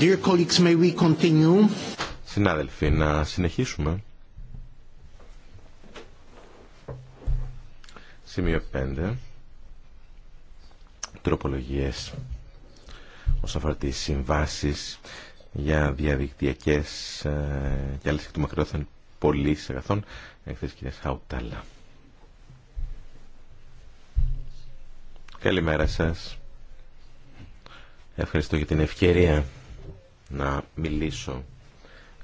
Dear colleagues, may we continue? Συνάδελφοι, να συνεχίσουμε. Σημείο 5. Τροπολογίες όσον αφορά τις συμβάσεις για διαδικτυακέ ε, και άλλες και του αγαθών Εκθέσει κυρία Χαουτάλα. Καλημέρα σα. Ευχαριστώ για την ευκαιρία να μιλήσω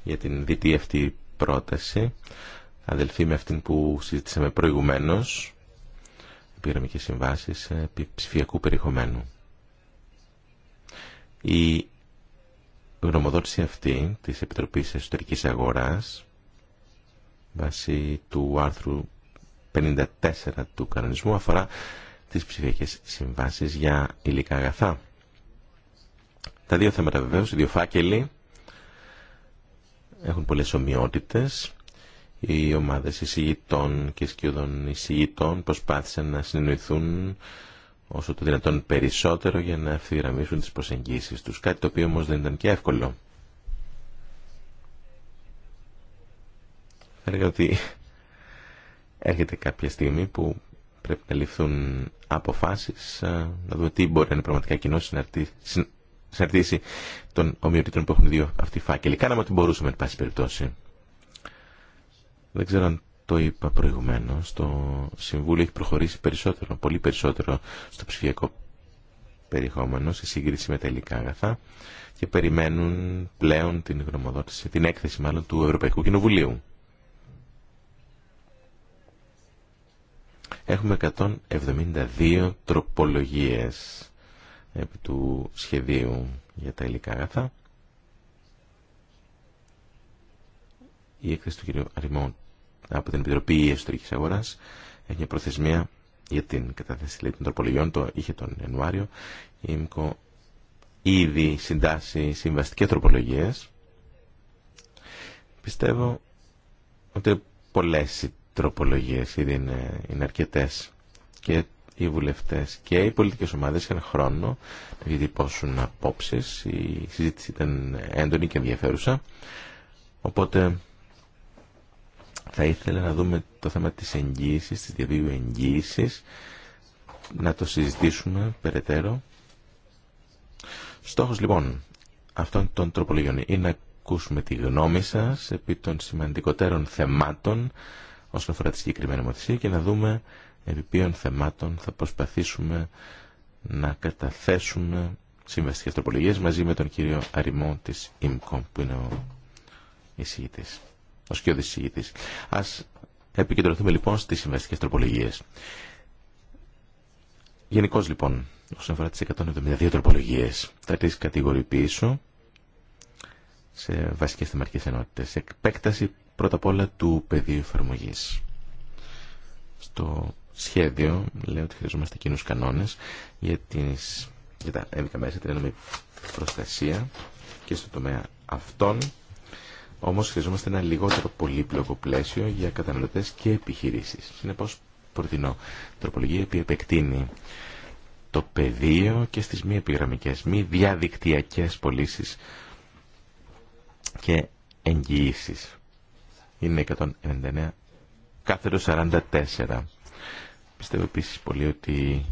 για την δίτη αυτή πρόταση. αδελφή με αυτήν που συζήτησαμε προηγουμένως, πήραμε και συμβάσεις επί ψηφιακού περιεχομένου. Η γνωμοδότηση αυτή της Επιτροπής Εσωτερικής Αγοράς βάσει του άρθρου 54 του κανονισμού αφορά τις ψηφιακές συμβάσεις για υλικά αγαθά. Τα δύο θέματα βεβαίως, οι δύο φάκελοι, έχουν πολλές ομοιότητες. Οι ομάδες εισηγητών και σκιωδών εισηγητών προσπάθησαν να συνεννοηθούν όσο το δυνατόν περισσότερο για να αυθυγραμμίσουν τις προσεγγίσεις τους. Κάτι το οποίο όμως δεν ήταν και εύκολο. Θα έλεγα ότι έρχεται κάποια στιγμή που πρέπει να ληφθούν αποφάσεις, ε, να δούμε τι μπορεί να είναι πραγματικά κοινό συναρτήσει των ομοιοτήτων που έχουν δύο αυτοί φάκελοι. Κάναμε ό,τι μπορούσαμε, εν πάση περιπτώσει. Δεν ξέρω αν το είπα προηγουμένω. Το Συμβούλιο έχει προχωρήσει περισσότερο, πολύ περισσότερο στο ψηφιακό περιεχόμενο σε σύγκριση με τα υλικά αγαθά και περιμένουν πλέον την γνωμοδότηση, την έκθεση μάλλον του Ευρωπαϊκού Κοινοβουλίου. Έχουμε 172 τροπολογίες επί του σχεδίου για τα υλικά αγαθά. Η έκθεση του κ. Αριμών από την Επιτροπή Ιεστορική Αγορά έχει μια προθεσμία για την κατάθεση λέει, των τροπολογιών, το είχε τον Ιανουάριο. Η ΕΜΚΟ ήδη συντάσσει συμβαστικέ τροπολογίε. Πιστεύω ότι πολλές οι τροπολογίες ήδη είναι, είναι και οι βουλευτές και οι πολιτικές ομάδες είχαν χρόνο να διατυπώσουν απόψει. Η συζήτηση ήταν έντονη και ενδιαφέρουσα. Οπότε θα ήθελα να δούμε το θέμα της εγγύηση, της διαβίου εγγύησης, να το συζητήσουμε περαιτέρω. Στόχος λοιπόν αυτών των τροπολογιών είναι να ακούσουμε τη γνώμη σας επί των σημαντικότερων θεμάτων όσον αφορά τη συγκεκριμένη νομοθεσία και να δούμε ποιων θεμάτων θα προσπαθήσουμε να καταθέσουμε συμβαστικές τροπολογίες μαζί με τον κύριο Αριμό της ΙΜΚΟ που είναι ο εισηγητής, ο σκιώδης εισηγητής. Ας επικεντρωθούμε λοιπόν στις συμβαστικές τροπολογίες. Γενικώ λοιπόν, όσον αφορά τις 172 τροπολογίες, θα τις κατηγορηποιήσω σε βασικές θεμαρικές ενότητες. Εκπέκταση πρώτα απ' όλα του πεδίου εφαρμογή. Στο σχέδιο Λέω ότι χρειαζόμαστε κοινού κανόνε για, για τα ένδικα μέσα, την ένωμη προστασία και στο τομέα αυτών. Όμω χρειαζόμαστε ένα λιγότερο πολύπλοκο πλαίσιο για καταναλωτέ και επιχειρήσει. Συνεπώ, προτείνω τροπολογία που επεκτείνει το πεδίο και στι μη επιγραμμικές, μη διαδικτυακέ πωλήσει και εγγυήσει. Είναι 199 κάθετο 44. Πιστεύω επίσης πολύ ότι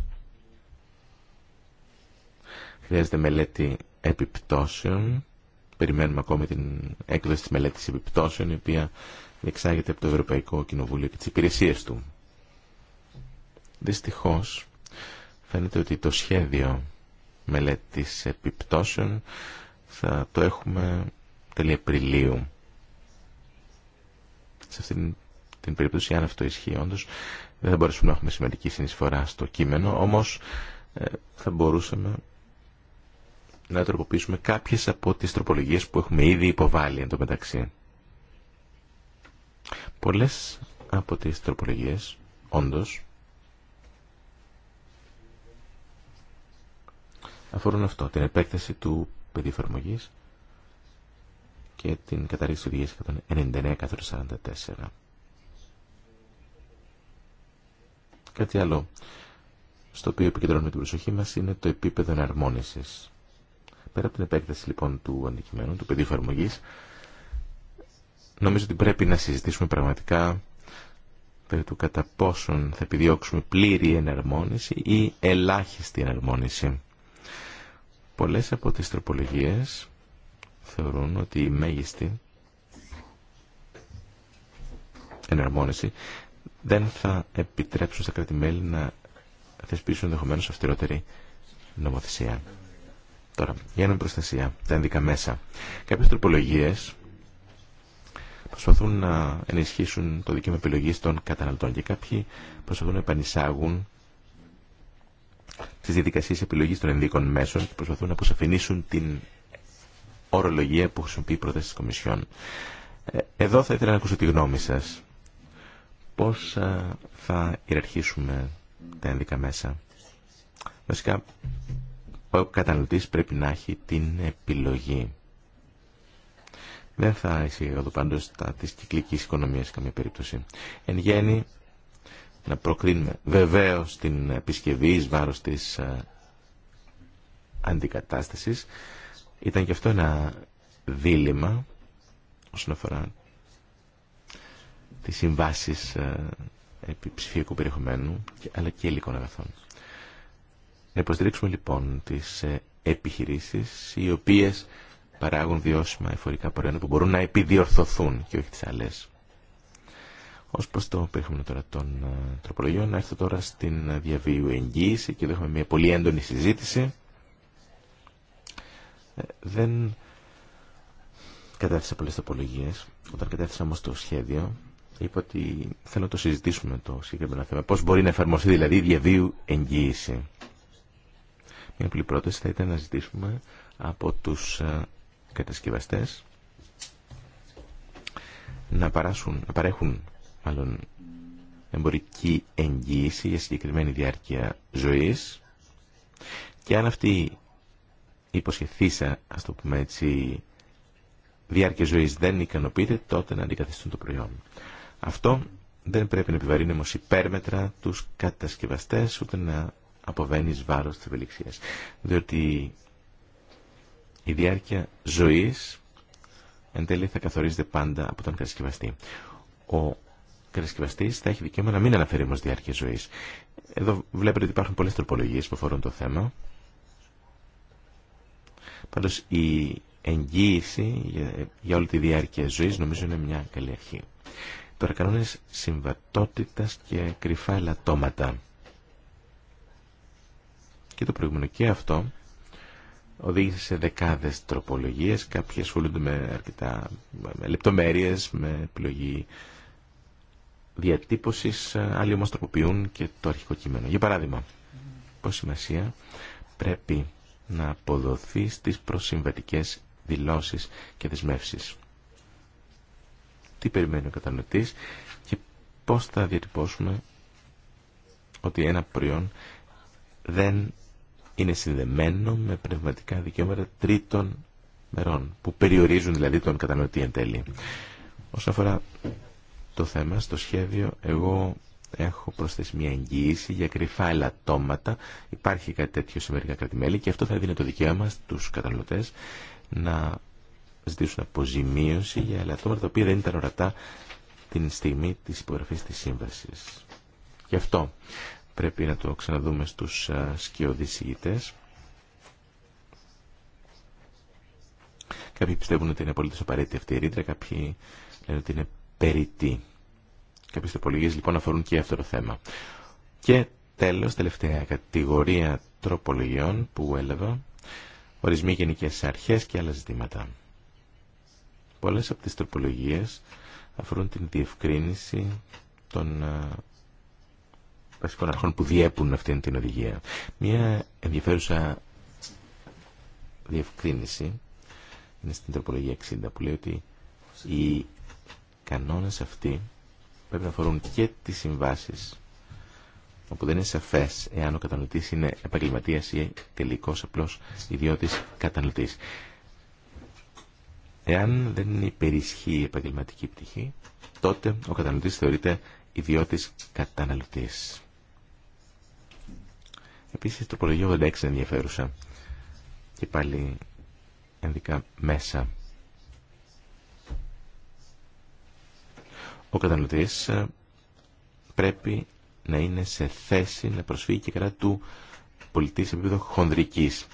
χρειάζεται μελέτη επιπτώσεων. Περιμένουμε ακόμη την έκδοση της μελέτης επιπτώσεων, η οποία διεξάγεται από το Ευρωπαϊκό Κοινοβούλιο και τις υπηρεσίες του. Δυστυχώς, φαίνεται ότι το σχέδιο μελέτης επιπτώσεων θα το έχουμε τέλη Σε αυτήν την περίπτωση, αν αυτό ισχύει όντω, δεν θα μπορέσουμε να έχουμε σημαντική συνεισφορά στο κείμενο, όμως ε, θα μπορούσαμε να τροποποιήσουμε κάποιες από τις τροπολογίες που έχουμε ήδη υποβάλει εν τω μεταξύ. Πολλές από τις τροπολογίες, όντως, αφορούν αυτό, την επέκταση του πεδίου εφαρμογή και την καταρριξη του οδηγίας 1944 Κάτι άλλο στο οποίο επικεντρώνουμε την προσοχή μας είναι το επίπεδο εναρμόνισης. Πέρα από την επέκταση λοιπόν του αντικειμένου, του πεδίου εφαρμογή, νομίζω ότι πρέπει να συζητήσουμε πραγματικά περί του κατά πόσον θα επιδιώξουμε πλήρη εναρμόνιση ή ελάχιστη εναρμόνιση. Πολλές από τις τροπολογίες θεωρούν ότι η μέγιστη εναρμόνιση δεν θα επιτρέψουν στα κρατημέλη να θεσπίσουν ενδεχομένω αυστηρότερη νομοθεσία. Τώρα, για να προστασία, τα ενδικά μέσα. Κάποιε τροπολογίε προσπαθούν να ενισχύσουν το δικαίωμα επιλογή των καταναλωτών και κάποιοι προσπαθούν να επανεισάγουν τι διαδικασίε επιλογή των ενδίκων μέσων και προσπαθούν να αποσαφηνίσουν την ορολογία που χρησιμοποιεί η πρόταση τη Κομισιόν. Ε, εδώ θα ήθελα να ακούσω τη γνώμη σας. Πώς ε, θα ιεραρχήσουμε τα ένδικα μέσα. Βασικά, ο καταναλωτής πρέπει να έχει την επιλογή. Δεν θα είσαι εδώ πάντως τα της κυκλικής οικονομίας καμία περίπτωση. Εν γέννη, να προκρίνουμε βεβαίως την επισκευή εις βάρος της ε, αντικατάστασης. Ήταν και αυτό ένα δίλημα όσον αφορά τις συμβάσεις ε, επί ψηφιακού περιεχομένου αλλά και υλικών αγαθών. Να υποστηρίξουμε λοιπόν τις ε, επιχειρήσεις οι οποίες παράγουν βιώσιμα εφορικά προϊόντα που μπορούν να επιδιορθωθούν και όχι τις άλλες. Ως προς το περιεχόμενο τώρα των ε, τροπολογιών, να έρθω τώρα στην διαβίου εγγύηση και εδώ έχουμε μια πολύ έντονη συζήτηση. Δεν κατέθεσα πολλές τροπολογίες. Όταν κατέθεσα όμως το σχέδιο, Είπα ότι θέλω να το συζητήσουμε το συγκεκριμένο θέμα. Πώς μπορεί να εφαρμοστεί δηλαδή η διαβίου εγγύηση. Μια απλή πρόταση θα ήταν να ζητήσουμε από τους ε, κατασκευαστές να, παράσουν, να παρέχουν μάλλον εμπορική εγγύηση για συγκεκριμένη διάρκεια ζωής και αν αυτή η υποσχεθήσα, ας το πούμε έτσι, διάρκεια ζωής δεν ικανοποιείται, τότε να αντικαθιστούν το προϊόν. Αυτό δεν πρέπει να επιβαρύνει όμω υπέρμετρα τους κατασκευαστές ούτε να αποβαίνει βάρος τη ευελιξία. Διότι η διάρκεια ζωή εν τέλει θα καθορίζεται πάντα από τον κατασκευαστή. Ο κατασκευαστή θα έχει δικαίωμα να μην αναφέρει όμω διάρκεια ζωή. Εδώ βλέπετε ότι υπάρχουν πολλές τροπολογίε που αφορούν το θέμα. Πάντω η εγγύηση για, όλη τη διάρκεια ζωή νομίζω είναι μια καλή αρχή. Τώρα κανόνες συμβατότητας και κρυφά ελαττώματα. Και το προηγούμενο και αυτό οδήγησε σε δεκάδες τροπολογίες, κάποιες ασχολούνται με αρκετά με λεπτομέρειες, με επιλογή διατύπωσης, άλλοι όμως τροποποιούν και το αρχικό κείμενο. Για παράδειγμα, πως σημασία πρέπει να αποδοθεί στις προσυμβατικές δηλώσεις και δεσμεύσεις τι περιμένει ο καταναλωτής και πώς θα διατυπώσουμε ότι ένα προϊόν δεν είναι συνδεμένο με πνευματικά δικαιώματα τρίτων μερών, που περιορίζουν δηλαδή τον κατανοητή εν τέλει. Όσον αφορά το θέμα, στο σχέδιο εγώ έχω προσθέσει μια εγγύηση για κρυφά ελαττώματα. Υπάρχει κάτι τέτοιο σε μερικά κρατημέλη και αυτό θα δίνει το δικαίωμα στους καταναλωτές να ζητήσουν αποζημίωση για ελαττώματα τα οποία δεν ήταν ορατά την στιγμή της υπογραφή της σύμβασης. Γι' αυτό πρέπει να το ξαναδούμε στους σκιοδησίγητες. Κάποιοι πιστεύουν ότι είναι απολύτω απαραίτητη αυτή η ρήτρα, κάποιοι λένε ότι είναι περίτη. Κάποιε τροπολογίες λοιπόν αφορούν και αυτό το θέμα. Και τέλο, τελευταία κατηγορία τροπολογιών που έλαβα, ορισμοί γενικέ αρχέ και άλλα ζητήματα. Πολλές από τις τροπολογίες αφορούν την διευκρίνηση των ε, βασικών αρχών που διέπουν αυτήν την οδηγία. Μια ενδιαφέρουσα διευκρίνηση είναι στην τροπολογία 60 που λέει ότι οι κανόνες αυτοί πρέπει να αφορούν και τις συμβάσεις όπου δεν είναι σαφές εάν ο κατανοητής είναι επαγγελματίας ή τελικός απλός ιδιώτης καταναλωτής. Εάν δεν υπερισχύει η επαγγελματική πτυχή, τότε ο καταναλωτής θεωρείται ιδιώτης καταναλωτής. Επίσης, τροπολογία 86 είναι ενδιαφέρουσα. Και πάλι ενδικά μέσα. Ο καταναλωτής ε, πρέπει να είναι σε θέση να προσφύγει και κατά του πολιτή σε επίπεδο χονδρικής.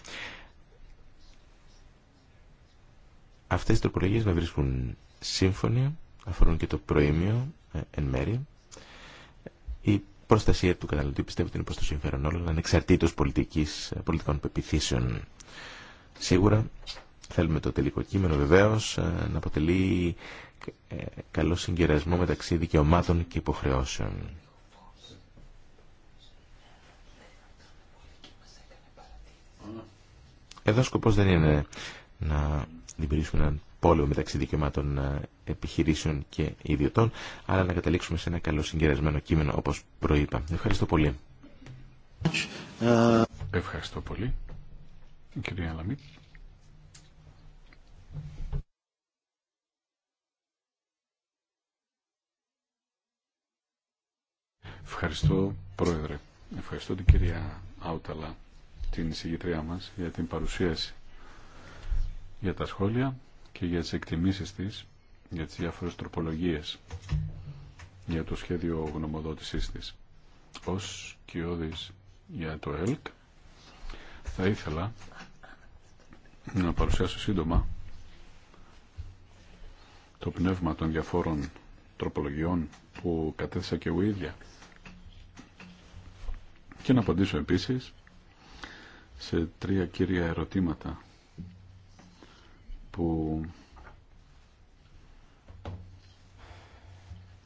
Αυτέ οι τροπολογίε με βρίσκουν σύμφωνοι, αφορούν και το προήμιο ε, εν μέρη. Η προστασία του καταναλωτή πιστεύω ότι είναι προ το συμφέρον όλων, ανεξαρτήτω ε, πολιτικών πεπιθήσεων. Σίγουρα θέλουμε το τελικό κείμενο βεβαίως ε, να αποτελεί καλό συγκερασμό μεταξύ δικαιωμάτων και υποχρεώσεων. Εδώ σκοπός δεν είναι να δημιουργήσουμε έναν πόλεμο μεταξύ δικαιωμάτων ε, επιχειρήσεων και ιδιωτών, αλλά να καταλήξουμε σε ένα καλό συγκερασμένο κείμενο, όπως προείπα. Ευχαριστώ πολύ. Ευχαριστώ πολύ. Κυρία Λαμίτ. Ευχαριστώ, Πρόεδρε. Ευχαριστώ την κυρία Άουταλα, την εισηγητριά μας, για την παρουσίαση για τα σχόλια και για τις εκτιμήσεις της για τις διάφορες τροπολογίες για το σχέδιο γνωμοδότησής της. Ως κοιόδης για το ΕΛΚ θα ήθελα να παρουσιάσω σύντομα το πνεύμα των διαφόρων τροπολογιών που κατέθεσα και εγώ ίδια και να απαντήσω επίσης σε τρία κύρια ερωτήματα που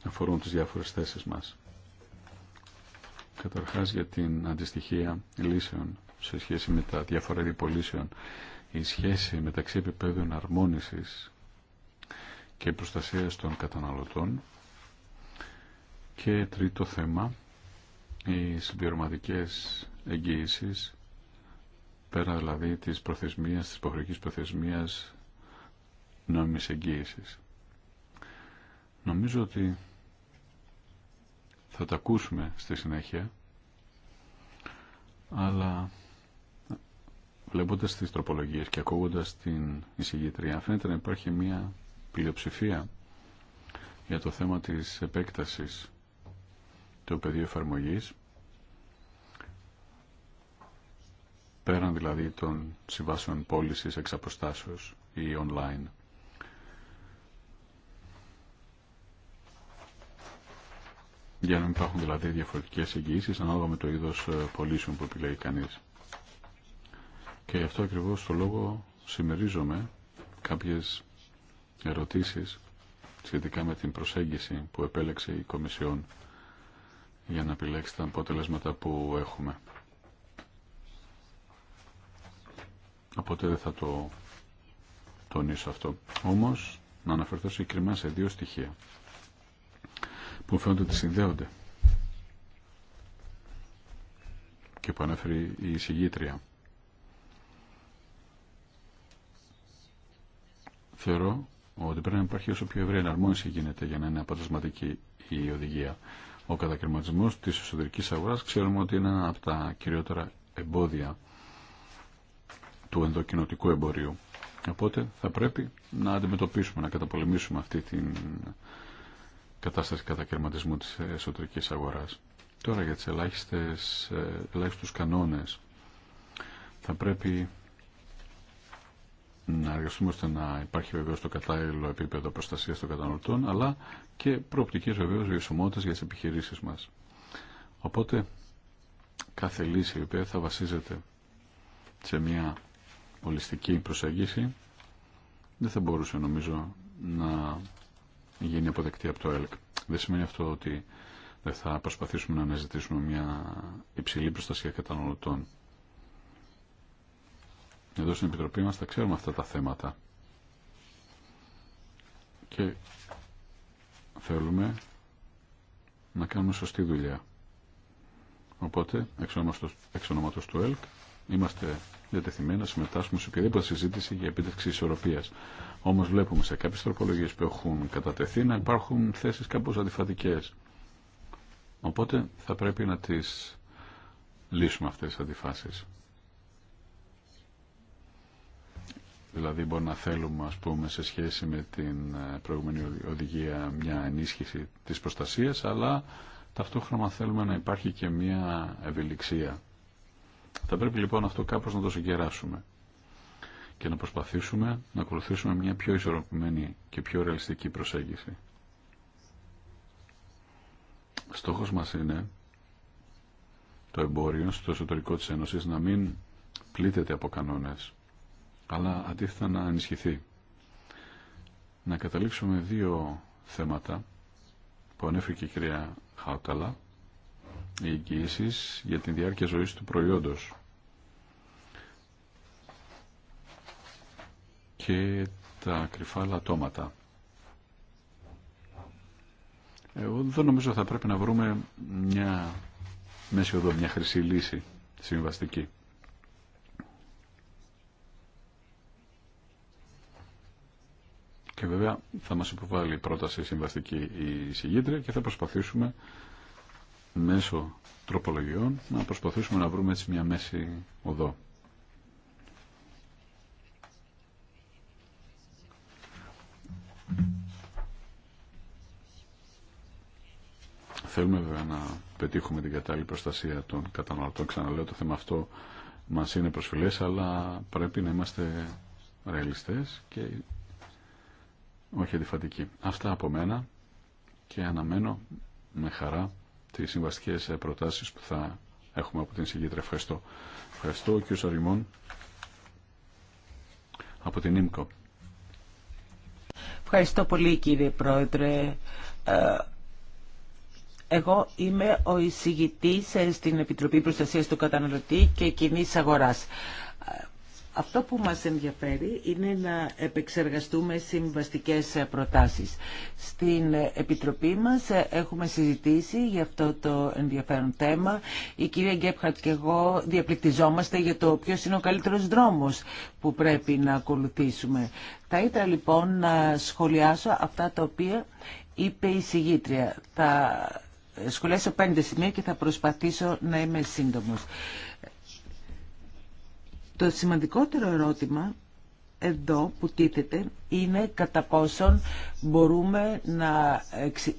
αφορούν τις διάφορες θέσεις μας. Καταρχάς για την αντιστοιχεία λύσεων σε σχέση με τα διάφορα πολίσεων. η σχέση μεταξύ επιπέδων αρμόνισης και προστασίας των καταναλωτών και τρίτο θέμα, οι συμπληρωματικές εγγύησεις πέρα δηλαδή της προθεσμίας, της υποχρεωτικής προθεσμίας νόμιμης εγγύησης. Νομίζω ότι θα τα ακούσουμε στη συνέχεια, αλλά βλέποντας τις τροπολογίες και ακούγοντας την εισηγήτρια, φαίνεται να υπάρχει μια πλειοψηφία για το θέμα της επέκτασης του πεδίου εφαρμογή. πέραν δηλαδή των συμβάσεων πώληση εξ ή online. για να μην υπάρχουν δηλαδή διαφορετικές εγγυήσεις ανάλογα με το είδος ε, πωλήσεων που επιλέγει κανείς. Και γι' αυτό ακριβώς το λόγο συμμερίζομαι κάποιες ερωτήσεις σχετικά με την προσέγγιση που επέλεξε η Κομισιόν για να επιλέξει τα αποτελέσματα που έχουμε. Οπότε δεν θα το τονίσω αυτό. Όμως, να αναφερθώ συγκεκριμένα σε δύο στοιχεία που φαίνονται ότι συνδέονται και που ανέφερε η εισηγήτρια. Θεωρώ ότι πρέπει να υπάρχει όσο πιο ευρύ εναρμόνιση γίνεται για να είναι αποτελεσματική η οδηγία. Ο κατακριματισμό της εσωτερικής αγοράς ξέρουμε ότι είναι ένα από τα κυριότερα εμπόδια του ενδοκινοτικού εμπορίου. Οπότε θα πρέπει να αντιμετωπίσουμε, να καταπολεμήσουμε αυτή την κατάσταση κατακαιρματισμού της εσωτερικής αγοράς. Τώρα για τις ελάχιστες, ε, ελάχιστους κανόνες θα πρέπει να εργαστούμε ώστε να υπάρχει βεβαίω το κατάλληλο επίπεδο προστασίας των καταναλωτών, αλλά και προοπτικές βεβαίως βιωσιμότητα για τις επιχειρήσεις μας. Οπότε, κάθε λύση η οποία θα βασίζεται σε μια ολιστική προσέγγιση δεν θα μπορούσε νομίζω να γίνει αποδεκτή από το ΕΛΚ. Δεν σημαίνει αυτό ότι δεν θα προσπαθήσουμε να αναζητήσουμε μια υψηλή προστασία καταναλωτών. Εδώ στην Επιτροπή μας τα ξέρουμε αυτά τα θέματα. Και θέλουμε να κάνουμε σωστή δουλειά. Οπότε, εξ ονόματος του ΕΛΚ, είμαστε διατεθειμένοι να συμμετάσχουμε σε οποιαδήποτε συζήτηση για επίτευξη ισορροπίας. Όμω βλέπουμε σε κάποιες τροπολογίε που έχουν κατατεθεί να υπάρχουν θέσεις κάπως αντιφατικέ. Οπότε θα πρέπει να τις λύσουμε αυτές τι αντιφάσει. Δηλαδή μπορεί να θέλουμε ας πούμε σε σχέση με την ε, προηγούμενη οδηγία μια ενίσχυση της προστασίας αλλά ταυτόχρονα θέλουμε να υπάρχει και μια ευελιξία θα πρέπει λοιπόν αυτό κάπως να το συγκεράσουμε και να προσπαθήσουμε να ακολουθήσουμε μια πιο ισορροπημένη και πιο ρεαλιστική προσέγγιση. Στόχος μας είναι το εμπόριο στο εσωτερικό της Ένωσης να μην πλήττεται από κανόνες, αλλά αντίθετα να ενισχυθεί. Να καταλήξουμε δύο θέματα που ανέφερε και η κυρία Χάουταλα εγγυήσεις για την διάρκεια ζωής του προϊόντος και τα κρυφά λατώματα. Εγώ δεν νομίζω θα πρέπει να βρούμε μια μέση οδό, μια χρυσή λύση συμβαστική. Και βέβαια θα μας υποβάλει πρόταση συμβαστική η συγγύτρια και θα προσπαθήσουμε μέσω τροπολογιών να προσπαθήσουμε να βρούμε έτσι μια μέση οδό. Θέλουμε βέβαια να πετύχουμε την κατάλληλη προστασία των καταναλωτών. Ξαναλέω το θέμα αυτό μας είναι προσφυλές, αλλά πρέπει να είμαστε ρεαλιστές και όχι αντιφατικοί. Αυτά από μένα και αναμένω με χαρά τις συμβαστικές ε, προτάσεις που θα έχουμε από την συγκήτρια. Ευχαριστώ. Ευχαριστώ ο κ. από την ΙΜΚΟ. Ευχαριστώ πολύ κύριε Πρόεδρε. Ε, εγώ είμαι ο εισηγητής ε, στην Επιτροπή Προστασίας του Καταναλωτή και Κοινής Αγοράς. Αυτό που μας ενδιαφέρει είναι να επεξεργαστούμε συμβαστικές προτάσεις. Στην Επιτροπή μας έχουμε συζητήσει για αυτό το ενδιαφέρον θέμα. Η κυρία Γκέπχατ και εγώ διαπληκτιζόμαστε για το ποιο είναι ο καλύτερος δρόμος που πρέπει να ακολουθήσουμε. Θα ήθελα λοιπόν να σχολιάσω αυτά τα οποία είπε η συγγήτρια. Θα σχολιάσω πέντε σημεία και θα προσπαθήσω να είμαι σύντομος. Το σημαντικότερο ερώτημα εδώ που τίθεται είναι κατά πόσον μπορούμε να,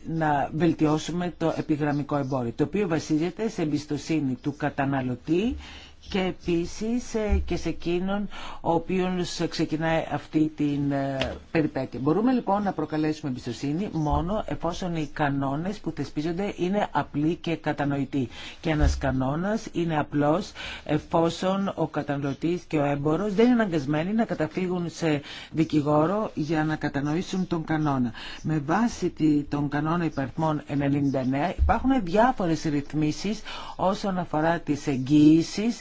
να βελτιώσουμε το επιγραμμικό εμπόριο, το οποίο βασίζεται σε εμπιστοσύνη του καταναλωτή και επίσης ε, και σε εκείνον ο οποίος ξεκινάει αυτή την ε, περιπέτεια. Μπορούμε λοιπόν να προκαλέσουμε εμπιστοσύνη μόνο εφόσον οι κανόνες που θεσπίζονται είναι απλοί και κατανοητοί. Και ένας κανόνας είναι απλός εφόσον ο κατανοητής και ο έμπορος δεν είναι αναγκασμένοι να καταφύγουν σε δικηγόρο για να κατανοήσουν τον κανόνα. Με βάση τον κανόνα υπαριθμών 99 υπάρχουν διάφορες ρυθμίσεις όσον αφορά τις εγγύησεις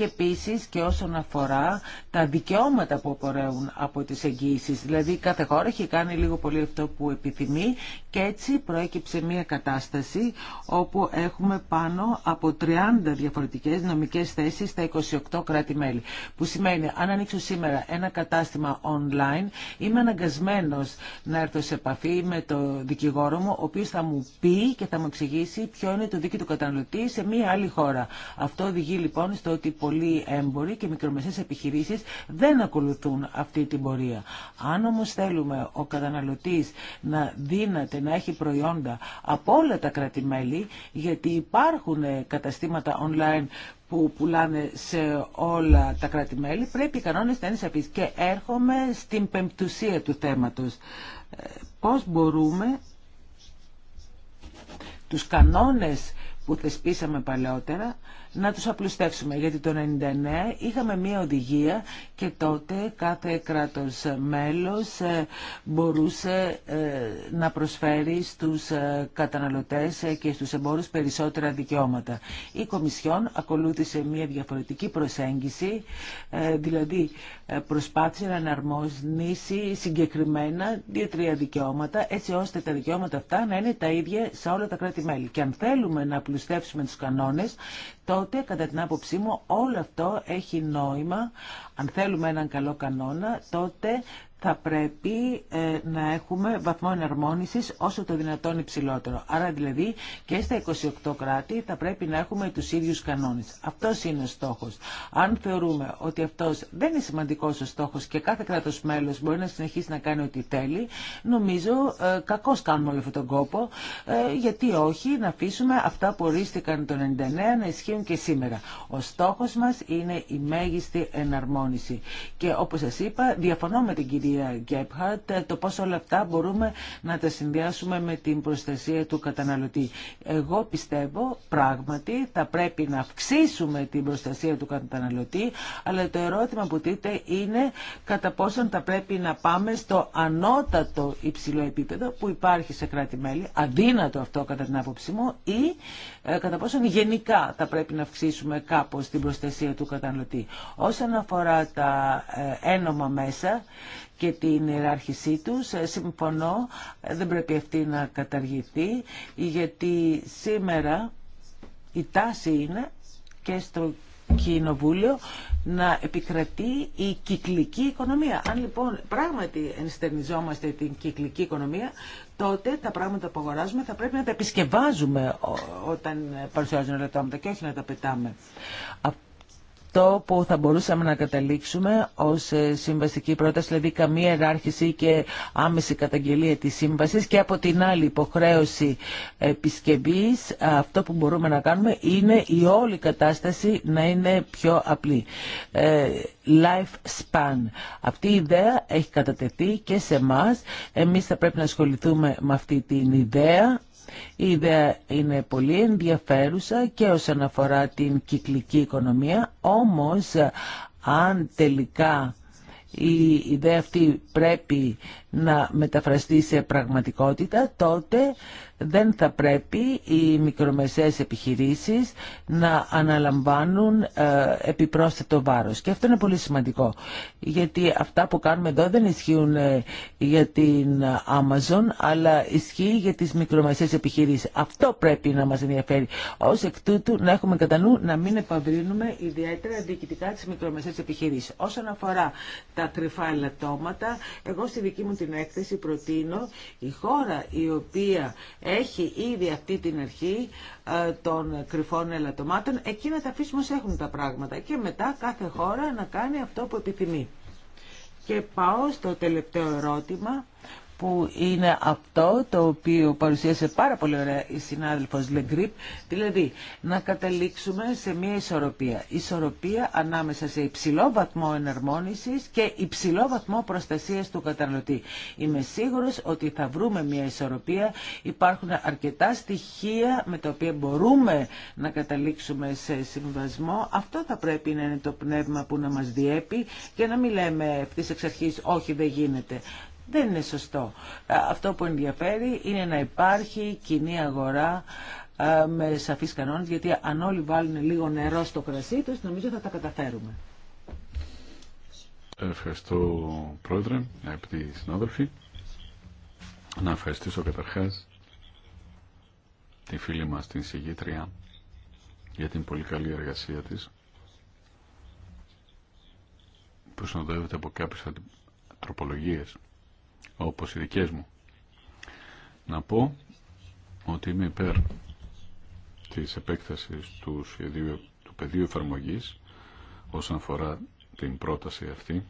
και επίσης και όσον αφορά τα δικαιώματα που απορρέουν από τις εγγύησει. Δηλαδή κάθε χώρα έχει κάνει λίγο πολύ αυτό που επιθυμεί και έτσι προέκυψε μια κατάσταση όπου έχουμε πάνω από 30 διαφορετικές νομικές θέσεις στα 28 κράτη-μέλη. Που σημαίνει αν ανοίξω σήμερα ένα κατάστημα online είμαι αναγκασμένος να έρθω σε επαφή με το δικηγόρο μου ο οποίος θα μου πει και θα μου εξηγήσει ποιο είναι το δίκαιο του καταναλωτή σε μια άλλη χώρα. Αυτό οδηγεί λοιπόν στο ότι πολλοί έμποροι και μικρομεσαίες επιχειρήσεις δεν ακολουθούν αυτή την πορεία. Αν όμως θέλουμε ο καταναλωτής να δύναται να έχει προϊόντα από όλα τα κρατημέλη, γιατί υπάρχουν ε, καταστήματα online που πουλάνε σε όλα τα κρατη πρέπει οι κανόνες να είναι σαφείς. Και έρχομαι στην πεμπτουσία του θέματος. Ε, πώς μπορούμε τους κανόνες που θεσπίσαμε παλαιότερα να τους απλουστεύσουμε. Γιατί το 1999 είχαμε μία οδηγία και τότε κάθε κράτος μέλος ε, μπορούσε ε, να προσφέρει στους ε, καταναλωτές και στους εμπόρους περισσότερα δικαιώματα. Η Κομισιόν ακολούθησε μία διαφορετική προσέγγιση, δηλαδή προσπάθησε να αναρμονίσει συγκεκριμένα δύο-τρία δικαιώματα, έτσι ώστε τα δικαιώματα αυτά να είναι τα ίδια σε όλα τα κράτη-μέλη. Και αν θέλουμε να απλουστεύσουμε τους κανόνες, τότε κατά την άποψή μου όλο αυτό έχει νόημα. Αν θέλουμε έναν καλό κανόνα, τότε θα πρέπει ε, να έχουμε βαθμό εναρμόνισης όσο το δυνατόν υψηλότερο. Άρα δηλαδή και στα 28 κράτη θα πρέπει να έχουμε τους ίδιους κανόνες. Αυτός είναι ο στόχος. Αν θεωρούμε ότι αυτός δεν είναι σημαντικός ο στόχος και κάθε κράτος μέλος μπορεί να συνεχίσει να κάνει ό,τι θέλει, νομίζω ε, κακώς κάνουμε όλο αυτόν τον κόπο, ε, γιατί όχι να αφήσουμε αυτά που ορίστηκαν το 99 να ισχύουν και σήμερα. Ο στόχος μας είναι η μέγιστη εναρμόνιση. Και όπως σας είπα, διαφωνώ με την κυρία κυρία το πόσο όλα αυτά μπορούμε να τα συνδυάσουμε με την προστασία του καταναλωτή. Εγώ πιστεύω πράγματι θα πρέπει να αυξήσουμε την προστασία του καταναλωτή, αλλά το ερώτημα που τείτε είναι κατά πόσον θα πρέπει να πάμε στο ανώτατο υψηλό επίπεδο που υπάρχει σε κράτη-μέλη, αδύνατο αυτό κατά την άποψή μου, ή ε, κατά πόσον γενικά θα πρέπει να αυξήσουμε κάπως την προστασία του καταναλωτή. Όσον αφορά τα ε, ένομα μέσα και την ιεράρχησή τους, ε, συμφωνώ, δεν πρέπει αυτή να καταργηθεί, γιατί σήμερα η τάση είναι και στο Κοινοβούλιο να επικρατεί η κυκλική οικονομία. Αν λοιπόν πράγματι ενστερνιζόμαστε την κυκλική οικονομία, τότε τα πράγματα που αγοράζουμε θα πρέπει να τα επισκευάζουμε όταν παρουσιάζουν ελαττώματα και όχι να τα πετάμε αυτό που θα μπορούσαμε να καταλήξουμε ως ε, συμβαστική πρόταση, δηλαδή καμία εράρχηση και άμεση καταγγελία της σύμβασης και από την άλλη υποχρέωση επισκευής, αυτό που μπορούμε να κάνουμε είναι η όλη κατάσταση να είναι πιο απλή. Ε, life span. Αυτή η ιδέα έχει κατατεθεί και σε εμά. Εμείς θα πρέπει να ασχοληθούμε με αυτή την ιδέα η ιδέα είναι πολύ ενδιαφέρουσα και όσον αφορά την κυκλική οικονομία, όμως αν τελικά η ιδέα αυτή πρέπει να μεταφραστεί σε πραγματικότητα, τότε δεν θα πρέπει οι μικρομεσαίες επιχειρήσεις να αναλαμβάνουν ε, επιπρόσθετο βάρος. Και αυτό είναι πολύ σημαντικό, γιατί αυτά που κάνουμε εδώ δεν ισχύουν ε, για την Amazon, αλλά ισχύει για τις μικρομεσαίες επιχειρήσεις. Αυτό πρέπει να μας ενδιαφέρει. Ως εκ τούτου να έχουμε κατά νου να μην επαυρύνουμε ιδιαίτερα διοικητικά τις μικρομεσαίες επιχειρήσεις. Όσον αφορά τα κρυφά ελαττώματα, εγώ στη δική μου την έκθεση προτείνω η χώρα η οποία έχει ήδη αυτή την αρχή ε, των κρυφών ελαττωμάτων, εκεί να τα αφήσουμε όσο έχουν τα πράγματα και μετά κάθε χώρα να κάνει αυτό που επιθυμεί. Και πάω στο τελευταίο ερώτημα που είναι αυτό το οποίο παρουσίασε πάρα πολύ ωραία η συνάδελφος Λεγκρίπ, δηλαδή να καταλήξουμε σε μια ισορροπία. Ισορροπία ανάμεσα σε υψηλό βαθμό εναρμόνισης και υψηλό βαθμό προστασίας του καταναλωτή. Είμαι σίγουρος ότι θα βρούμε μια ισορροπία. Υπάρχουν αρκετά στοιχεία με τα οποία μπορούμε να καταλήξουμε σε συμβασμό. Αυτό θα πρέπει να είναι το πνεύμα που να μας διέπει και να μην λέμε αυτής εξ αρχής όχι δεν γίνεται δεν είναι σωστό. Ε, αυτό που ενδιαφέρει είναι να υπάρχει κοινή αγορά ε, με σαφείς κανόνες, γιατί αν όλοι βάλουν λίγο νερό στο κρασί του, νομίζω θα τα καταφέρουμε. Ευχαριστώ, Πρόεδρε, αγαπητοί συνάδελφοι. Να ευχαριστήσω καταρχάς τη φίλη μας, την συγγήτρια, για την πολύ καλή εργασία της, που συνοδεύεται από κάποιες τροπολογίες όπως οι δικές μου. Να πω ότι είμαι υπέρ της επέκτασης του, σχεδίου, του πεδίου εφαρμογή όσον αφορά την πρόταση αυτή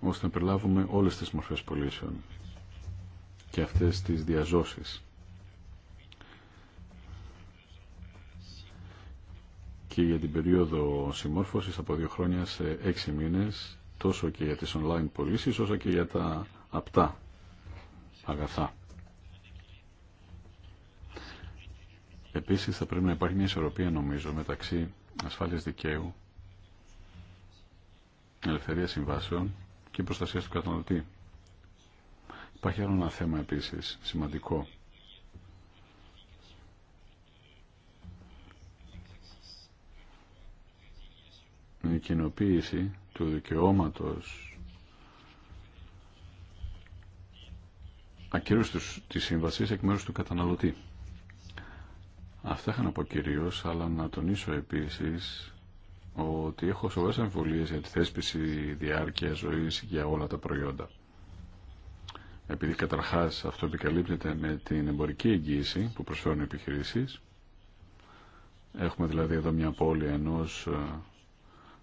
ώστε να περιλάβουμε όλες τις μορφές πωλήσεων και αυτές τις διαζώσεις. Και για την περίοδο συμμόρφωσης από δύο χρόνια σε έξι μήνες τόσο και για τις online πωλήσεις όσο και για τα απτά αγαθά. Επίσης θα πρέπει να υπάρχει μια ισορροπία νομίζω μεταξύ ασφάλειας δικαίου, ελευθερία συμβάσεων και προστασίας του καταναλωτή. Υπάρχει άλλο ένα θέμα επίσης σημαντικό την κοινοποίηση του δικαιώματος ακύρωση της σύμβασης εκ μέρους του καταναλωτή. Αυτά είχα να πω κυρίω, αλλά να τονίσω επίσης ότι έχω σοβαρές αμφιβολίες για τη θέσπιση διάρκεια ζωής για όλα τα προϊόντα. Επειδή καταρχάς αυτό επικαλύπτεται με την εμπορική εγγύηση που προσφέρουν οι επιχειρήσεις, έχουμε δηλαδή εδώ μια πόλη ενός ε,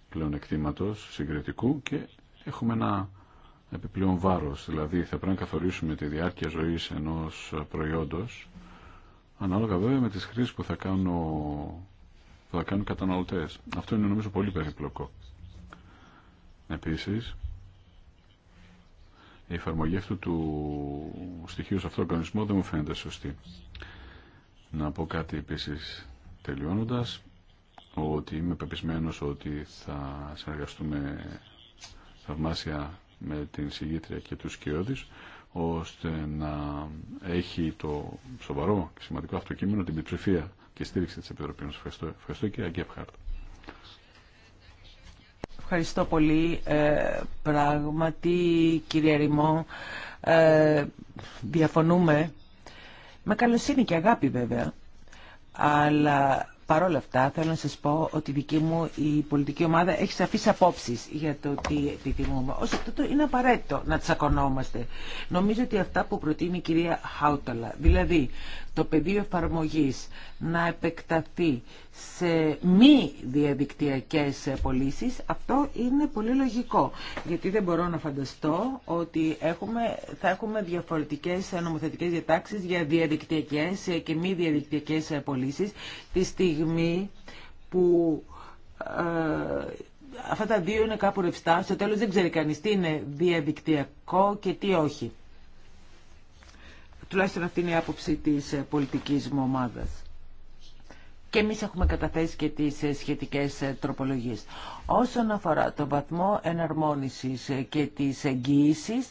πλεονεκτήματος συγκριτικού και έχουμε ένα επιπλέον βάρος, δηλαδή θα πρέπει να καθορίσουμε τη διάρκεια ζωής ενός προϊόντος ανάλογα βέβαια με τις χρήσεις που θα κάνουν, που θα καταναλωτές. Αυτό είναι νομίζω πολύ περιπλοκό. Επίσης, η εφαρμογή αυτού του στοιχείου σε αυτόν τον οργανισμό δεν μου φαίνεται σωστή. Να πω κάτι επίση τελειώνοντα ότι είμαι πεπισμένος ότι θα συνεργαστούμε θαυμάσια με την συγγήτρια και τους σκιώδης ώστε να έχει το σοβαρό και σημαντικό αυτό κείμενο την πλειοψηφία και στήριξη της Επιτροπής μας. Ευχαριστώ, ευχαριστώ και Αγκέφχαρτ. Ευχαριστώ πολύ. Ε, πράγματι, κύριε Ρημό, ε, διαφωνούμε με καλοσύνη και αγάπη βέβαια, αλλά Παρ' όλα αυτά θέλω να σας πω ότι η δική μου η πολιτική ομάδα έχει σαφεί απόψει για το τι επιθυμούμε. Ωστόσο, αυτό το είναι απαραίτητο να τσακωνόμαστε. Νομίζω ότι αυτά που προτείνει η κυρία Χάουταλα, δηλαδή το πεδίο εφαρμογής να επεκταθεί σε μη διαδικτυακές πωλήσει, αυτό είναι πολύ λογικό. Γιατί δεν μπορώ να φανταστώ ότι έχουμε, θα έχουμε διαφορετικές νομοθετικές διατάξεις για διαδικτυακές και μη διαδικτυακές πωλήσει τη στιγμή που ε, αυτά τα δύο είναι κάπου ρευστά. Στο τέλος δεν ξέρει κανείς τι είναι διαδικτυακό και τι όχι. Τουλάχιστον αυτή είναι η άποψη της ε, πολιτικής μου ομάδας. Και εμείς έχουμε καταθέσει και τις ε, σχετικές ε, τροπολογίες. Όσον αφορά το βαθμό εναρμόνισης και τις εγγυήσεις,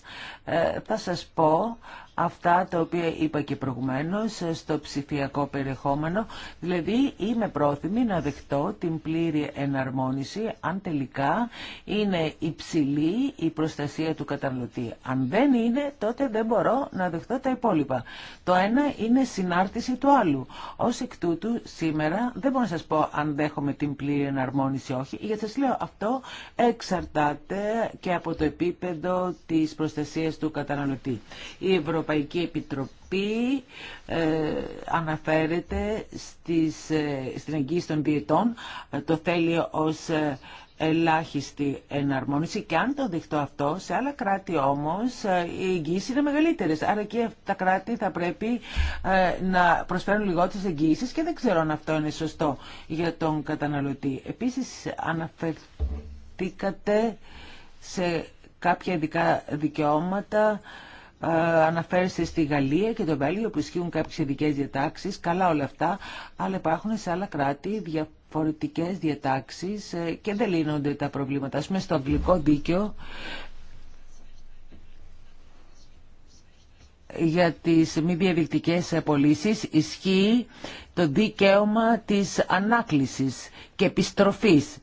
θα σας πω αυτά τα οποία είπα και προηγουμένως ε, στο ψηφιακό περιεχόμενο, δηλαδή είμαι πρόθυμη να δεχτώ την πλήρη εναρμόνιση αν τελικά είναι υψηλή η προστασία του καταναλωτή. Αν δεν είναι, τότε δεν μπορώ να δεχτώ τα υπόλοιπα. Το ένα είναι συνάρτηση του άλλου. Ως εκ τούτου σήμερα δεν μπορώ να σας πω αν δέχομαι την πλήρη εναρμόνιση ή όχι, γιατί σας λέω αυτό εξαρτάται και από το επίπεδο της προστασίας του καταναλωτή. οχι γιατι σας λεω αυτο εξαρταται και απο το επιπεδο της προστασιας του καταναλωτη Ευρωπαϊκή Επιτροπή ε, αναφέρεται στις, ε, στην εγγύηση των ε, το θέλει ως ελάχιστη εναρμόνιση και αν το δεχτώ αυτό, σε άλλα κράτη όμως οι εγγύησεις είναι μεγαλύτερες. Άρα και τα κράτη θα πρέπει να προσφέρουν λιγότερες εγγύησεις και δεν ξέρω αν αυτό είναι σωστό για τον καταναλωτή. Επίσης αναφερθήκατε σε κάποια ειδικά δικαιώματα ε, αναφέρεστε στη Γαλλία και το Βέλγιο που ισχύουν κάποιες ειδικές διατάξεις, καλά όλα αυτά, αλλά υπάρχουν σε άλλα κράτη διαφορετικές διατάξεις ε, και δεν λύνονται τα προβλήματα. Ας πούμε στο αγγλικό δίκαιο για τις μη διαδικτικές πωλήσει ισχύει το δικαίωμα της ανάκλησης και επιστροφής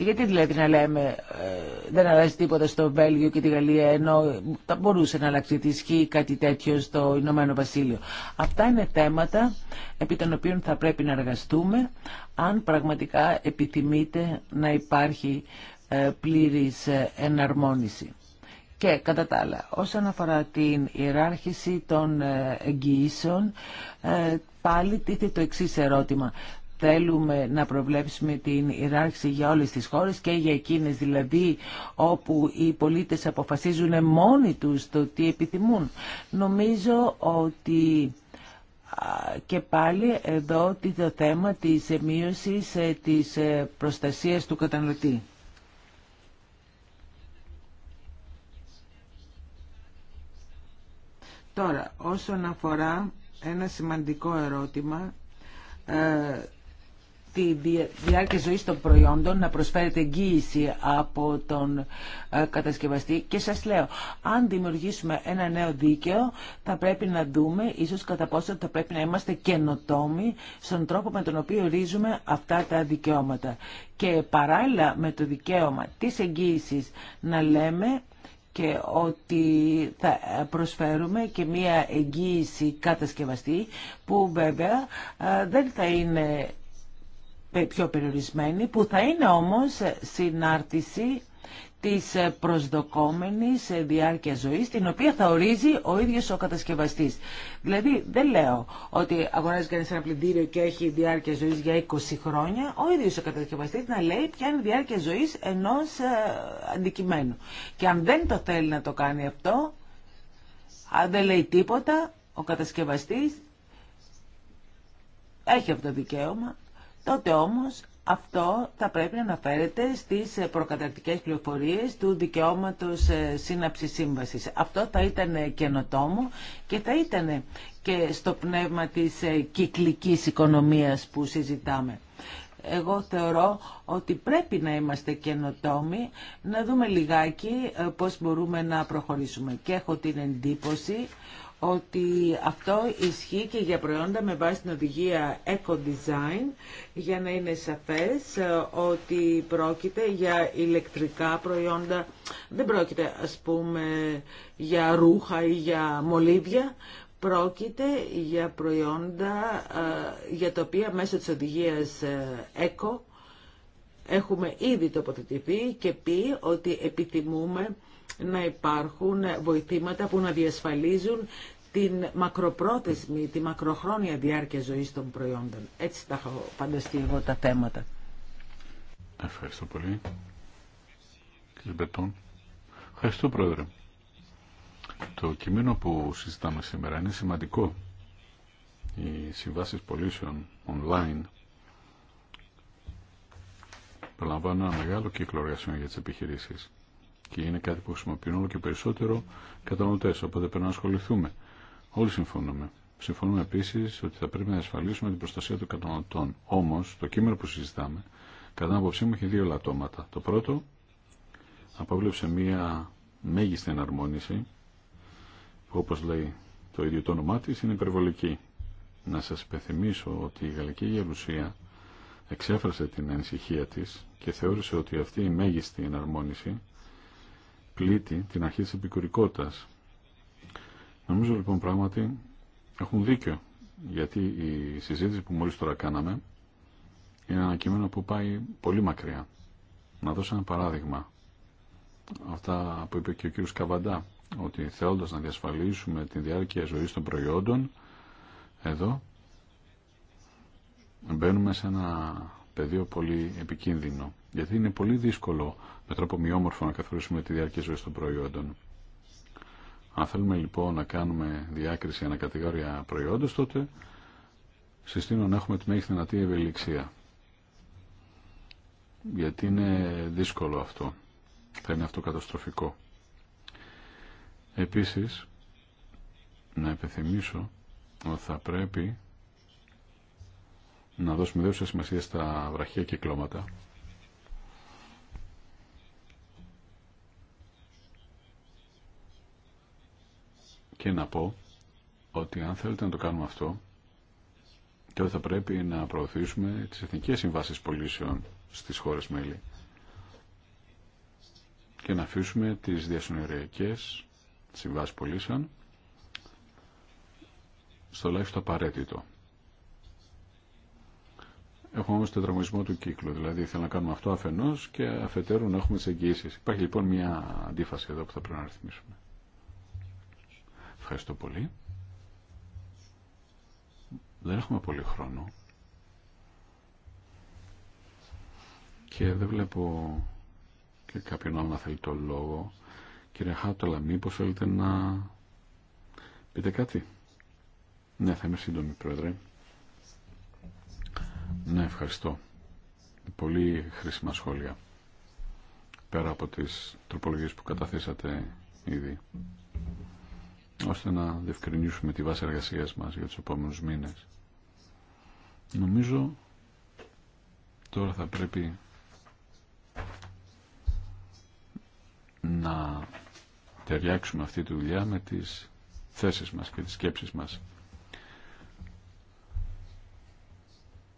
γιατί δηλαδή να λέμε ε, δεν αλλάζει τίποτα στο Βέλγιο και τη Γαλλία ενώ θα μπορούσε να αλλάξει τη ή κάτι τέτοιο στο Ηνωμένο Βασίλειο. Αυτά είναι θέματα επί των οποίων θα πρέπει να εργαστούμε αν πραγματικά επιθυμείτε να υπάρχει ε, πλήρης ε, εναρμόνιση. Και κατά τα άλλα, όσον αφορά την ιεράρχηση των ε, εγγυήσεων, πάλι τίθεται το εξή ερώτημα θέλουμε να προβλέψουμε την ιεράρχηση για όλες τις χώρες και για εκείνες δηλαδή όπου οι πολίτες αποφασίζουν μόνοι τους το τι επιθυμούν. Νομίζω ότι και πάλι εδώ το θέμα της μείωσης ε, της ε, προστασίας του καταναλωτή. Τώρα, όσον αφορά ένα σημαντικό ερώτημα, ε, τη διάρκεια ζωής των προϊόντων να προσφέρεται εγγύηση από τον ε, κατασκευαστή και σας λέω αν δημιουργήσουμε ένα νέο δίκαιο θα πρέπει να δούμε ίσως κατά πόσο θα πρέπει να είμαστε καινοτόμοι στον τρόπο με τον οποίο ορίζουμε αυτά τα δικαιώματα και παράλληλα με το δικαίωμα της εγγύησης να λέμε και ότι θα προσφέρουμε και μία εγγύηση κατασκευαστή που βέβαια ε, δεν θα είναι ε, πιο περιορισμένη, που θα είναι όμως συνάρτηση της προσδοκόμενης διάρκεια ζωής, την οποία θα ορίζει ο ίδιος ο κατασκευαστής. Δηλαδή δεν λέω ότι αγοράζει κανείς ένα πλυντήριο και έχει διάρκεια ζωής για 20 χρόνια, ο ίδιος ο κατασκευαστής να λέει ποια είναι η διάρκεια ζωής ενός ε, αντικειμένου. Και αν δεν το θέλει να το κάνει αυτό, αν δεν λέει τίποτα, ο κατασκευαστής έχει αυτό το δικαίωμα Τότε όμως αυτό θα πρέπει να αναφέρεται στις προκαταρκτικές πληροφορίες του δικαιώματος ε, σύναψης σύμβασης. Αυτό θα ήταν καινοτόμο και θα ήταν και στο πνεύμα της ε, κυκλικής οικονομίας που συζητάμε. Εγώ θεωρώ ότι πρέπει να είμαστε καινοτόμοι, να δούμε λιγάκι ε, πώς μπορούμε να προχωρήσουμε. Και έχω την εντύπωση ότι αυτό ισχύει και για προϊόντα με βάση την οδηγία Eco-Design για να είναι σαφές ε, ότι πρόκειται για ηλεκτρικά προϊόντα, δεν πρόκειται ας πούμε για ρούχα ή για μολύβια, πρόκειται για προϊόντα ε, για τα οποία μέσω της οδηγίας ε, Eco έχουμε ήδη τοποθετηθεί και πει ότι επιθυμούμε να υπάρχουν βοηθήματα που να διασφαλίζουν την μακροπρόθεσμη, τη μακροχρόνια διάρκεια ζωής των προϊόντων. Έτσι τα έχω φανταστεί εγώ τα θέματα. Ευχαριστώ πολύ. Κύριε Μπετών. Ευχαριστώ Πρόεδρε. Το κείμενο που συζητάμε σήμερα είναι σημαντικό. Οι συμβάσεις πωλήσεων online προλαμβάνουν ένα μεγάλο κύκλο εργασιών για τις επιχειρήσεις και είναι κάτι που χρησιμοποιούν όλο και περισσότερο κατανοητέ. Οπότε πρέπει να ασχοληθούμε. Όλοι συμφωνούμε. Συμφωνούμε επίση ότι θα πρέπει να ασφαλίσουμε την προστασία των καταναλωτών. Όμω, το κείμενο που συζητάμε, κατά την άποψή μου, έχει δύο λατώματα. Το πρώτο, απόβλεψε μία μέγιστη εναρμόνιση, που όπω λέει το ίδιο το όνομά τη, είναι υπερβολική. Να σα υπενθυμίσω ότι η Γαλλική Γερουσία εξέφρασε την ανησυχία τη και θεώρησε ότι αυτή η μέγιστη εναρμόνιση την αρχή της επικουρικότητας. Νομίζω λοιπόν πράγματι έχουν δίκιο, γιατί η συζήτηση που μόλις τώρα κάναμε είναι ένα κείμενο που πάει πολύ μακριά. Να δώσω ένα παράδειγμα. Αυτά που είπε και ο κύριος Καβαντά, ότι θέλοντας να διασφαλίσουμε τη διάρκεια ζωής των προϊόντων, εδώ μπαίνουμε σε ένα πεδίο πολύ επικίνδυνο. Γιατί είναι πολύ δύσκολο με τρόπο μειόμορφο να καθορίσουμε τη διάρκεια ζωής των προϊόντων. Αν θέλουμε λοιπόν να κάνουμε διάκριση ανακατηγόρια προϊόντος, τότε συστήνω να έχουμε τη μέγιστη δυνατή ευελιξία. Γιατί είναι δύσκολο αυτό. Θα είναι αυτό καταστροφικό. Επίσης, να επιθυμίσω ότι θα πρέπει να δώσουμε δεύτερη σημασία στα βραχεία κυκλώματα και να πω ότι αν θέλετε να το κάνουμε αυτό, τότε θα πρέπει να προωθήσουμε τις εθνικές συμβάσεις πωλήσεων στις χώρες μέλη και να αφήσουμε τις διασυνοριακές συμβάσεις πωλήσεων στο το απαραίτητο. Έχουμε όμω τετραγωνισμό του κύκλου. Δηλαδή θέλω να κάνουμε αυτό αφενός και αφετέρου να έχουμε τις εγγυήσεις. Υπάρχει λοιπόν μια αντίφαση εδώ που θα πρέπει να ρυθμίσουμε. Ευχαριστώ πολύ. Δεν έχουμε πολύ χρόνο. Και δεν βλέπω και κάποιον άλλο να θέλει το λόγο. Κύριε Χάτολα, μήπως θέλετε να πείτε κάτι. Ναι, θα είμαι σύντομη, Πρόεδρε. Ναι, ευχαριστώ. Πολύ χρήσιμα σχόλια. Πέρα από τις τροπολογίες που καταθέσατε ήδη ώστε να διευκρινίσουμε τη βάση εργασία μας για τους επόμενου μήνε. Νομίζω τώρα θα πρέπει να ταιριάξουμε αυτή τη δουλειά με τις θέσεις μας και τις σκέψεις μας.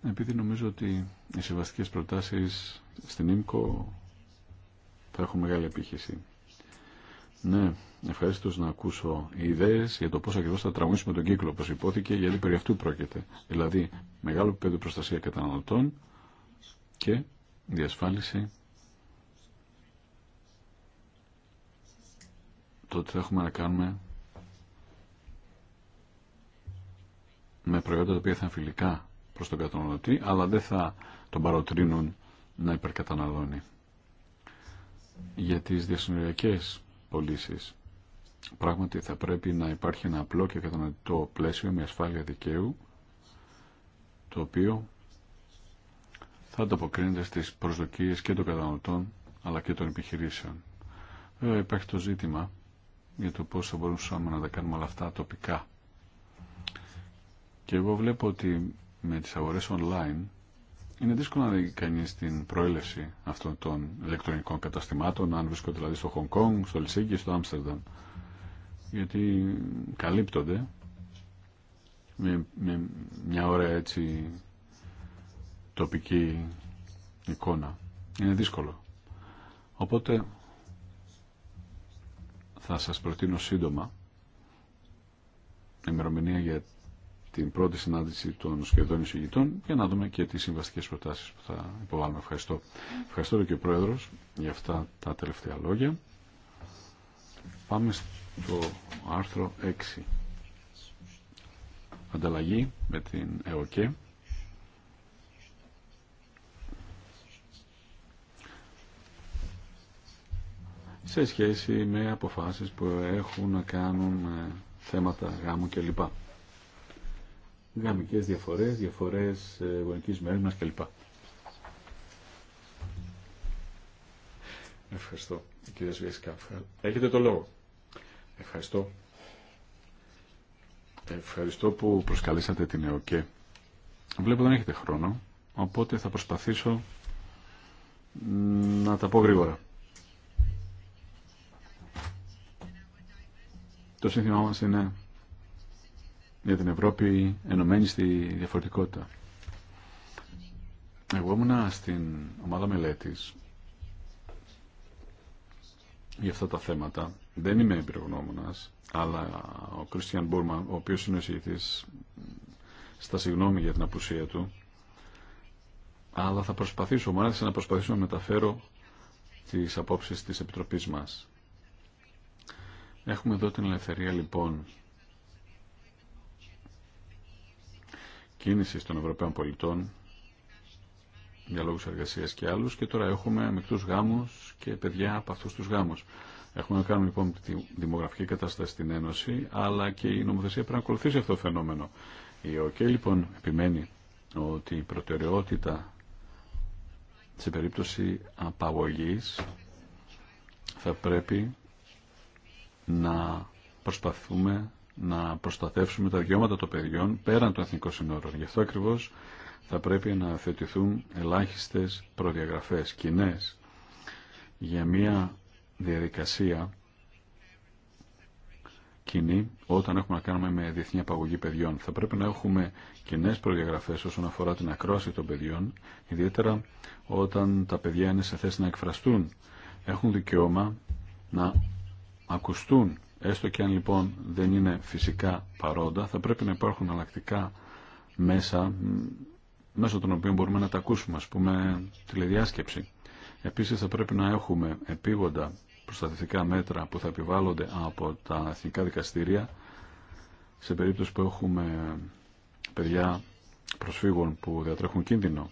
Επειδή νομίζω ότι οι συμβαστικές προτάσεις στην ΙΜΚΟ θα έχουν μεγάλη επίχυση. Ναι, Ευχαριστώ να ακούσω ιδέε για το πώ ακριβώ θα τραγουδήσουμε τον κύκλο, όπω υπόθηκε, γιατί περί αυτού πρόκειται. Δηλαδή, μεγάλο επίπεδο προστασία καταναλωτών και διασφάλιση το ότι θα έχουμε να κάνουμε με προϊόντα τα οποία θα είναι φιλικά προς τον καταναλωτή, αλλά δεν θα τον παροτρύνουν να υπερκαταναλώνει. Για τις διασυνοριακές πωλήσει Πράγματι θα πρέπει να υπάρχει ένα απλό και κατανοητό πλαίσιο με ασφάλεια δικαίου το οποίο θα ανταποκρίνεται στις προσδοκίες και των κατανοητών αλλά και των επιχειρήσεων. Βέβαια ε, υπάρχει το ζήτημα για το πώς θα μπορούσαμε να τα κάνουμε όλα αυτά τοπικά. Και εγώ βλέπω ότι με τις αγορές online είναι δύσκολο να δει κανεί την προέλευση αυτών των ηλεκτρονικών καταστημάτων, αν βρίσκονται δηλαδή στο Χονγκ στο Λυσίγκη, στο Άμστερνταμ γιατί καλύπτονται με, με μια ώρα έτσι τοπική εικόνα. Είναι δύσκολο. Οπότε θα σας προτείνω σύντομα ημερομηνία για την πρώτη συνάντηση των σχεδόν εισηγητών για να δούμε και τις συμβαστικές προτάσεις που θα υποβάλουμε. Ευχαριστώ. Ευχαριστώ και ο Πρόεδρος για αυτά τα τελευταία λόγια. Πάμε το άρθρο 6 ανταλλαγή με την ΕΟΚΕ σε σχέση με αποφάσεις που έχουν να κάνουν θέματα γάμου κλπ. Γαμικές διαφορές, διαφορές ε, γονικής μέρης κλπ. Ευχαριστώ, κύριε Σβιέσκα. Έχετε το λόγο. Ευχαριστώ. Ευχαριστώ που προσκαλέσατε την ΕΟΚΕ. Βλέπω δεν έχετε χρόνο, οπότε θα προσπαθήσω να τα πω γρήγορα. Το σύνθημά μας είναι για την Ευρώπη ενωμένη στη διαφορετικότητα. Εγώ ήμουνα στην ομάδα μελέτης για αυτά τα θέματα δεν είμαι εμπειρογνώμονα. αλλά ο Κριστιαν Μπούρμαν, ο οποίος είναι ο στα συγγνώμη για την απουσία του, αλλά θα προσπαθήσω, μου άρεσε να προσπαθήσω να μεταφέρω τις απόψεις της Επιτροπής μας. Έχουμε εδώ την ελευθερία λοιπόν κίνηση των Ευρωπαίων πολιτών για λόγους εργασίας και άλλους και τώρα έχουμε μικτούς γάμους και παιδιά από αυτούς τους γάμους. Έχουμε να κάνουμε λοιπόν τη δημογραφική κατάσταση στην Ένωση, αλλά και η νομοθεσία πρέπει να ακολουθήσει αυτό το φαινόμενο. Η ΟΚΕ λοιπόν επιμένει ότι η προτεραιότητα σε περίπτωση απαγωγής θα πρέπει να προσπαθούμε να προστατεύσουμε τα δικαιώματα των παιδιών πέραν των εθνικών συνόρων. Γι' αυτό ακριβώς θα πρέπει να θετηθούν ελάχιστες προδιαγραφές κοινέ για μια διαδικασία κοινή όταν έχουμε να κάνουμε με διεθνή απαγωγή παιδιών. Θα πρέπει να έχουμε κοινέ προδιαγραφέ όσον αφορά την ακρόαση των παιδιών, ιδιαίτερα όταν τα παιδιά είναι σε θέση να εκφραστούν. Έχουν δικαίωμα να ακουστούν, έστω και αν λοιπόν δεν είναι φυσικά παρόντα, θα πρέπει να υπάρχουν αλλακτικά μέσα, μέσω των οποίων μπορούμε να τα ακούσουμε, α πούμε τηλεδιάσκεψη. Επίσης θα πρέπει να έχουμε επίγοντα προστατευτικά μέτρα που θα επιβάλλονται από τα εθνικά δικαστήρια σε περίπτωση που έχουμε παιδιά προσφύγων που διατρέχουν κίνδυνο.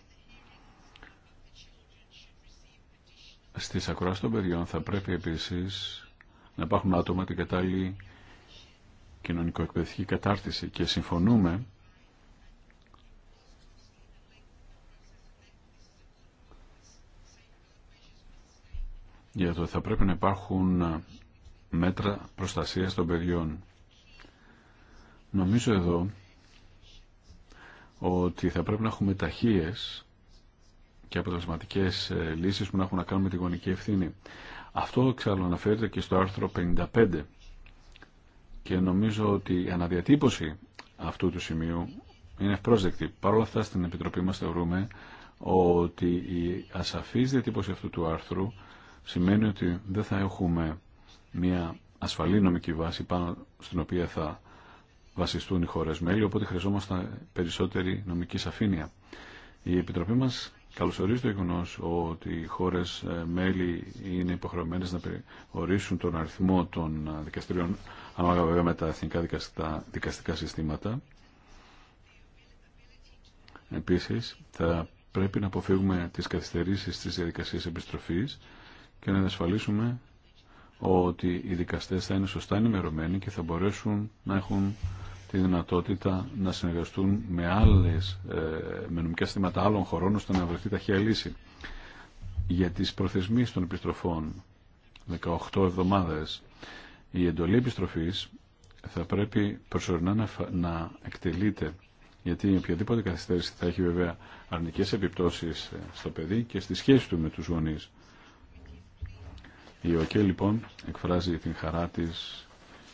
Στις ακροάσεις των παιδιών θα πρέπει επίσης να υπάρχουν άτομα την κατάλληλη κοινωνικοεκπαιδευτική κατάρτιση και συμφωνούμε για το ότι θα πρέπει να υπάρχουν μέτρα προστασίας των παιδιών. Νομίζω εδώ ότι θα πρέπει να έχουμε ταχείες και αποτελεσματικές ε, λύσεις που να έχουν να κάνουν με τη γονική ευθύνη. Αυτό εξάλλου αναφέρεται και στο άρθρο 55 και νομίζω ότι η αναδιατύπωση αυτού του σημείου είναι ευπρόσδεκτη. Παρ' όλα αυτά στην Επιτροπή μας θεωρούμε ότι η ασαφής διατύπωση αυτού του άρθρου σημαίνει ότι δεν θα έχουμε μια ασφαλή νομική βάση πάνω στην οποία θα βασιστούν οι χώρες μέλη, οπότε χρειαζόμαστε περισσότερη νομική σαφήνεια. Η Επιτροπή μας καλωσορίζει το γεγονό ότι οι χώρες ε, μέλη είναι υποχρεωμένες να ορίσουν τον αριθμό των ε, δικαστηριών, ανάλογα βέβαια με τα εθνικά δικαστικά, δικαστικά συστήματα. Επίσης, θα πρέπει να αποφύγουμε τις καθυστερήσεις της διαδικασίας επιστροφής, και να διασφαλίσουμε ότι οι δικαστές θα είναι σωστά ενημερωμένοι και θα μπορέσουν να έχουν τη δυνατότητα να συνεργαστούν με άλλες, ε, με νομικά στήματα άλλων χωρών ώστε να βρεθεί ταχεία λύση. Για τις προθεσμίες των επιστροφών, 18 εβδομάδες, η εντολή επιστροφής θα πρέπει προσωρινά να, εκτελείται γιατί οποιαδήποτε καθυστέρηση θα έχει βέβαια αρνητικές επιπτώσεις ε, στο παιδί και στη σχέση του με τους γονείς. Η ΟΚΕ λοιπόν εκφράζει την χαρά τη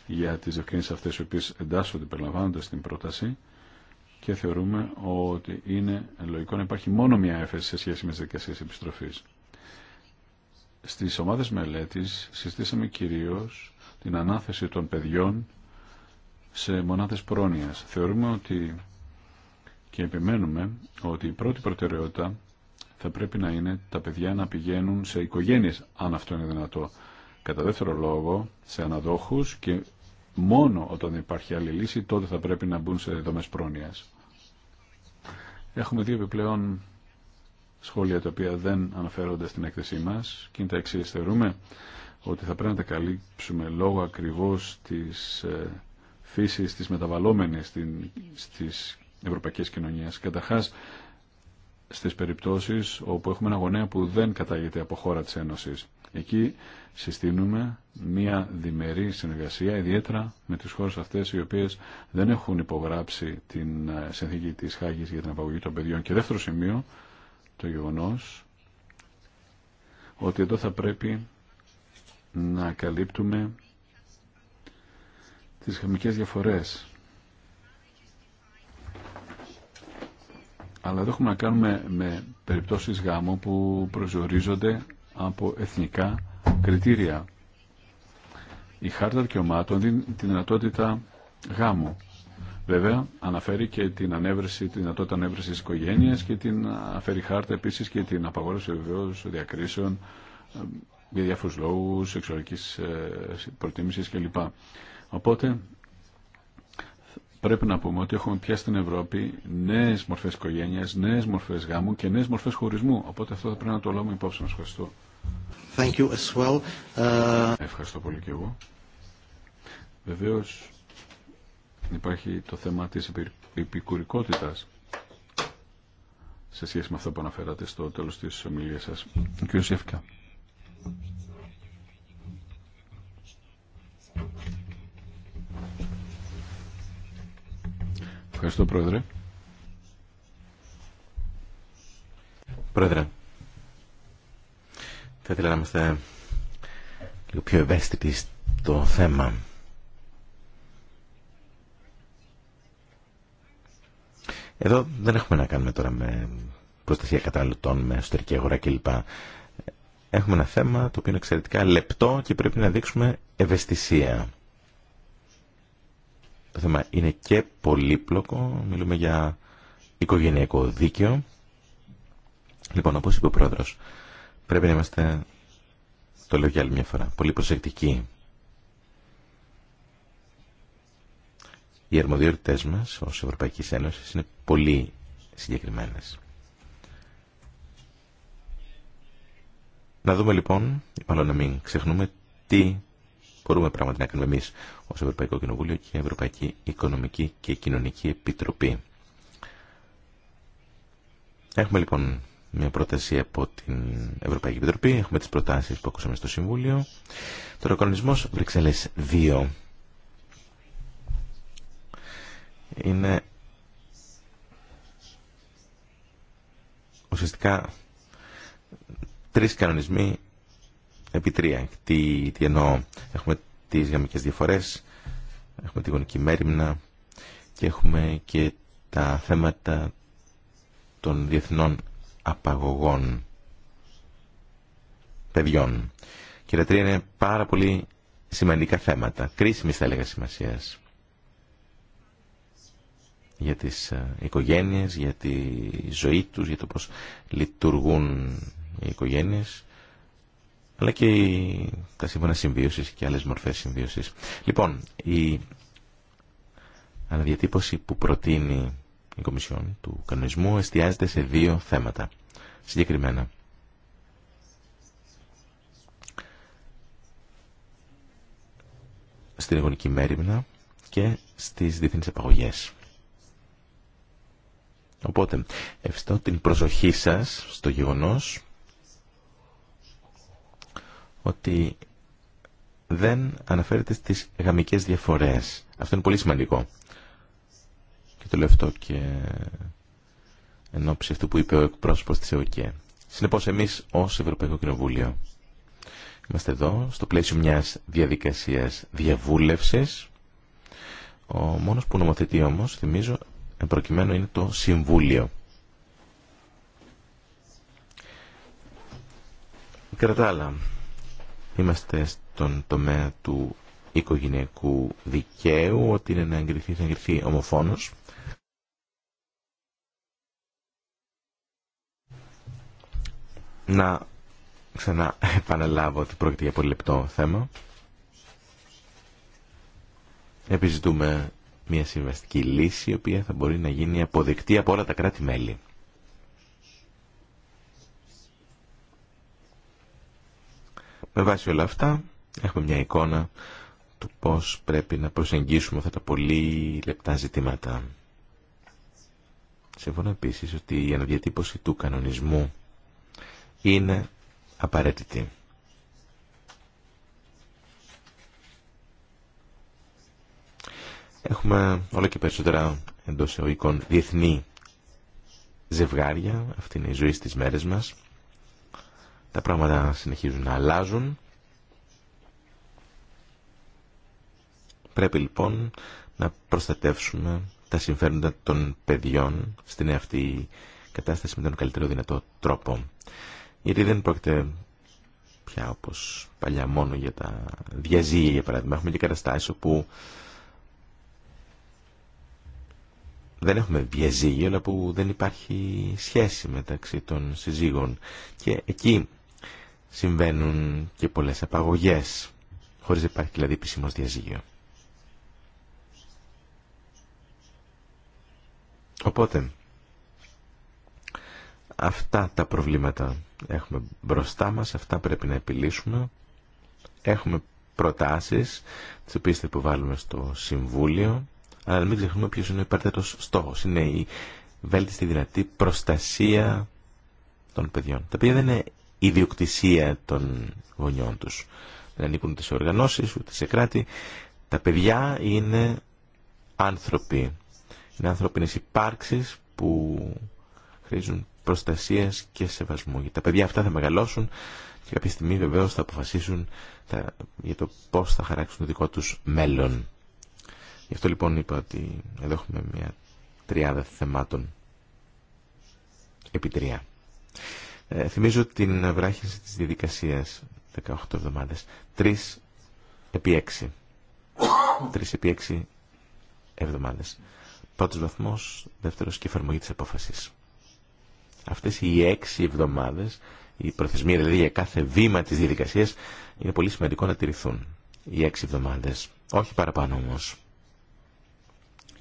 για τις ευκαιρίες αυτές οι οποίες εντάσσονται περιλαμβάνοντας την πρόταση και θεωρούμε ότι είναι λογικό να υπάρχει μόνο μια έφεση σε σχέση με τι δικασίε επιστροφής. Στις ομάδε μελέτη συστήσαμε κυρίω την ανάθεση των παιδιών σε μονάδες πρόνοιας. Θεωρούμε ότι και επιμένουμε ότι η πρώτη προτεραιότητα θα πρέπει να είναι τα παιδιά να πηγαίνουν σε οικογένειε αν αυτό είναι δυνατό. Κατά δεύτερο λόγο, σε αναδόχους και μόνο όταν υπάρχει άλλη λύση, τότε θα πρέπει να μπουν σε δομέ πρόνοια. Έχουμε δύο επιπλέον σχόλια τα οποία δεν αναφέρονται στην έκθεσή μας και είναι τα εξή. Θεωρούμε ότι θα πρέπει να τα καλύψουμε λόγω ακριβώς τη ε, φύση τη μεταβαλλόμενη στι ευρωπαϊκέ κοινωνίε. Καταρχάς, στις περιπτώσεις όπου έχουμε ένα γονέα που δεν κατάγεται από χώρα της Ένωσης. Εκεί συστήνουμε μία διμερή συνεργασία, ιδιαίτερα με τις χώρες αυτές οι οποίες δεν έχουν υπογράψει την ε, συνθήκη της Χάγης για την απαγωγή των παιδιών. Και δεύτερο σημείο, το γεγονός ότι εδώ θα πρέπει να καλύπτουμε τις χαμικές διαφορές Αλλά εδώ έχουμε να κάνουμε με περιπτώσεις γάμου που προσδιορίζονται από εθνικά κριτήρια. Η χάρτα δικαιωμάτων δίνει τη δυνατότητα γάμου. Βέβαια, αναφέρει και την ανέβρεση, τη δυνατότητα ανέβρεση τη οικογένεια και την αφαιρεί χάρτα επίση και την απαγόρευση βεβαίω διακρίσεων ε, για διάφορου λόγου, σεξουαλική ε, προτίμηση κλπ. Οπότε πρέπει να πούμε ότι έχουμε πια στην Ευρώπη νέε μορφέ οικογένεια, νέε μορφέ γάμου και νέε μορφέ χωρισμού. Οπότε αυτό θα πρέπει να το λάβουμε υπόψη μα. Ευχαριστώ. Thank you as well. Ε, Ευχαριστώ πολύ και εγώ. Βεβαίω υπάρχει το θέμα τη επικουρικότητα σε σχέση με αυτό που αναφέρατε στο τέλο τη ομιλία σα. Κύριο Ευχαριστώ, Πρόεδρε. Πρόεδρε, θα ήθελα να είμαστε λίγο πιο ευαίσθητοι στο θέμα. Εδώ δεν έχουμε να κάνουμε τώρα με προστασία καταναλωτών, με εσωτερική αγορά κλπ. Έχουμε ένα θέμα το οποίο είναι εξαιρετικά λεπτό και πρέπει να δείξουμε ευαισθησία. Το θέμα είναι και πολύπλοκο, μιλούμε για οικογενειακό δίκαιο. Λοιπόν, όπως είπε ο Πρόεδρος, πρέπει να είμαστε, το λέω για άλλη μια φορά, πολύ προσεκτικοί. Οι αρμοδιότητές μας ως Ευρωπαϊκή Ένωση είναι πολύ συγκεκριμένες. Να δούμε λοιπόν, μάλλον να μην ξεχνούμε, τι μπορούμε πράγματι να κάνουμε εμεί ως Ευρωπαϊκό Κοινοβούλιο και Ευρωπαϊκή Οικονομική και Κοινωνική Επιτροπή. Έχουμε λοιπόν μια πρόταση από την Ευρωπαϊκή Επιτροπή, έχουμε τις προτάσεις που ακούσαμε στο Συμβούλιο. Τώρα ο κανονισμό Βρυξέλλες 2 είναι ουσιαστικά τρεις κανονισμοί επί τρία. Τι, τι εννοώ. Έχουμε τις γαμικές διαφορές, έχουμε τη γονική μέρημνα και έχουμε και τα θέματα των διεθνών απαγωγών παιδιών. Και τα τρία είναι πάρα πολύ σημαντικά θέματα, Κρίσιμη θα έλεγα σημασία. για τις ε, οικογένειες, για τη ζωή τους, για το πώς λειτουργούν οι οικογένειες αλλά και τα σύμφωνα συμβίωση και άλλες μορφές συμβίωση. Λοιπόν, η αναδιατύπωση που προτείνει η Κομισιόν του κανονισμού εστιάζεται σε δύο θέματα συγκεκριμένα. Στην εγωνική μέρημνα και στις διεθνείς επαγωγές. Οπότε, ευστώ την προσοχή σας στο γεγονός ότι δεν αναφέρεται στις γαμικές διαφορές. Αυτό είναι πολύ σημαντικό. Και το λέω αυτό και ενώ αυτού που είπε ο εκπρόσωπος της ΕΟΚΕ. Συνεπώς εμείς ως Ευρωπαϊκό Κοινοβούλιο είμαστε εδώ στο πλαίσιο μιας διαδικασίας διαβούλευσης. Ο μόνος που νομοθετεί όμως, θυμίζω, προκειμένου είναι το Συμβούλιο. Κατά τα άλλα, Είμαστε στον τομέα του οικογενειακού δικαίου, ότι είναι να εγκριθεί, θα εγκριθεί ομοφόνος. Να ξανά επαναλάβω ότι πρόκειται για πολύ λεπτό θέμα. Επιζητούμε μια συμβαστική λύση, η οποία θα μπορεί να γίνει αποδεκτή από όλα τα κράτη-μέλη. Με βάση όλα αυτά έχουμε μια εικόνα του πώς πρέπει να προσεγγίσουμε αυτά τα πολύ λεπτά ζητήματα. Συμφωνώ επίσης ότι η αναδιατύπωση του κανονισμού είναι απαραίτητη. Έχουμε όλο και περισσότερα εντό εωικών διεθνή ζευγάρια, αυτή είναι η ζωή στις μέρες μας. Τα πράγματα συνεχίζουν να αλλάζουν. Πρέπει λοιπόν να προστατεύσουμε τα συμφέροντα των παιδιών στην αυτή κατάσταση με τον καλύτερο δυνατό τρόπο. Γιατί δεν πρόκειται πια όπως παλιά μόνο για τα διαζύγια για παράδειγμα. Έχουμε και καταστάσεις όπου δεν έχουμε διαζύγιο αλλά που δεν υπάρχει σχέση μεταξύ των συζύγων. Και εκεί συμβαίνουν και πολλές απαγωγές, χωρίς να υπάρχει δηλαδή διαζύγιο. Οπότε, αυτά τα προβλήματα έχουμε μπροστά μας, αυτά πρέπει να επιλύσουμε. Έχουμε προτάσεις, τις οποίες θα υποβάλουμε στο Συμβούλιο, αλλά μην ξεχνούμε ποιος είναι ο υπαρτέτος στόχος. Είναι η βέλτιστη δυνατή προστασία των παιδιών. Τα παιδιά δεν είναι ιδιοκτησία των γονιών τους. Δεν ανήκουν ούτε σε οργανώσεις, ούτε σε κράτη. Τα παιδιά είναι άνθρωποι. Είναι ανθρώπινες υπάρξεις που χρήζουν προστασίας και σεβασμού. Γιατί τα παιδιά αυτά θα μεγαλώσουν και κάποια στιγμή βεβαίως θα αποφασίσουν για το πώς θα χαράξουν το δικό τους μέλλον. Γι' αυτό λοιπόν είπα ότι εδώ έχουμε μια τριάδα θεμάτων επί ε, θυμίζω την βράχυνση της διαδικασίας 18 εβδομάδες. 3 επί 6. 3 επί 6 εβδομάδες. Πρώτος βαθμός, δεύτερος και εφαρμογή της απόφασης. Αυτές οι 6 εβδομάδες, οι προθεσμία δηλαδή για κάθε βήμα της διαδικασίας, είναι πολύ σημαντικό να τηρηθούν. Οι 6 εβδομάδες. Όχι παραπάνω όμως.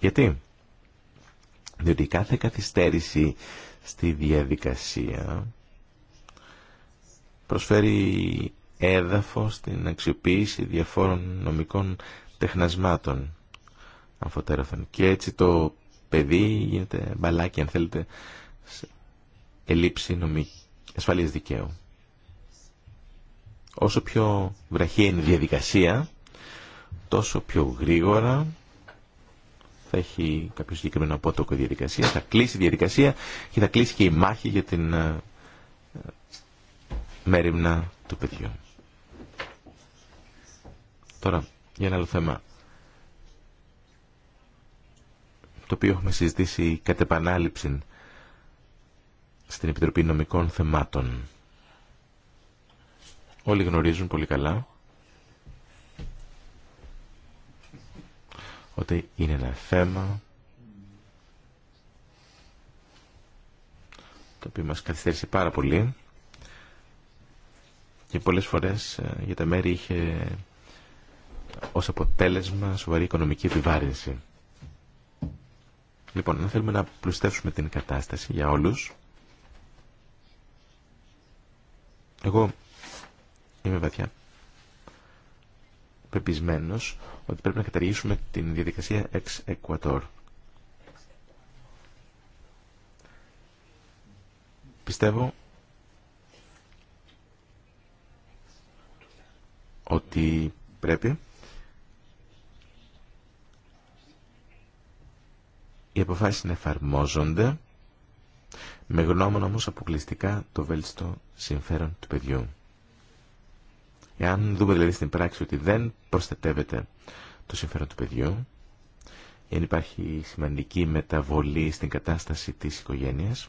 Γιατί? Διότι κάθε καθυστέρηση στη διαδικασία προσφέρει έδαφο στην αξιοποίηση διαφόρων νομικών τεχνασμάτων αμφωτέρωθεν. Και έτσι το παιδί γίνεται μπαλάκι, αν θέλετε, σε ελλείψη νομική, ασφαλείας δικαίου. Όσο πιο βραχή είναι η διαδικασία, τόσο πιο γρήγορα θα έχει κάποιο συγκεκριμένο απότοκο διαδικασία, θα κλείσει η διαδικασία και θα κλείσει και η μάχη για την ε, μέρημνα του παιδιού. Τώρα, για ένα άλλο θέμα, το οποίο έχουμε συζητήσει κατ' επανάληψη στην Επιτροπή Νομικών Θεμάτων. Όλοι γνωρίζουν πολύ καλά ότι είναι ένα θέμα το οποίο μας καθυστέρησε πάρα πολύ και πολλές φορές ε, για τα μέρη είχε ως αποτέλεσμα σοβαρή οικονομική επιβάρυνση. Λοιπόν, αν θέλουμε να πλουστεύσουμε την κατάσταση για όλους, εγώ είμαι βαθιά πεπισμένος ότι πρέπει να καταργήσουμε την διαδικασία ex equator. Πιστεύω ότι πρέπει οι αποφάσεις να εφαρμόζονται με γνώμονα όμως αποκλειστικά το βέλτιστο συμφέρον του παιδιού. Εάν δούμε δηλαδή στην πράξη ότι δεν προστατεύεται το συμφέρον του παιδιού, εάν υπάρχει σημαντική μεταβολή στην κατάσταση της οικογένειας,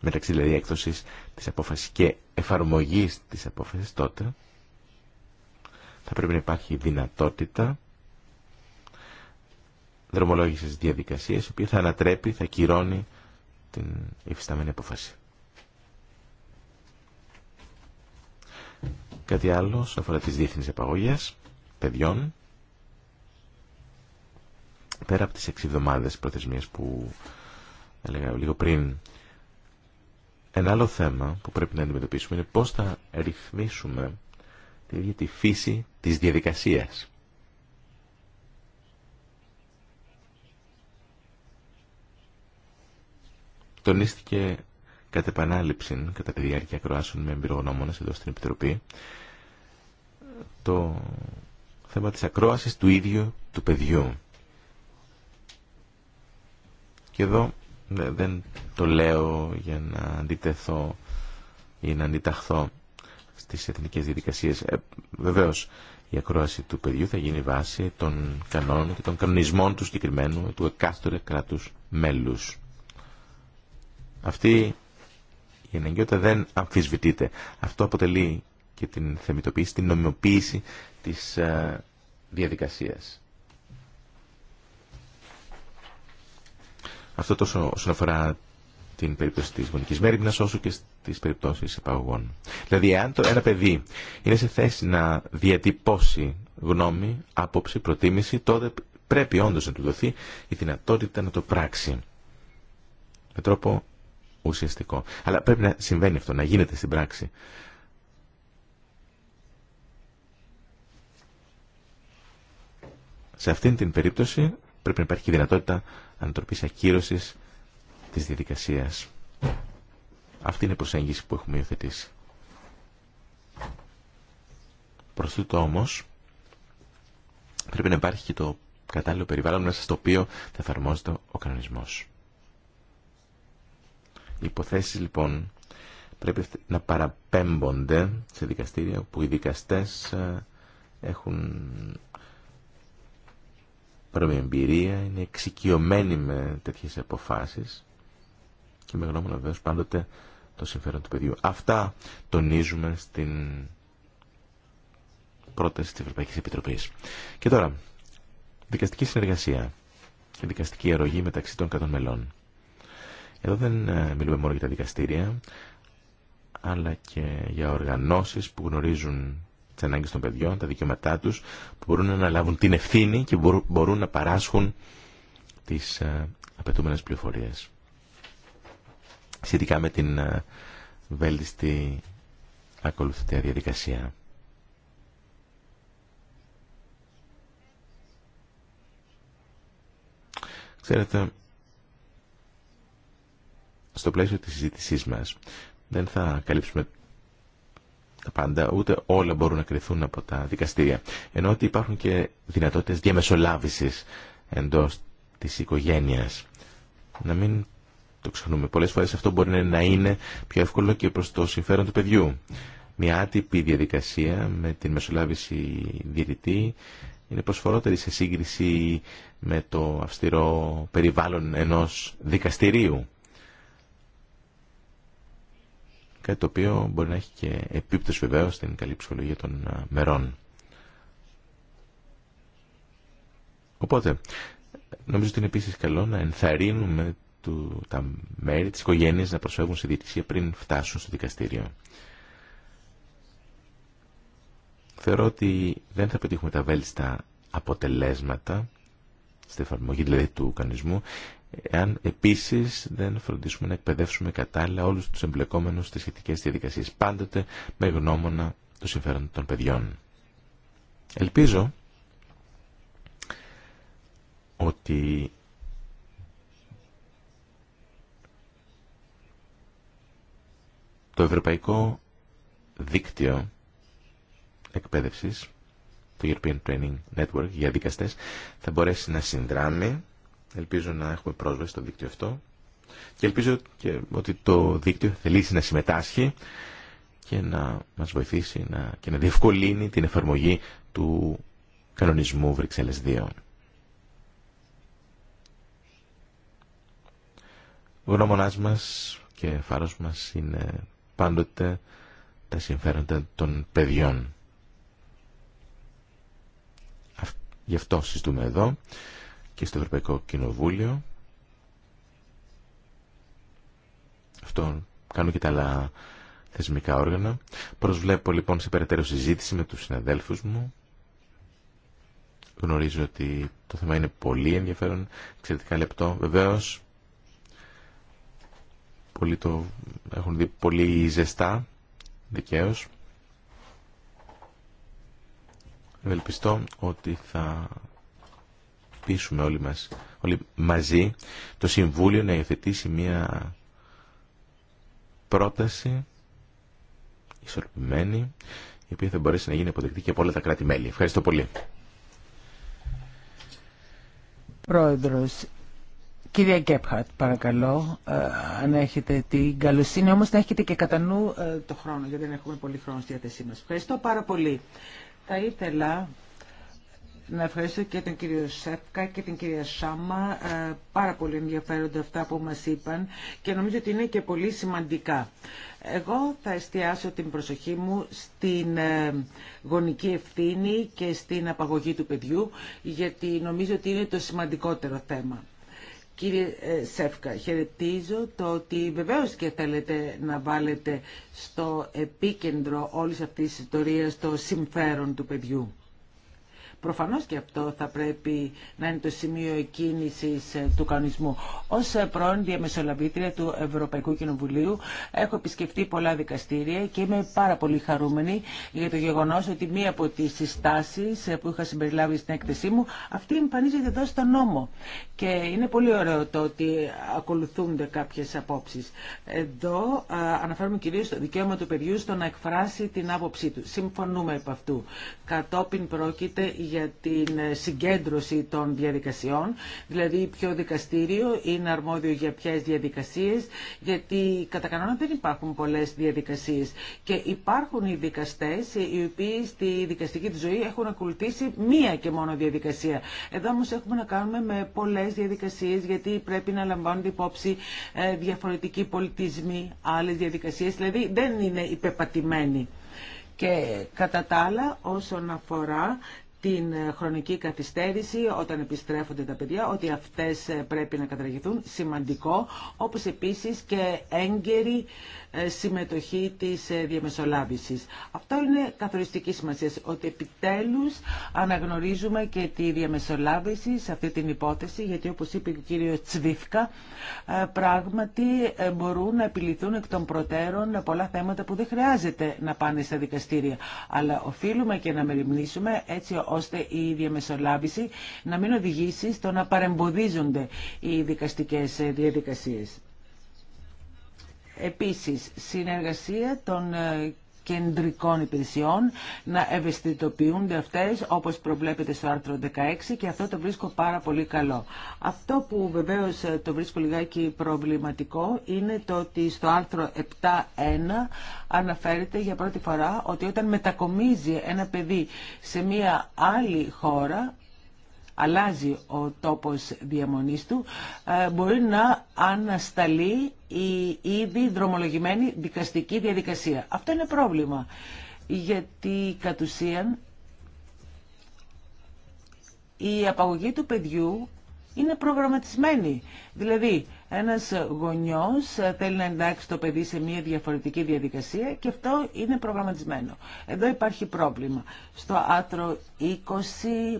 μεταξύ δηλαδή έκδοσης της απόφασης και εφαρμογής της απόφασης τότε, θα πρέπει να υπάρχει δυνατότητα δρομολόγησης διαδικασίας, η οποία θα ανατρέπει, θα κυρώνει την υφισταμένη αποφάση. Κάτι άλλο, όσον αφορά τις διεθνείς επαγωγής παιδιών, πέρα από τις 6 εβδομάδες προθεσμίες που έλεγα λίγο πριν, ένα άλλο θέμα που πρέπει να αντιμετωπίσουμε είναι πώς θα ρυθμίσουμε την ίδια τη φύση της διαδικασίας. Τονίστηκε κατ' επανάληψη, κατά τη διάρκεια ακροάσεων με εμπειρογνώμονες εδώ στην Επιτροπή, το θέμα της ακρόασης του ίδιου του παιδιού. Και εδώ δεν το λέω για να αντιτεθώ ή να αντιταχθώ στις εθνικές διαδικασίες. Ε, βεβαίως, η ακρόαση του παιδιού θα γίνει βάση των κανόνων και των κανονισμών του συγκεκριμένου, του εκάστορε κράτους μέλους. Αυτή η αναγκαιότητα δεν αμφισβητείται. Αυτό αποτελεί και την θεμητοποίηση, την νομιμοποίηση της ε, διαδικασίας. Αυτό τόσο όσον αφορά στην περίπτωση τη γονική μέρημνα, όσο και στις περιπτώσει επαγωγών. Δηλαδή, αν το ένα παιδί είναι σε θέση να διατυπώσει γνώμη, άποψη, προτίμηση, τότε πρέπει όντως να του δοθεί η δυνατότητα να το πράξει. Με τρόπο ουσιαστικό. Αλλά πρέπει να συμβαίνει αυτό, να γίνεται στην πράξη. Σε αυτήν την περίπτωση πρέπει να υπάρχει δυνατότητα ανατροπής ακύρωσης της διαδικασίας. Αυτή είναι η προσέγγιση που έχουμε υιοθετήσει. Προς τούτο όμως πρέπει να υπάρχει και το κατάλληλο περιβάλλον μέσα στο οποίο θα εφαρμόζεται ο κανονισμός. Οι υποθέσεις λοιπόν πρέπει να παραπέμπονται σε δικαστήρια που οι δικαστές ε, έχουν παρόμοια εμπειρία, είναι εξοικειωμένοι με τέτοιες αποφάσεις και με γνώμονα βεβαίω πάντοτε το συμφέρον του παιδιού. Αυτά τονίζουμε στην πρόταση της Ευρωπαϊκής Επιτροπής. Και τώρα, δικαστική συνεργασία και δικαστική αρρωγή μεταξύ των κρατών μελών. Εδώ δεν ε, μιλούμε μόνο για τα δικαστήρια, αλλά και για οργανώσεις που γνωρίζουν τις ανάγκες των παιδιών, τα δικαιώματά τους, που μπορούν να αναλάβουν την ευθύνη και μπορούν να παράσχουν τις ε, απαιτούμενες πληροφορίες σχετικά με την ε, βέλτιστη ακολουθητέα διαδικασία. Ξέρετε, στο πλαίσιο της συζήτησή μας δεν θα καλύψουμε τα πάντα, ούτε όλα μπορούν να κρυθούν από τα δικαστήρια. Ενώ ότι υπάρχουν και δυνατότητες διαμεσολάβησης εντός της οικογένειας. Να μην το ξεχνούμε. Πολλέ φορέ αυτό μπορεί να είναι πιο εύκολο και προ το συμφέρον του παιδιού. Μια άτυπη διαδικασία με την μεσολάβηση διαιτητή είναι προσφορότερη σε σύγκριση με το αυστηρό περιβάλλον ενός δικαστηρίου. Κάτι το οποίο μπορεί να έχει και επίπτωση βεβαίως στην καλή ψυχολογία των μερών. Οπότε, νομίζω ότι είναι επίσης καλό να ενθαρρύνουμε του, τα μέρη της οικογένειας να προσφεύγουν στη διοίκηση πριν φτάσουν στο δικαστήριο. Θεωρώ ότι δεν θα πετύχουμε τα βέλτιστα αποτελέσματα στην εφαρμογή δηλαδή του κανισμού εάν επίσης δεν φροντίσουμε να εκπαιδεύσουμε κατάλληλα όλους τους εμπλεκόμενους στις σχετικές διαδικασίες πάντοτε με γνώμονα του συμφέρον των παιδιών. Ελπίζω ότι Το Ευρωπαϊκό Δίκτυο Εκπαίδευσης, το European Training Network για δικαστές, θα μπορέσει να συνδράμει. Ελπίζω να έχουμε πρόσβαση στο δίκτυο αυτό. Και ελπίζω και ότι το δίκτυο θελήσει να συμμετάσχει και να μας βοηθήσει να, και να διευκολύνει την εφαρμογή του κανονισμού Βρυξέλλες 2. Ο γνώμονάς μας και φάρος μας είναι πάντοτε τα συμφέροντα των παιδιών. Γι' αυτό συζητούμε εδώ και στο Ευρωπαϊκό Κοινοβούλιο. Αυτό κάνουν και τα άλλα θεσμικά όργανα. Προσβλέπω λοιπόν σε περαιτέρω συζήτηση με τους συναδέλφους μου. Γνωρίζω ότι το θέμα είναι πολύ ενδιαφέρον, εξαιρετικά λεπτό. Βεβαίως πολύ το έχουν δει πολύ ζεστά, δικαίω. Ευελπιστώ ότι θα πείσουμε όλοι μας, όλοι μαζί, το Συμβούλιο να υιοθετήσει μια πρόταση ισορροπημένη, η οποία θα μπορέσει να γίνει αποδεκτή και από όλα τα κράτη-μέλη. Ευχαριστώ πολύ. Πρόεδρος, Κυρία Γκέπχαρτ, παρακαλώ, ε, αν έχετε την καλοσύνη, όμως να έχετε και κατά νου ε, το χρόνο, γιατί δεν έχουμε πολύ χρόνο στη διάθεσή μας. Ευχαριστώ πάρα πολύ. Θα ήθελα να ευχαριστώ και τον κύριο Σέφκα και την κυρία Σάμα. Ε, πάρα πολύ ενδιαφέροντα αυτά που μας είπαν και νομίζω ότι είναι και πολύ σημαντικά. Εγώ θα εστιάσω την προσοχή μου στην ε, γονική ευθύνη και στην απαγωγή του παιδιού, γιατί νομίζω ότι είναι το σημαντικότερο θέμα. Κύριε ε, Σεύκα, χαιρετίζω το ότι βεβαίως και θέλετε να βάλετε στο επίκεντρο όλης αυτής της ιστορίας το συμφέρον του παιδιού. Προφανώς και αυτό θα πρέπει να είναι το σημείο εκκίνησης ε, του κανονισμού. Ως ε, πρώην διαμεσολαβήτρια του Ευρωπαϊκού Κοινοβουλίου έχω επισκεφτεί πολλά δικαστήρια και είμαι πάρα πολύ χαρούμενη για το γεγονός ότι μία από τις συστάσεις ε, που είχα συμπεριλάβει στην έκθεσή μου αυτή εμφανίζεται εδώ στο νόμο. Και είναι πολύ ωραίο το ότι ακολουθούνται κάποιες απόψεις. Εδώ αναφέρουμε κυρίως το δικαίωμα του παιδιού στο να εκφράσει την άποψή του. Συμφωνούμε επ' αυτού. Κατόπιν πρόκειται για την συγκέντρωση των διαδικασιών, δηλαδή ποιο δικαστήριο είναι αρμόδιο για ποιε διαδικασίε, γιατί κατά κανόνα δεν υπάρχουν πολλέ διαδικασίε. και υπάρχουν οι δικαστέ οι οποίοι στη δικαστική του ζωή έχουν ακολουθήσει μία και μόνο διαδικασία. Εδώ όμω έχουμε να κάνουμε με πολλέ διαδικασίε γιατί πρέπει να λαμβάνονται υπόψη ε, διαφορετικοί πολιτισμοί, άλλε διαδικασίε, δηλαδή δεν είναι υπεπατημένοι. Και κατά τα άλλα όσον αφορά την ε, χρονική καθυστέρηση όταν επιστρέφονται τα παιδιά, ότι αυτές ε, πρέπει να καταργηθούν, σημαντικό, όπως επίσης και έγκαιρη συμμετοχή της ε, διαμεσολάβησης. Αυτό είναι καθοριστική σημασία, ότι επιτέλους αναγνωρίζουμε και τη διαμεσολάβηση σε αυτή την υπόθεση, γιατί όπως είπε ο κύριος Τσβίφκα, ε, πράγματι ε, μπορούν να επιληθούν εκ των προτέρων πολλά θέματα που δεν χρειάζεται να πάνε στα δικαστήρια. Αλλά οφείλουμε και να μεριμνήσουμε έτσι ώστε η διαμεσολάβηση να μην οδηγήσει στο να παρεμποδίζονται οι δικαστικές διαδικασίες. Επίσης, συνεργασία των ε, κεντρικών υπηρεσιών να ευαισθητοποιούνται αυτές όπως προβλέπεται στο άρθρο 16 και αυτό το βρίσκω πάρα πολύ καλό. Αυτό που βεβαίως ε, το βρίσκω λιγάκι προβληματικό είναι το ότι στο άρθρο 7.1 αναφέρεται για πρώτη φορά ότι όταν μετακομίζει ένα παιδί σε μια άλλη χώρα αλλάζει ο τόπος διαμονής του, ε, μπορεί να ανασταλεί η ήδη δρομολογημένη δικαστική διαδικασία. Αυτό είναι πρόβλημα, γιατί κατ' ουσίαν η απαγωγή του παιδιού είναι προγραμματισμένη. Δηλαδή, ένας γονιός θέλει να εντάξει το παιδί σε μια διαφορετική διαδικασία και αυτό είναι προγραμματισμένο. Εδώ υπάρχει πρόβλημα. Στο άρθρο 20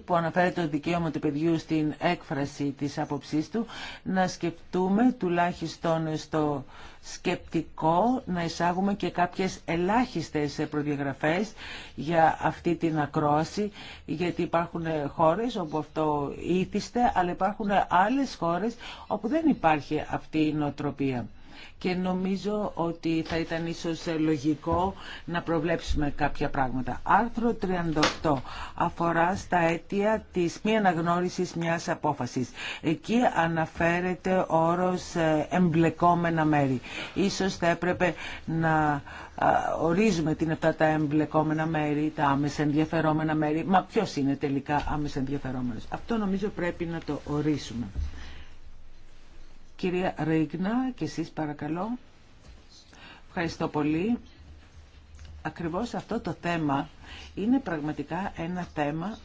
που αναφέρει το δικαίωμα του παιδιού στην έκφραση της άποψής του να σκεφτούμε τουλάχιστον στο σκεπτικό να εισάγουμε και κάποιες ελάχιστες προδιαγραφές για αυτή την ακρόαση, γιατί υπάρχουν χώρες όπου αυτό ήθιστε, αλλά υπάρχουν άλλες χώρες όπου δεν υπάρχει αυτή η νοοτροπία και νομίζω ότι θα ήταν ίσως λογικό να προβλέψουμε κάποια πράγματα. Άρθρο 38 αφορά στα αίτια της μη αναγνώρισης μιας απόφασης. Εκεί αναφέρεται όρος ε, εμπλεκόμενα μέρη. Ίσως θα έπρεπε να ε, ορίζουμε την αυτά τα εμπλεκόμενα μέρη, τα άμεσα ενδιαφερόμενα μέρη. Μα ποιος είναι τελικά άμεσα ενδιαφερόμενος. Αυτό νομίζω πρέπει να το ορίσουμε. Κυρία Ρίγνα, και εσείς παρακαλώ. Ευχαριστώ πολύ. Ακριβώς αυτό το θέμα είναι πραγματικά ένα θέμα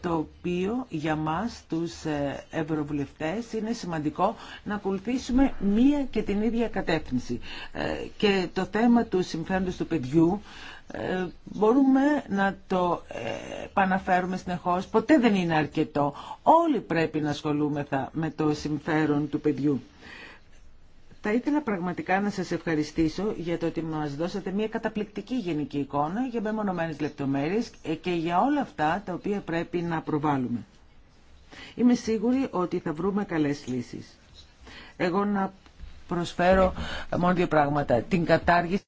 το οποίο για μας τους ε, ευρωβουλευτές είναι σημαντικό να ακολουθήσουμε μία και την ίδια κατεύθυνση. Ε, και το θέμα του συμφέροντος του παιδιού ε, μπορούμε να το ε, επαναφέρουμε συνεχώς. Ποτέ δεν είναι αρκετό. Όλοι πρέπει να ασχολούμεθα με το συμφέρον του παιδιού. Θα ήθελα πραγματικά να σας ευχαριστήσω για το ότι μας δώσατε μια καταπληκτική γενική εικόνα για μεμονωμένες λεπτομέρειες ε, και για όλα αυτά τα οποία πρέπει να προβάλλουμε. Είμαι σίγουρη ότι θα βρούμε καλές λύσεις. Εγώ να προσφέρω μόνο δύο πράγματα. Την κατάργηση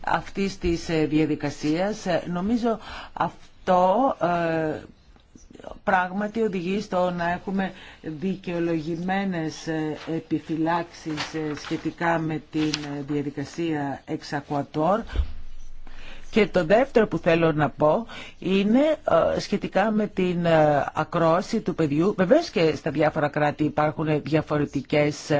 αυτής της ε, διαδικασίας. Ε, νομίζω αυτό ε, πράγματι οδηγεί στο να έχουμε δικαιολογημένες επιφυλάξεις σχετικά με την διαδικασία εξακουατόρ. Και το δεύτερο που θέλω να πω είναι σχετικά με την ακρόαση του παιδιού. Βεβαίως και στα διάφορα κράτη υπάρχουν διαφορετικές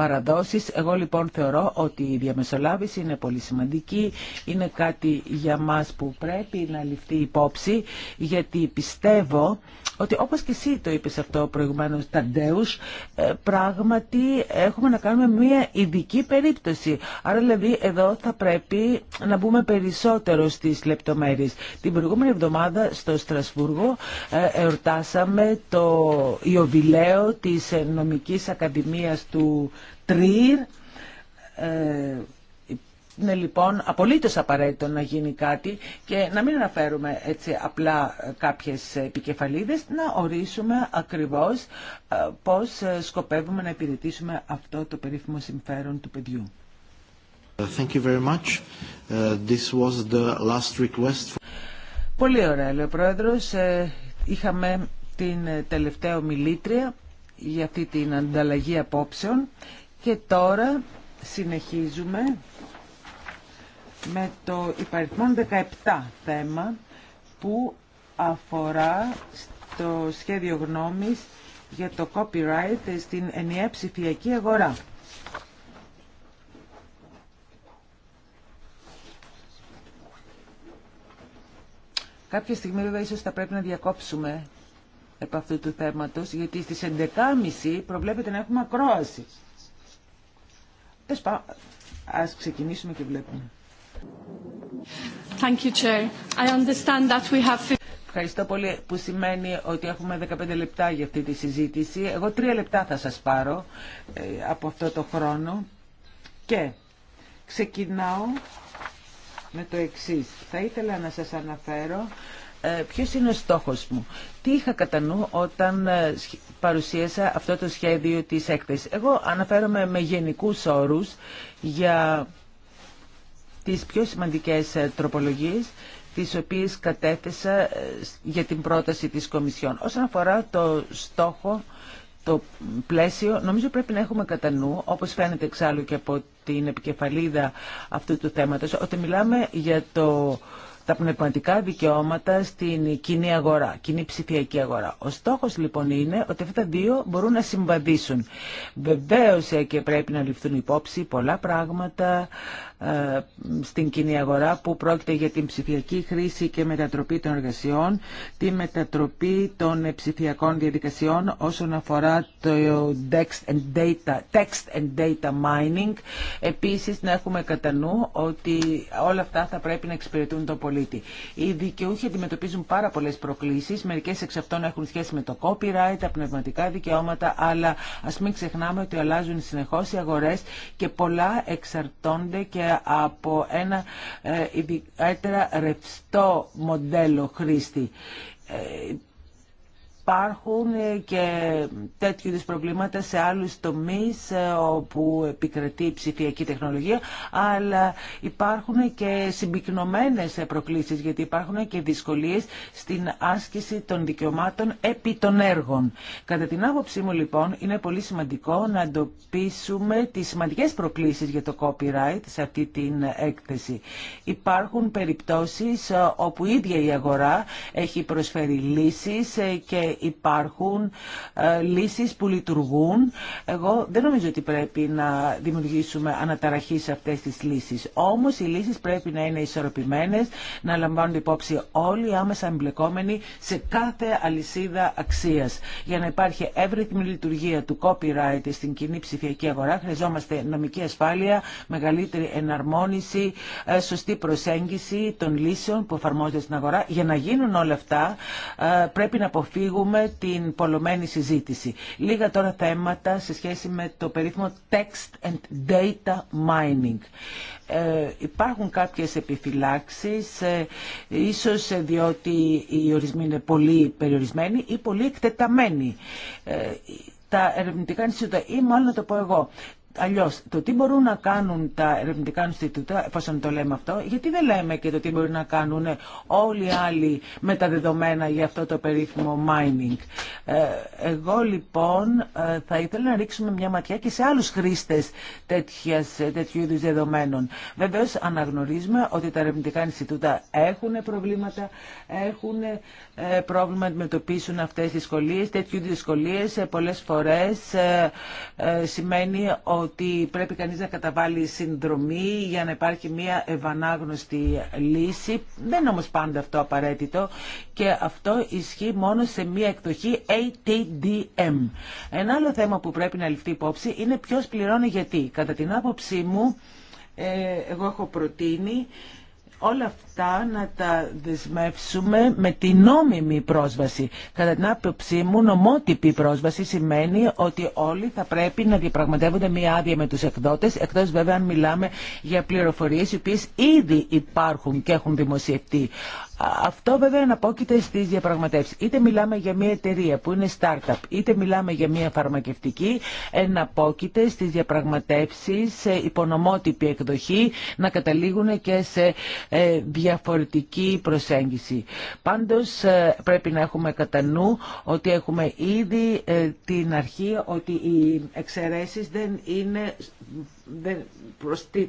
παραδόσεις. Εγώ λοιπόν θεωρώ ότι η διαμεσολάβηση είναι πολύ σημαντική, είναι κάτι για μας που πρέπει να ληφθεί υπόψη, γιατί πιστεύω ότι όπως και εσύ το είπες αυτό προηγουμένως, ντεους, ε, πράγματι έχουμε να κάνουμε μια ειδική περίπτωση. Άρα δηλαδή εδώ θα πρέπει να μπούμε περισσότερο στις λεπτομέρειες. Την προηγούμενη εβδομάδα στο Στρασβούργο ε, εορτάσαμε το Ιωβιλέο της Νομικής Ακαδημίας του Τρίρ. Ε, είναι λοιπόν απολύτως απαραίτητο να γίνει κάτι και να μην αναφέρουμε έτσι απλά ε, κάποιες επικεφαλίδες, να ορίσουμε ακριβώς ε, πώς σκοπεύουμε να υπηρετήσουμε αυτό το περίφημο συμφέρον του παιδιού. Thank you very much. Uh, Πολύ ωραία, λέει Είχαμε την τελευταία ομιλήτρια για αυτή την ανταλλαγή απόψεων. Και τώρα συνεχίζουμε με το υπαριθμό 17 θέμα που αφορά στο σχέδιο γνώμης για το copyright στην ενιαία ψηφιακή αγορά. Κάποια στιγμή βέβαια ίσως θα πρέπει να διακόψουμε επ' αυτού του θέματος, γιατί στις 11.30 προβλέπεται να έχουμε ακρόαση. Πες ας ξεκινήσουμε και βλέπουμε. Thank you, Chair. I understand that we have... Ευχαριστώ πολύ που σημαίνει ότι έχουμε 15 λεπτά για αυτή τη συζήτηση. Εγώ τρία λεπτά θα σας πάρω ε, από αυτό το χρόνο και ξεκινάω με το εξής. Θα ήθελα να σας αναφέρω ε, ποιος είναι ο στόχος μου. Τι είχα κατά νου όταν ε, παρουσίασα αυτό το σχέδιο της έκθεσης. Εγώ αναφέρομαι με γενικούς όρους για τις πιο σημαντικές ε, τροπολογίες τις οποίες κατέθεσα ε, για την πρόταση της Κομισιόν. Όσον αφορά το στόχο, το πλαίσιο, νομίζω πρέπει να έχουμε κατά νου, όπως φαίνεται εξάλλου και από την επικεφαλίδα αυτού του θέματος, ότι μιλάμε για το τα πνευματικά δικαιώματα στην κοινή αγορά, κοινή ψηφιακή αγορά. Ο στόχος λοιπόν είναι ότι αυτά τα δύο μπορούν να συμβαδίσουν. Βεβαίως ε, και πρέπει να ληφθούν υπόψη πολλά πράγματα, ε, στην κοινή αγορά που πρόκειται για την ψηφιακή χρήση και μετατροπή των εργασιών, τη μετατροπή των ψηφιακών διαδικασιών όσον αφορά το text and data, text and data mining. Επίσης να έχουμε κατά νου ότι όλα αυτά θα πρέπει να εξυπηρετούν τον πολίτη. Οι δικαιούχοι αντιμετωπίζουν πάρα πολλές προκλήσεις, μερικές εξ αυτών έχουν σχέση με το copyright, τα πνευματικά δικαιώματα, αλλά ας μην ξεχνάμε ότι αλλάζουν συνεχώς οι αγορές και πολλά εξαρτώνται από ένα ε, ιδιαίτερα ρευστό μοντέλο χρήστη ε, υπάρχουν ε, και τέτοιου είδους προβλήματα σε άλλους τομείς ε, όπου επικρατεί η ψηφιακή τεχνολογία, αλλά υπάρχουν και συμπυκνωμένες προκλήσεις, γιατί υπάρχουν και δυσκολίες στην άσκηση των δικαιωμάτων επί των έργων. Κατά την άποψή μου, λοιπόν, είναι πολύ σημαντικό να εντοπίσουμε τις σημαντικές προκλήσεις για το copyright σε αυτή την έκθεση. Υπάρχουν περιπτώσεις ε, όπου η ίδια η αγορά έχει προσφέρει και υπάρχουν ε, λύσεις που λειτουργούν. Εγώ δεν νομίζω ότι πρέπει να δημιουργήσουμε αναταραχή σε αυτές τις λύσεις. Όμως οι λύσεις πρέπει να είναι ισορροπημένες, να λαμβάνουν υπόψη όλοι οι άμεσα εμπλεκόμενοι σε κάθε αλυσίδα αξίας. Για να υπάρχει εύρυθμη λειτουργία του copyright στην κοινή ψηφιακή αγορά χρειαζόμαστε νομική ασφάλεια, μεγαλύτερη εναρμόνιση, ε, σωστή προσέγγιση των λύσεων που εφαρμόζονται στην αγορά. Για να γίνουν όλα αυτά ε, πρέπει να αποφύγουμε έχουμε την πολλωμένη συζήτηση. Λίγα τώρα θέματα σε σχέση με το περίφημο text and data mining. Ε, υπάρχουν κάποιες επιφυλάξεις, ε, ίσως διότι οι ορισμοί είναι πολύ περιορισμένοι ή πολύ εκτεταμένοι. Ε, τα ερευνητικά νησιούτα ή μάλλον να το πω εγώ, Αλλιώ, το τι μπορούν να κάνουν τα ερευνητικά Ινστιτούτα, εφόσον το λέμε αυτό, γιατί δεν λέμε και το τι μπορούν να κάνουν όλοι οι άλλοι με τα δεδομένα για αυτό το περίφημο mining. Ε, εγώ λοιπόν ε, θα ήθελα να ρίξουμε μια ματιά και σε άλλου χρήστε τέτοιου είδου δεδομένων. Βεβαίω, αναγνωρίζουμε ότι τα ερευνητικά Ινστιτούτα έχουν προβλήματα, έχουν ε, πρόβλημα να αντιμετωπίσουν αυτέ τι δυσκολίε, Τέτοιου είδου φορέ πολλές φορές σημαίνει ότι ότι πρέπει κανείς να καταβάλει συνδρομή για να υπάρχει μια ευανάγνωστη λύση. Δεν όμως πάντα αυτό απαραίτητο και αυτό ισχύει μόνο σε μια εκδοχή ATDM. Ένα άλλο θέμα που πρέπει να ληφθεί υπόψη είναι ποιος πληρώνει γιατί. Κατά την άποψή μου, ε, εγώ έχω προτείνει όλα αυτά να τα δεσμεύσουμε με την νόμιμη πρόσβαση. Κατά την άποψή μου, νομότυπη πρόσβαση σημαίνει ότι όλοι θα πρέπει να διαπραγματεύονται μία άδεια με τους εκδότες, εκτός βέβαια αν μιλάμε για πληροφορίες οι οποίες ήδη υπάρχουν και έχουν δημοσιευτεί. Αυτό βέβαια αναπόκειται στις διαπραγματεύσεις. Είτε μιλάμε για μια εταιρεία που είναι startup, είτε μιλάμε για μια φαρμακευτική, εναπόκειται στις διαπραγματεύσεις σε υπονομότυπη εκδοχή να καταλήγουν και σε ε, διαφορετική προσέγγιση. Πάντως ε, πρέπει να έχουμε κατά νου ότι έχουμε ήδη ε, την αρχή ότι οι εξαιρέσεις δεν είναι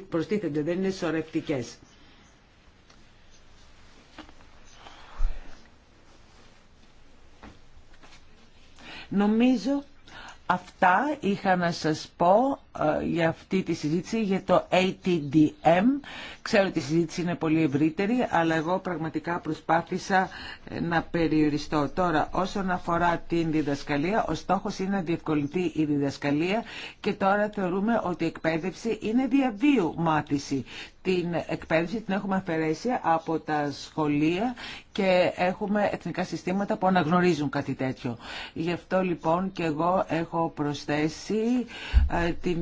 προστίθενται, δεν είναι σωρευτικές. Νομίζω αυτά είχα να σας πω ε, για αυτή τη συζήτηση για το ATDM. Ξέρω ότι η συζήτηση είναι πολύ ευρύτερη, αλλά εγώ πραγματικά προσπάθησα ε, να περιοριστώ. Τώρα, όσον αφορά την διδασκαλία, ο στόχος είναι να διευκολυνθεί η διδασκαλία και τώρα θεωρούμε ότι η εκπαίδευση είναι διαβίου μάθηση. Την εκπαίδευση την έχουμε αφαιρέσει από τα σχολεία και έχουμε εθνικά συστήματα που αναγνωρίζουν κάτι τέτοιο. Γι' αυτό λοιπόν και εγώ έχω προσθέσει ε, την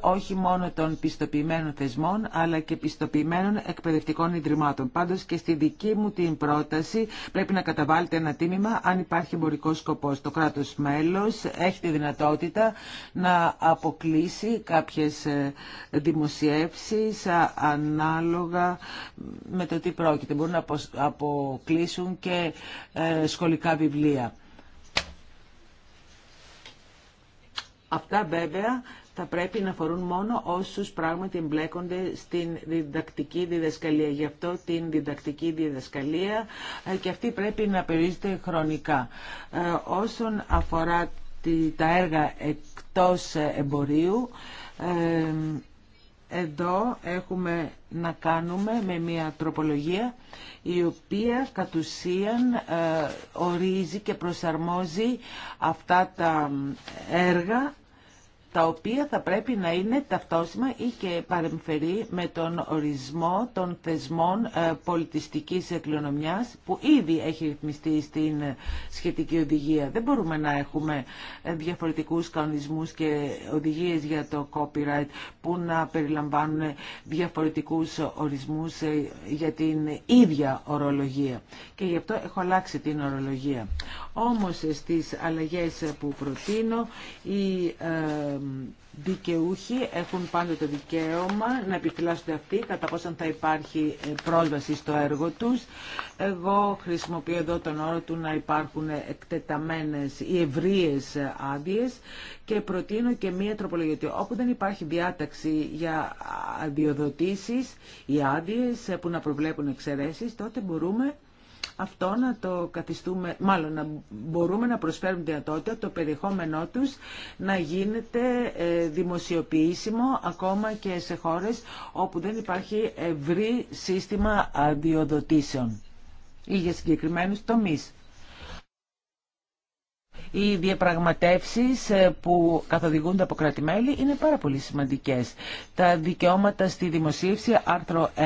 όχι μόνο των πιστοποιημένων θεσμών αλλά και πιστοποιημένων εκπαιδευτικών ιδρυμάτων. Πάντως και στη δική μου την πρόταση πρέπει να καταβάλλετε ένα τίμημα αν υπάρχει εμπορικό σκοπό. Το κράτος μέλο. έχει τη δυνατότητα να αποκλείσει κάποιες ε, δημοσιεύσεις ε, ανάλογα με το τι πρόκειται. Μπορούν να αποκλείσουν και ε, σχολικά βιβλία. Αυτά βέβαια θα πρέπει να αφορούν μόνο όσους πράγματι εμπλέκονται στην διδακτική διδασκαλία. Γι' αυτό την διδακτική διδασκαλία ε, και αυτή πρέπει να περιορίζεται χρονικά. Ε, όσον αφορά τα έργα εκτός ε, εμπορίου, εδώ έχουμε να κάνουμε με μια τροπολογία η οποία κατ' ουσίαν ορίζει και προσαρμόζει αυτά τα έργα τα οποία θα πρέπει να είναι ταυτόσιμα ή και παρεμφερή με τον ορισμό των θεσμών ε, πολιτιστικής εκλειονομιάς που ήδη έχει ρυθμιστεί στην ε, σχετική οδηγία. Δεν μπορούμε να έχουμε ε, διαφορετικούς κανονισμούς και οδηγίες για το copyright που να περιλαμβάνουν διαφορετικούς ορισμούς για την ίδια ορολογία. Και γι' αυτό έχω αλλάξει την ορολογία. Όμως στις αλλαγές που προτείνω δικαιούχοι έχουν πάντα το δικαίωμα να επιφυλάσσονται αυτοί κατά πόσον θα υπάρχει ε, πρόσβαση στο έργο τους. Εγώ χρησιμοποιώ εδώ τον όρο του να υπάρχουν εκτεταμένες ή ευρείες άδειε και προτείνω και μία τροπολογία όπου δεν υπάρχει διάταξη για αδειοδοτήσεις ή άδειε που να προβλέπουν εξαιρέσεις τότε μπορούμε αυτό να το καθιστούμε, μάλλον να μπορούμε να προσφέρουμε δυνατότητα το περιεχόμενό τους να γίνεται ε, δημοσιοποιήσιμο ακόμα και σε χώρες όπου δεν υπάρχει ευρύ σύστημα αντιοδοτήσεων ή για συγκεκριμένους τομείς οι διαπραγματεύσεις ε, που καθοδηγούνται από κράτη-μέλη είναι πάρα πολύ σημαντικές. Τα δικαιώματα στη δημοσίευση, άρθρο 11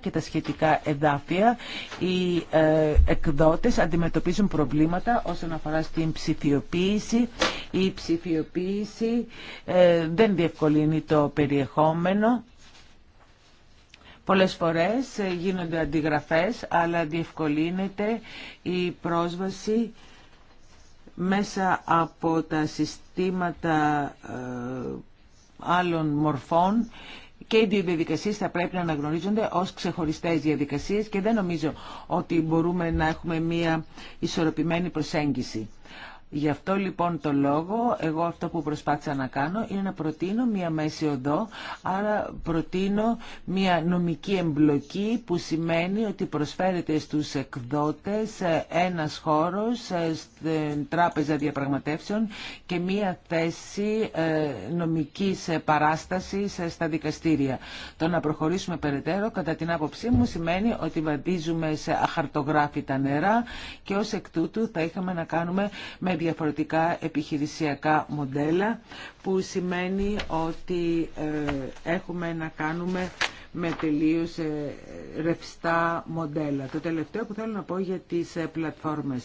και τα σχετικά εδάφια, οι ε, εκδότες αντιμετωπίζουν προβλήματα όσον αφορά στην ψηφιοποίηση. Η ψηφιοποίηση ε, δεν διευκολύνει το περιεχόμενο. Πολλές φορές γίνονται αντιγραφές, αλλά διευκολύνεται η πρόσβαση μέσα από τα συστήματα ε, άλλων μορφών και οι δύο διαδικασίε θα πρέπει να αναγνωρίζονται ω ξεχωριστέ διαδικασίε και δεν νομίζω ότι μπορούμε να έχουμε μία ισορροπημένη προσέγγιση. Γι' αυτό λοιπόν το λόγο, εγώ αυτό που προσπάθησα να κάνω είναι να προτείνω μία μέση οδό, άρα προτείνω μία νομική εμπλοκή που σημαίνει ότι προσφέρεται στους εκδότες ε, ένας χώρος ε, στην τράπεζα διαπραγματεύσεων και μία θέση ε, νομικής παράστασης στα δικαστήρια. Το να προχωρήσουμε περαιτέρω, κατά την άποψή μου, σημαίνει ότι βαδίζουμε σε αχαρτογράφητα νερά και ως εκ τούτου θα είχαμε να κάνουμε με διαφορετικά επιχειρησιακά μοντέλα που σημαίνει ότι ε, έχουμε να κάνουμε με τελείως ε, ρευστά μοντέλα. Το τελευταίο που θέλω να πω για τις ε, πλατφόρμες.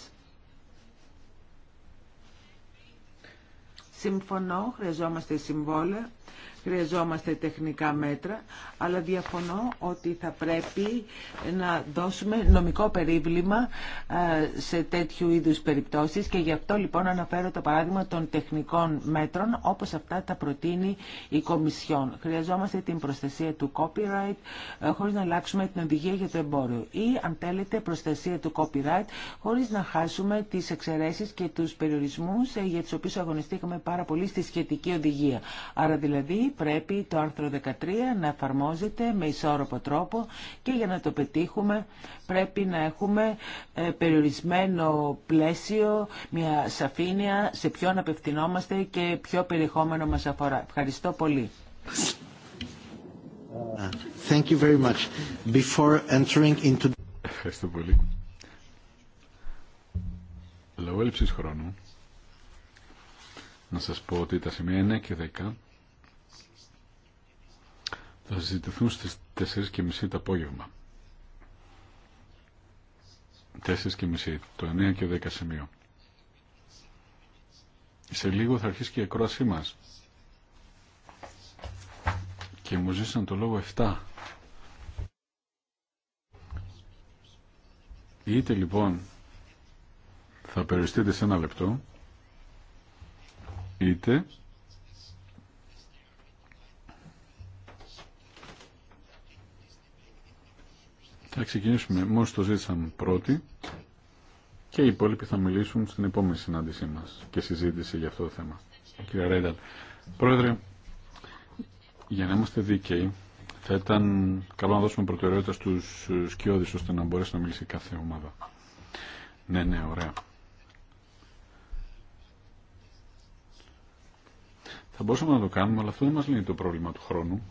Συμφωνώ, χρειαζόμαστε συμβόλαια χρειαζόμαστε τεχνικά μέτρα, αλλά διαφωνώ ότι θα πρέπει να δώσουμε νομικό περίβλημα ε, σε τέτοιου είδους περιπτώσεις και γι' αυτό λοιπόν αναφέρω το παράδειγμα των τεχνικών μέτρων όπως αυτά τα προτείνει η Κομισιόν. Χρειαζόμαστε την προστασία του copyright ε, χωρίς να αλλάξουμε την οδηγία για το εμπόριο ή αν θέλετε προστασία του copyright χωρίς να χάσουμε τις εξαιρέσεις και τους περιορισμούς ε, για τους οποίους αγωνιστήκαμε πάρα πολύ στη σχετική οδηγία. Άρα δηλαδή πρέπει το άρθρο 13 να εφαρμόζεται με ισόρροπο τρόπο και για να το πετύχουμε πρέπει να έχουμε ε, περιορισμένο πλαίσιο, μια σαφήνεια σε ποιον απευθυνόμαστε και ποιο περιεχόμενο μας αφορά. Ευχαριστώ πολύ. Uh, thank you very much. Before entering into... Ευχαριστώ πολύ. Λόγω έλλειψης χρόνου, να σας πω ότι τα σημεία 9 και 10 θα συζητηθούν στις 4.30 το απόγευμα. 4.30, το 9 και 10 σημείο. Σε λίγο θα αρχίσει και η ακρόασή μας. Και μου ζήσαν το λόγο 7. Είτε λοιπόν θα περιοριστείτε σε ένα λεπτό, είτε Θα ξεκινήσουμε. Μόλις το ζήτησαμε πρώτοι και οι υπόλοιποι θα μιλήσουν στην επόμενη συνάντησή μας και συζήτηση για αυτό το θέμα. Κύριε Ρένταλ. Πρόεδρε, για να είμαστε δίκαιοι, θα ήταν καλό να δώσουμε προτεραιότητα στους σκιώδεις ώστε να μπορέσει να μιλήσει κάθε ομάδα. Ναι, ναι, ωραία. Θα μπορούσαμε να το κάνουμε, αλλά αυτό δεν μας λύνει το πρόβλημα του χρόνου.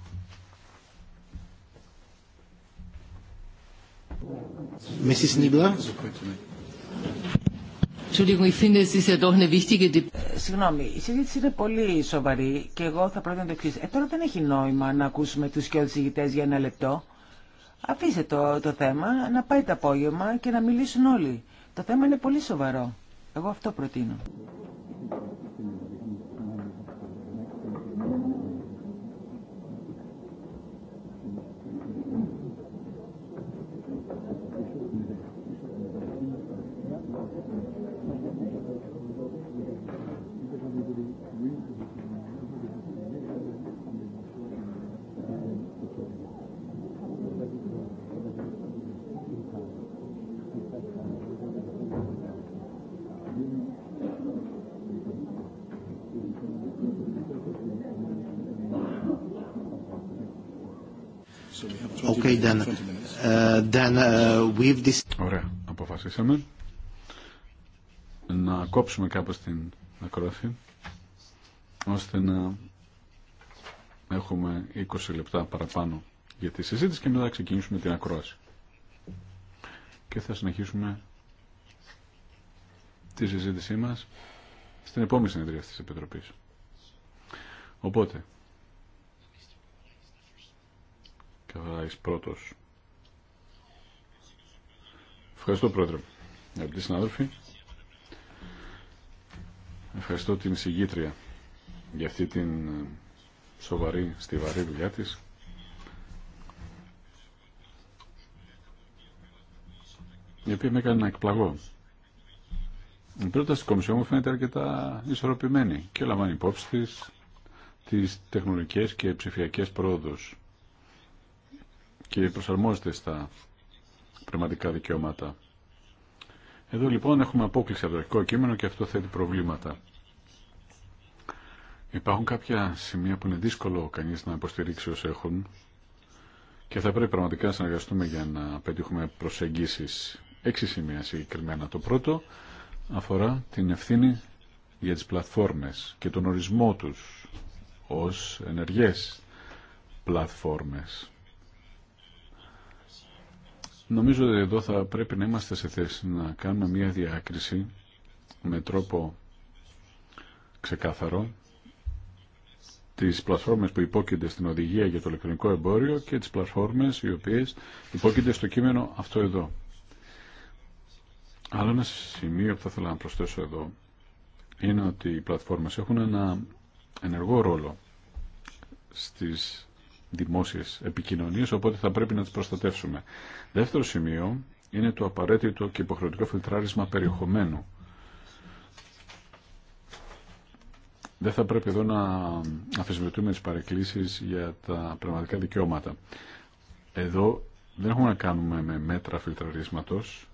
Συγγνώμη, η συζήτηση είναι πολύ σοβαρή και εγώ θα πρότεινα το εξή. Ε, τώρα δεν έχει νόημα να ακούσουμε του και ηγητέ για ένα λεπτό. Αφήστε το, το θέμα να πάει το απόγευμα και να μιλήσουν όλοι. Το θέμα είναι πολύ σοβαρό. Εγώ αυτό προτείνω. Uh, Ωραία, αποφασίσαμε να κόψουμε κάπως την ακρόαση ώστε να έχουμε 20 λεπτά παραπάνω για τη συζήτηση και μετά ξεκινήσουμε την ακρόαση. Και θα συνεχίσουμε τη συζήτησή μας στην επόμενη συνεδρία της Επιτροπής. Οπότε, Καβαλάης πρώτος Ευχαριστώ πρόεδρε. Αγαπητοί συνάδελφοι, ευχαριστώ την συγκίτρια για αυτή την ε, σοβαρή, στιβαρή δουλειά της. η οποία με έκανε να εκπλαγώ. Η πρόταση τη Κομισιόν μου φαίνεται αρκετά ισορροπημένη και λαμβάνει υπόψη τη τι τεχνολογικέ και ψηφιακέ πρόοδου και προσαρμόζεται στα πνευματικά δικαιώματα. Εδώ λοιπόν έχουμε απόκληση από το αρχικό κείμενο και αυτό θέτει προβλήματα. Υπάρχουν κάποια σημεία που είναι δύσκολο κανείς να υποστηρίξει όσοι έχουν και θα πρέπει πραγματικά να συνεργαστούμε για να πετύχουμε προσεγγίσεις. Έξι σημεία συγκεκριμένα. Το πρώτο αφορά την ευθύνη για τις πλατφόρμες και τον ορισμό τους ως ενεργές πλατφόρμες. Νομίζω ότι εδώ θα πρέπει να είμαστε σε θέση να κάνουμε μια διάκριση με τρόπο ξεκάθαρο τις πλατφόρμες που υπόκεινται στην οδηγία για το ηλεκτρονικό εμπόριο και τις πλατφόρμες οι οποίες υπόκεινται στο κείμενο αυτό εδώ. Άλλο ένα σημείο που θα ήθελα να προσθέσω εδώ είναι ότι οι πλατφόρμες έχουν ένα ενεργό ρόλο στις δημόσιες επικοινωνίες, οπότε θα πρέπει να τις προστατεύσουμε. Δεύτερο σημείο είναι το απαραίτητο και υποχρεωτικό φιλτράρισμα περιεχομένου. Δεν θα πρέπει εδώ να αφισβητούμε τις παρεκκλήσεις για τα πραγματικά δικαιώματα. Εδώ δεν έχουμε να κάνουμε με μέτρα φιλτραρίσματος,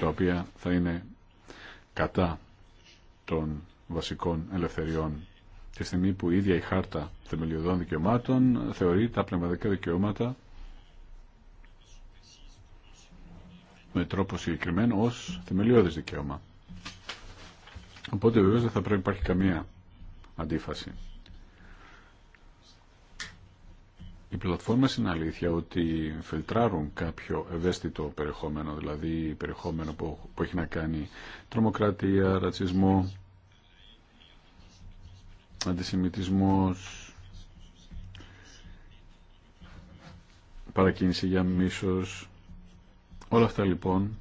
τα οποία θα είναι κατά των βασικών ελευθεριών τη στιγμή που η ίδια η χάρτα θεμελιωδών δικαιωμάτων θεωρεί τα πνευματικά δικαιώματα με τρόπο συγκεκριμένο ως θεμελιώδες δικαίωμα. Οπότε βεβαίως δεν θα πρέπει να υπάρχει καμία αντίφαση. Οι πλατφόρμες είναι αλήθεια ότι φιλτράρουν κάποιο ευαίσθητο περιεχόμενο, δηλαδή περιεχόμενο που, που έχει να κάνει τρομοκρατία, ρατσισμό, αντισημιτισμός, παρακίνηση για μίσος, όλα αυτά λοιπόν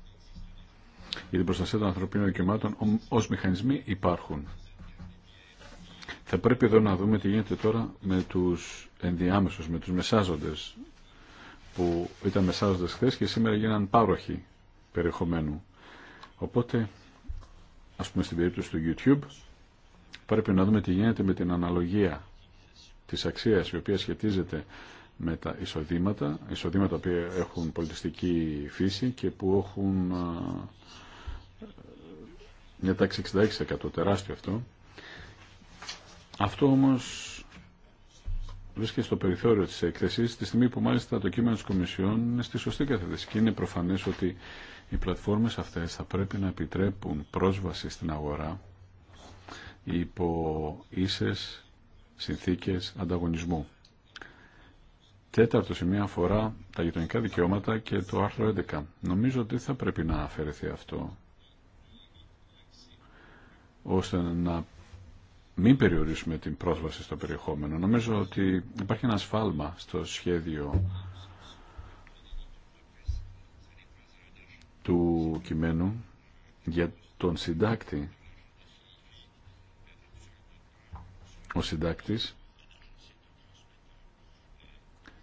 για την προστασία των ανθρωπίνων δικαιωμάτων ως μηχανισμοί υπάρχουν. Θα πρέπει εδώ να δούμε τι γίνεται τώρα με τους ενδιάμεσους, με τους μεσάζοντες που ήταν μεσάζοντες χθε και σήμερα γίναν πάροχοι περιεχομένου. Οπότε, ας πούμε στην περίπτωση του YouTube, πρέπει να δούμε τι γίνεται με την αναλογία της αξίας η οποία σχετίζεται με τα εισοδήματα, εισοδήματα που έχουν πολιτιστική φύση και που έχουν μια τάξη 66% τεράστιο αυτό. Αυτό όμως βρίσκεται στο περιθώριο της έκθεσης τη στιγμή που μάλιστα το κείμενο της Κομισιόν είναι στη σωστή καθεδρία και είναι προφανές ότι οι πλατφόρμες αυτές θα πρέπει να επιτρέπουν πρόσβαση στην αγορά υπό ίσες συνθήκες ανταγωνισμού. Τέταρτο σημείο αφορά τα γειτονικά δικαιώματα και το άρθρο 11. Νομίζω ότι θα πρέπει να αφαιρεθεί αυτό ώστε να μην περιορίσουμε την πρόσβαση στο περιεχόμενο. Νομίζω ότι υπάρχει ένα σφάλμα στο σχέδιο του κειμένου για τον συντάκτη ο συντάκτης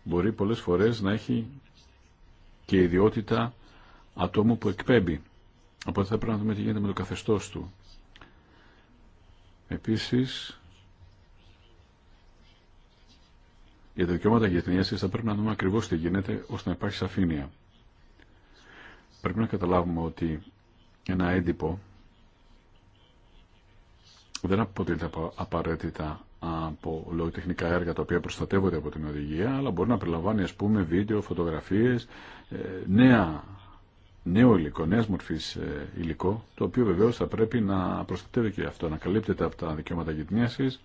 μπορεί πολλές φορές να έχει και ιδιότητα ατόμου που εκπέμπει. Οπότε θα πρέπει να δούμε τι γίνεται με το καθεστώς του. Επίσης, για τα δικαιώματα για την θα πρέπει να δούμε ακριβώς τι γίνεται ώστε να υπάρχει σαφήνεια. Πρέπει να καταλάβουμε ότι ένα έντυπο που δεν αποτελείται απαραίτητα από λογοτεχνικά έργα τα οποία προστατεύονται από την οδηγία, αλλά μπορεί να περιλαμβάνει ας πούμε βίντεο, φωτογραφίες, ε, νέα, νέο υλικό, νέα μορφή ε, υλικό, το οποίο βεβαίω θα πρέπει να προστατεύει και αυτό, να καλύπτεται από τα δικαιώματα γυτνίασης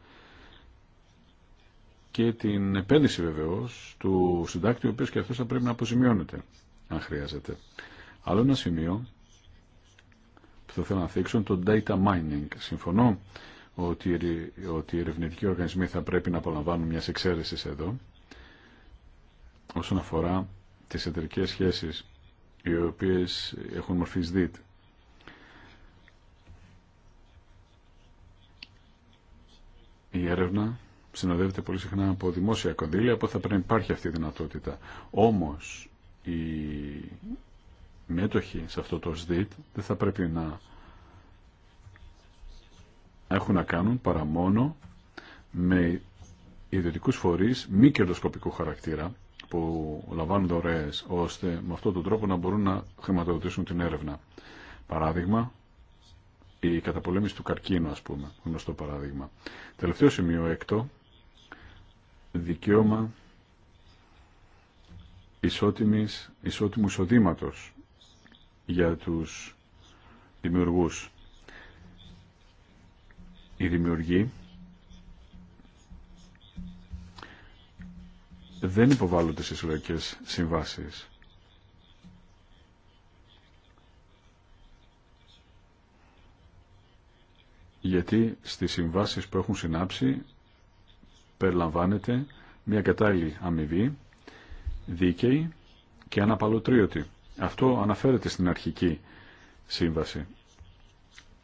και την επένδυση βεβαίω του συντάκτη, ο οποίο και αυτό θα πρέπει να αποζημιώνεται, αν χρειάζεται. Άλλο ένα σημείο το θέλω να θίξω, το data mining. Συμφωνώ ότι, ότι οι ερευνητικοί οργανισμοί θα πρέπει να απολαμβάνουν μια εξαίρεση εδώ όσον αφορά τις εταιρικέ σχέσεις οι οποίες έχουν μορφή ΣΔΙΤ. Η έρευνα συνοδεύεται πολύ συχνά από δημόσια κονδύλια, που θα πρέπει να υπάρχει αυτή η δυνατότητα. Όμως η μέτοχοι σε αυτό το ΣΔΙΤ δεν θα πρέπει να έχουν να κάνουν παρά μόνο με ιδιωτικού φορεί μη κερδοσκοπικού χαρακτήρα που λαμβάνουν δωρεέ ώστε με αυτόν τον τρόπο να μπορούν να χρηματοδοτήσουν την έρευνα. Παράδειγμα, η καταπολέμηση του καρκίνου, α πούμε, γνωστό παράδειγμα. Τελευταίο σημείο έκτο, δικαίωμα ισότιμου εισοδήματος για τους δημιουργούς. η δημιουργοί δεν υποβάλλονται σε συλλογικές συμβάσεις. γιατί στις συμβάσεις που έχουν συνάψει περιλαμβάνεται μια κατάλληλη αμοιβή, δίκαιη και αναπαλωτρίωτη. Αυτό αναφέρεται στην αρχική σύμβαση.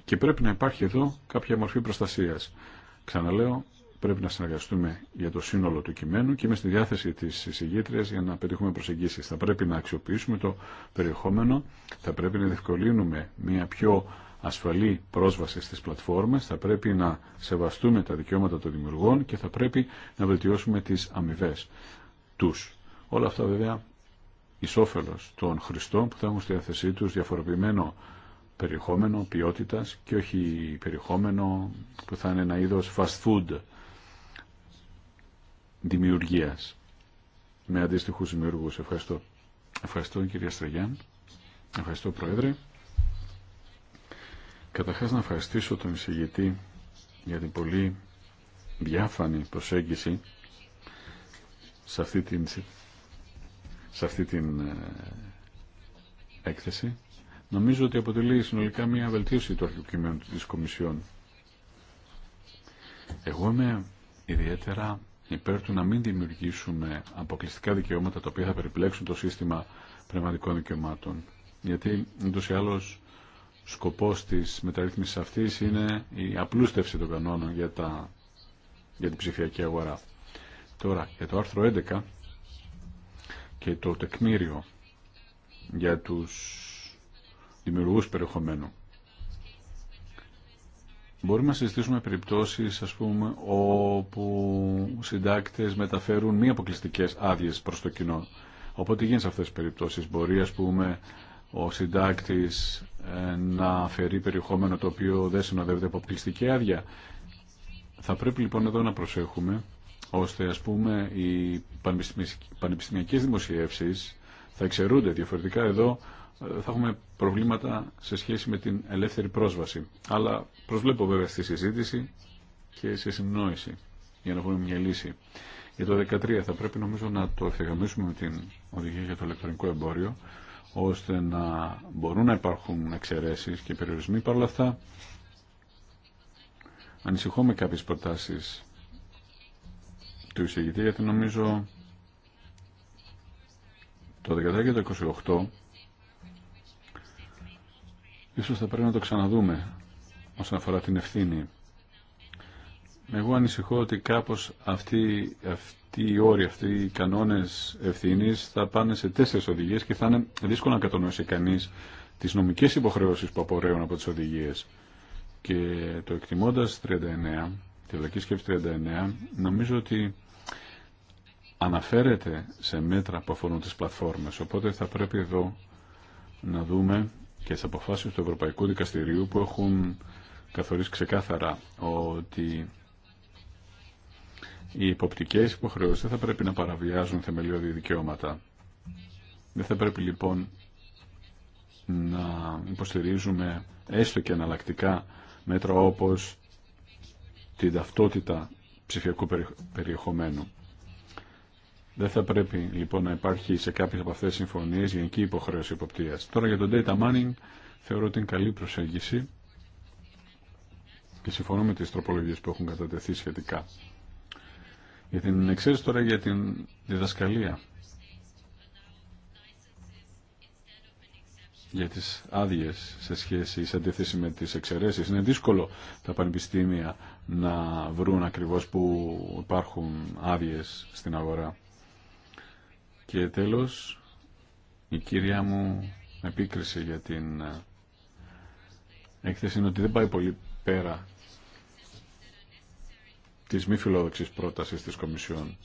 Και πρέπει να υπάρχει εδώ κάποια μορφή προστασία. Ξαναλέω, πρέπει να συνεργαστούμε για το σύνολο του κειμένου και είμαι στη διάθεση τη εισηγήτρια για να πετύχουμε προσεγγίσεις. Θα πρέπει να αξιοποιήσουμε το περιεχόμενο, θα πρέπει να διευκολύνουμε μια πιο ασφαλή πρόσβαση στις πλατφόρμες, θα πρέπει να σεβαστούμε τα δικαιώματα των δημιουργών και θα πρέπει να βελτιώσουμε τις αμοιβέ τους. Όλα αυτά βέβαια εις όφελος των χρηστών που θα έχουν στη διάθεσή τους διαφοροποιημένο περιεχόμενο ποιότητας και όχι περιεχόμενο που θα είναι ένα είδος fast food δημιουργίας με αντίστοιχους δημιουργούς. Ευχαριστώ. Ευχαριστώ κυρία Στραγιάν. Ευχαριστώ Πρόεδρε. Καταρχάς να ευχαριστήσω τον εισηγητή για την πολύ διάφανη προσέγγιση σε αυτή την σε αυτή την ε, έκθεση νομίζω ότι αποτελεί συνολικά μια βελτίωση του αρχικού κειμένου της Κομισιόν. Εγώ είμαι ιδιαίτερα υπέρ του να μην δημιουργήσουμε αποκλειστικά δικαιώματα τα οποία θα περιπλέξουν το σύστημα πνευματικών δικαιωμάτων. Γιατί ούτω ή άλλω σκοπό τη μεταρρύθμιση αυτή είναι η απλούστευση των κανόνων για, τα, για την ψηφιακή αγορά. Τώρα, για το άρθρο 11 και το τεκμήριο για τους δημιουργούς περιεχομένου. Μπορούμε να συζητήσουμε περιπτώσεις, ας πούμε, όπου συντάκτες μεταφέρουν μη αποκλειστικέ άδειε προς το κοινό. Οπότε γίνει σε αυτές τις περιπτώσεις. Μπορεί, ας πούμε, ο συντάκτης ε, να φέρει περιεχόμενο το οποίο δεν συνοδεύεται από αποκλειστική άδεια. Θα πρέπει λοιπόν εδώ να προσέχουμε ώστε ας πούμε οι πανεπιστημιακές δημοσιεύσεις θα εξαιρούνται διαφορετικά εδώ ε, θα έχουμε προβλήματα σε σχέση με την ελεύθερη πρόσβαση. Αλλά προσβλέπω βέβαια στη συζήτηση και σε συνεννόηση για να βρούμε μια λύση. Για το 2013 θα πρέπει νομίζω να το ευθυγραμμίσουμε με την οδηγία για το ηλεκτρονικό εμπόριο ώστε να μπορούν να υπάρχουν εξαιρέσεις και περιορισμοί. Παρ' όλα αυτά ανησυχώ με κάποιες προτάσεις του εισηγητή γιατί νομίζω το 17 και το 28 ίσως θα πρέπει να το ξαναδούμε όσον αφορά την ευθύνη. Εγώ ανησυχώ ότι κάπως αυτοί, αυτοί οι όροι, αυτοί οι κανόνες ευθύνης θα πάνε σε τέσσερις οδηγίες και θα είναι δύσκολο να κατανοήσει κανείς τις νομικές υποχρεώσεις που απορρέουν από τις οδηγίες. Και το εκτιμώντας 39 αιτιολογική σκέψη 39 νομίζω ότι αναφέρεται σε μέτρα που αφορούν τις πλατφόρμες. Οπότε θα πρέπει εδώ να δούμε και τις αποφάσεις του Ευρωπαϊκού Δικαστηρίου που έχουν καθορίσει ξεκάθαρα ότι οι υποπτικές υποχρεώσεις δεν θα πρέπει να παραβιάζουν θεμελιώδη δικαιώματα. Δεν θα πρέπει λοιπόν να υποστηρίζουμε έστω και εναλλακτικά μέτρα όπως την ταυτότητα ψηφιακού περιεχομένου. Δεν θα πρέπει λοιπόν να υπάρχει σε κάποιε από αυτέ τι συμφωνίε γενική υποχρέωση υποπτία. Τώρα για το data mining θεωρώ ότι είναι καλή προσέγγιση και συμφωνώ με τι τροπολογίε που έχουν κατατεθεί σχετικά. Για την εξαίρεση τώρα για την διδασκαλία. για τις άδειε σε σχέση, σε αντίθεση με τις εξαιρέσεις. Είναι δύσκολο τα πανεπιστήμια να βρουν ακριβώς που υπάρχουν άδειε στην αγορά. Και τέλος, η κύρια μου επίκρισε για την ε, έκθεση ότι δεν πάει πολύ πέρα της μη φιλόδοξης πρότασης της Κομισιόν.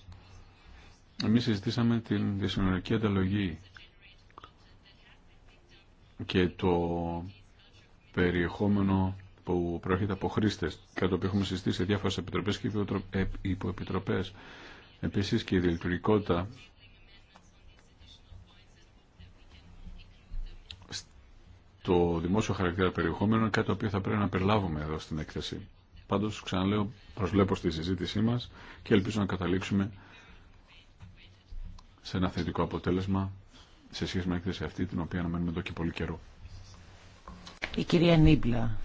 Εμείς συζητήσαμε την δυσυνολική ανταλλογή και το περιεχόμενο που προέρχεται από χρήστε, κατά το οποίο έχουμε συζητήσει σε διάφορε επιτροπέ και ε, υποεπιτροπέ. Επίση και η διελειτουργικότητα το δημόσιο χαρακτήρα περιεχόμενο είναι κάτι το οποίο θα πρέπει να περιλάβουμε εδώ στην έκθεση. Πάντως, ξαναλέω, προσβλέπω στη συζήτησή μα και ελπίζω να καταλήξουμε σε ένα θετικό αποτέλεσμα σε σχέση με την έκθεση αυτή, την οποία αναμένουμε εδώ και πολύ καιρό. Η κυρία Νίμπλα.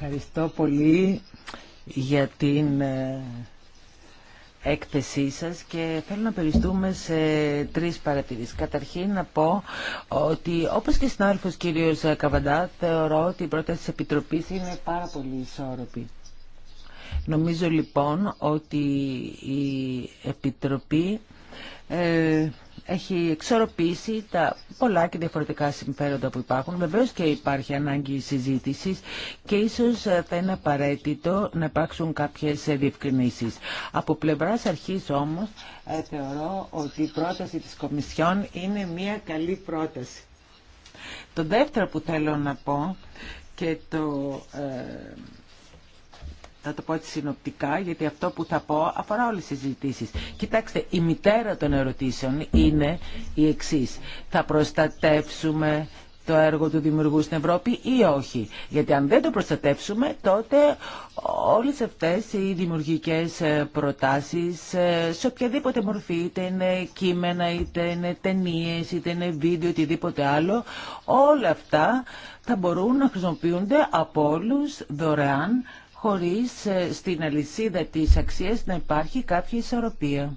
Ευχαριστώ πολύ για την ε, έκθεσή σας και θέλω να περιστούμε σε τρεις παρατηρήσεις. Καταρχήν να πω ότι όπως και συνάδελφος κύριος Καβαντά θεωρώ ότι η πρόταση της Επιτροπής είναι πάρα πολύ ισόρροπη. Νομίζω λοιπόν ότι η Επιτροπή ε, έχει εξορροπήσει τα πολλά και διαφορετικά συμφέροντα που υπάρχουν. Βεβαίως και υπάρχει ανάγκη συζήτησης και ίσως θα είναι απαραίτητο να υπάρξουν κάποιες διευκρινήσεις. Από πλευράς αρχής όμως ε, θεωρώ ότι η πρόταση της Κομισιόν είναι μια καλή πρόταση. Το δεύτερο που θέλω να πω και το ε, θα το πω έτσι συνοπτικά, γιατί αυτό που θα πω αφορά όλες τις ζητήσεις. Κοιτάξτε, η μητέρα των ερωτήσεων είναι η εξής. Θα προστατεύσουμε το έργο του δημιουργού στην Ευρώπη ή όχι. Γιατί αν δεν το προστατεύσουμε, τότε όλες αυτές οι δημιουργικές ε, προτάσεις ε, σε οποιαδήποτε μορφή, είτε είναι κείμενα, είτε είναι ταινίε, είτε είναι βίντεο, οτιδήποτε άλλο, όλα αυτά θα μπορούν να χρησιμοποιούνται από όλου δωρεάν χωρίς ε, στην αλυσίδα της αξίας να υπάρχει κάποια ισορροπία.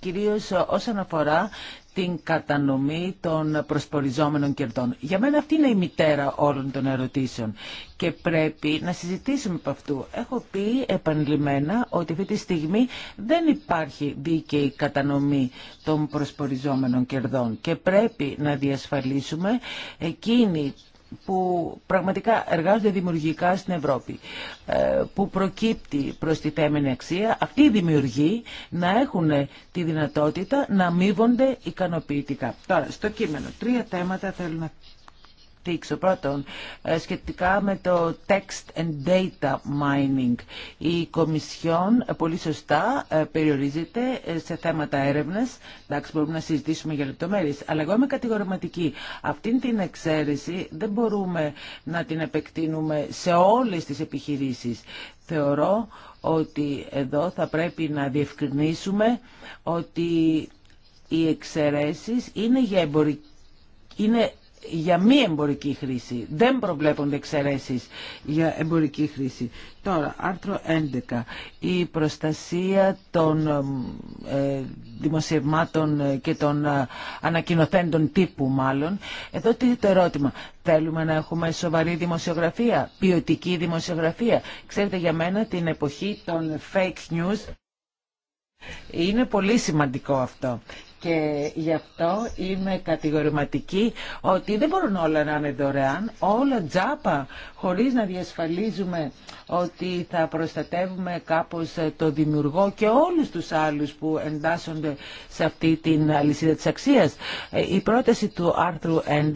Κυρίως ε, όσον αφορά την κατανομή των προσποριζόμενων κερδών. Για μένα αυτή είναι η μητέρα όλων των ερωτήσεων και πρέπει να συζητήσουμε από αυτού. Έχω πει επανειλημμένα ότι αυτή τη στιγμή δεν υπάρχει δίκαιη κατανομή των προσποριζόμενων κερδών και πρέπει να διασφαλίσουμε εκείνη που πραγματικά εργάζονται δημιουργικά στην Ευρώπη, ε, που προκύπτει προς τη θέμενη αξία, αυτοί οι δημιουργοί να έχουν τη δυνατότητα να αμείβονται ικανοποιητικά. Τώρα, στο κείμενο, τρία θέματα θέλω να αναπτύξω. Πρώτον, ε, σχετικά με το text and data mining. Η Κομισιόν ε, πολύ σωστά ε, περιορίζεται σε θέματα έρευνας. Εντάξει, μπορούμε να συζητήσουμε για λεπτομέρειες, αλλά εγώ είμαι κατηγορηματική. Αυτή την εξαίρεση δεν μπορούμε να την επεκτείνουμε σε όλες τις επιχειρήσεις. Θεωρώ ότι εδώ θα πρέπει να διευκρινίσουμε ότι οι εξαιρέσει είναι για εμπορική για μη εμπορική χρήση. Δεν προβλέπονται εξαιρέσει για εμπορική χρήση. Τώρα, άρθρο 11. Η προστασία των ε, δημοσιευμάτων και των ε, τύπου μάλλον. Εδώ τι το ερώτημα. Θέλουμε να έχουμε σοβαρή δημοσιογραφία, ποιοτική δημοσιογραφία. Ξέρετε για μένα την εποχή των fake news είναι πολύ σημαντικό αυτό. Και γι' αυτό είμαι κατηγορηματική ότι δεν μπορούν όλα να είναι δωρεάν, όλα τζάπα, χωρίς να διασφαλίζουμε ότι θα προστατεύουμε κάπως το δημιουργό και όλους τους άλλους που εντάσσονται σε αυτή την αλυσίδα της αξίας. Ε, η πρόταση του άρθρου 11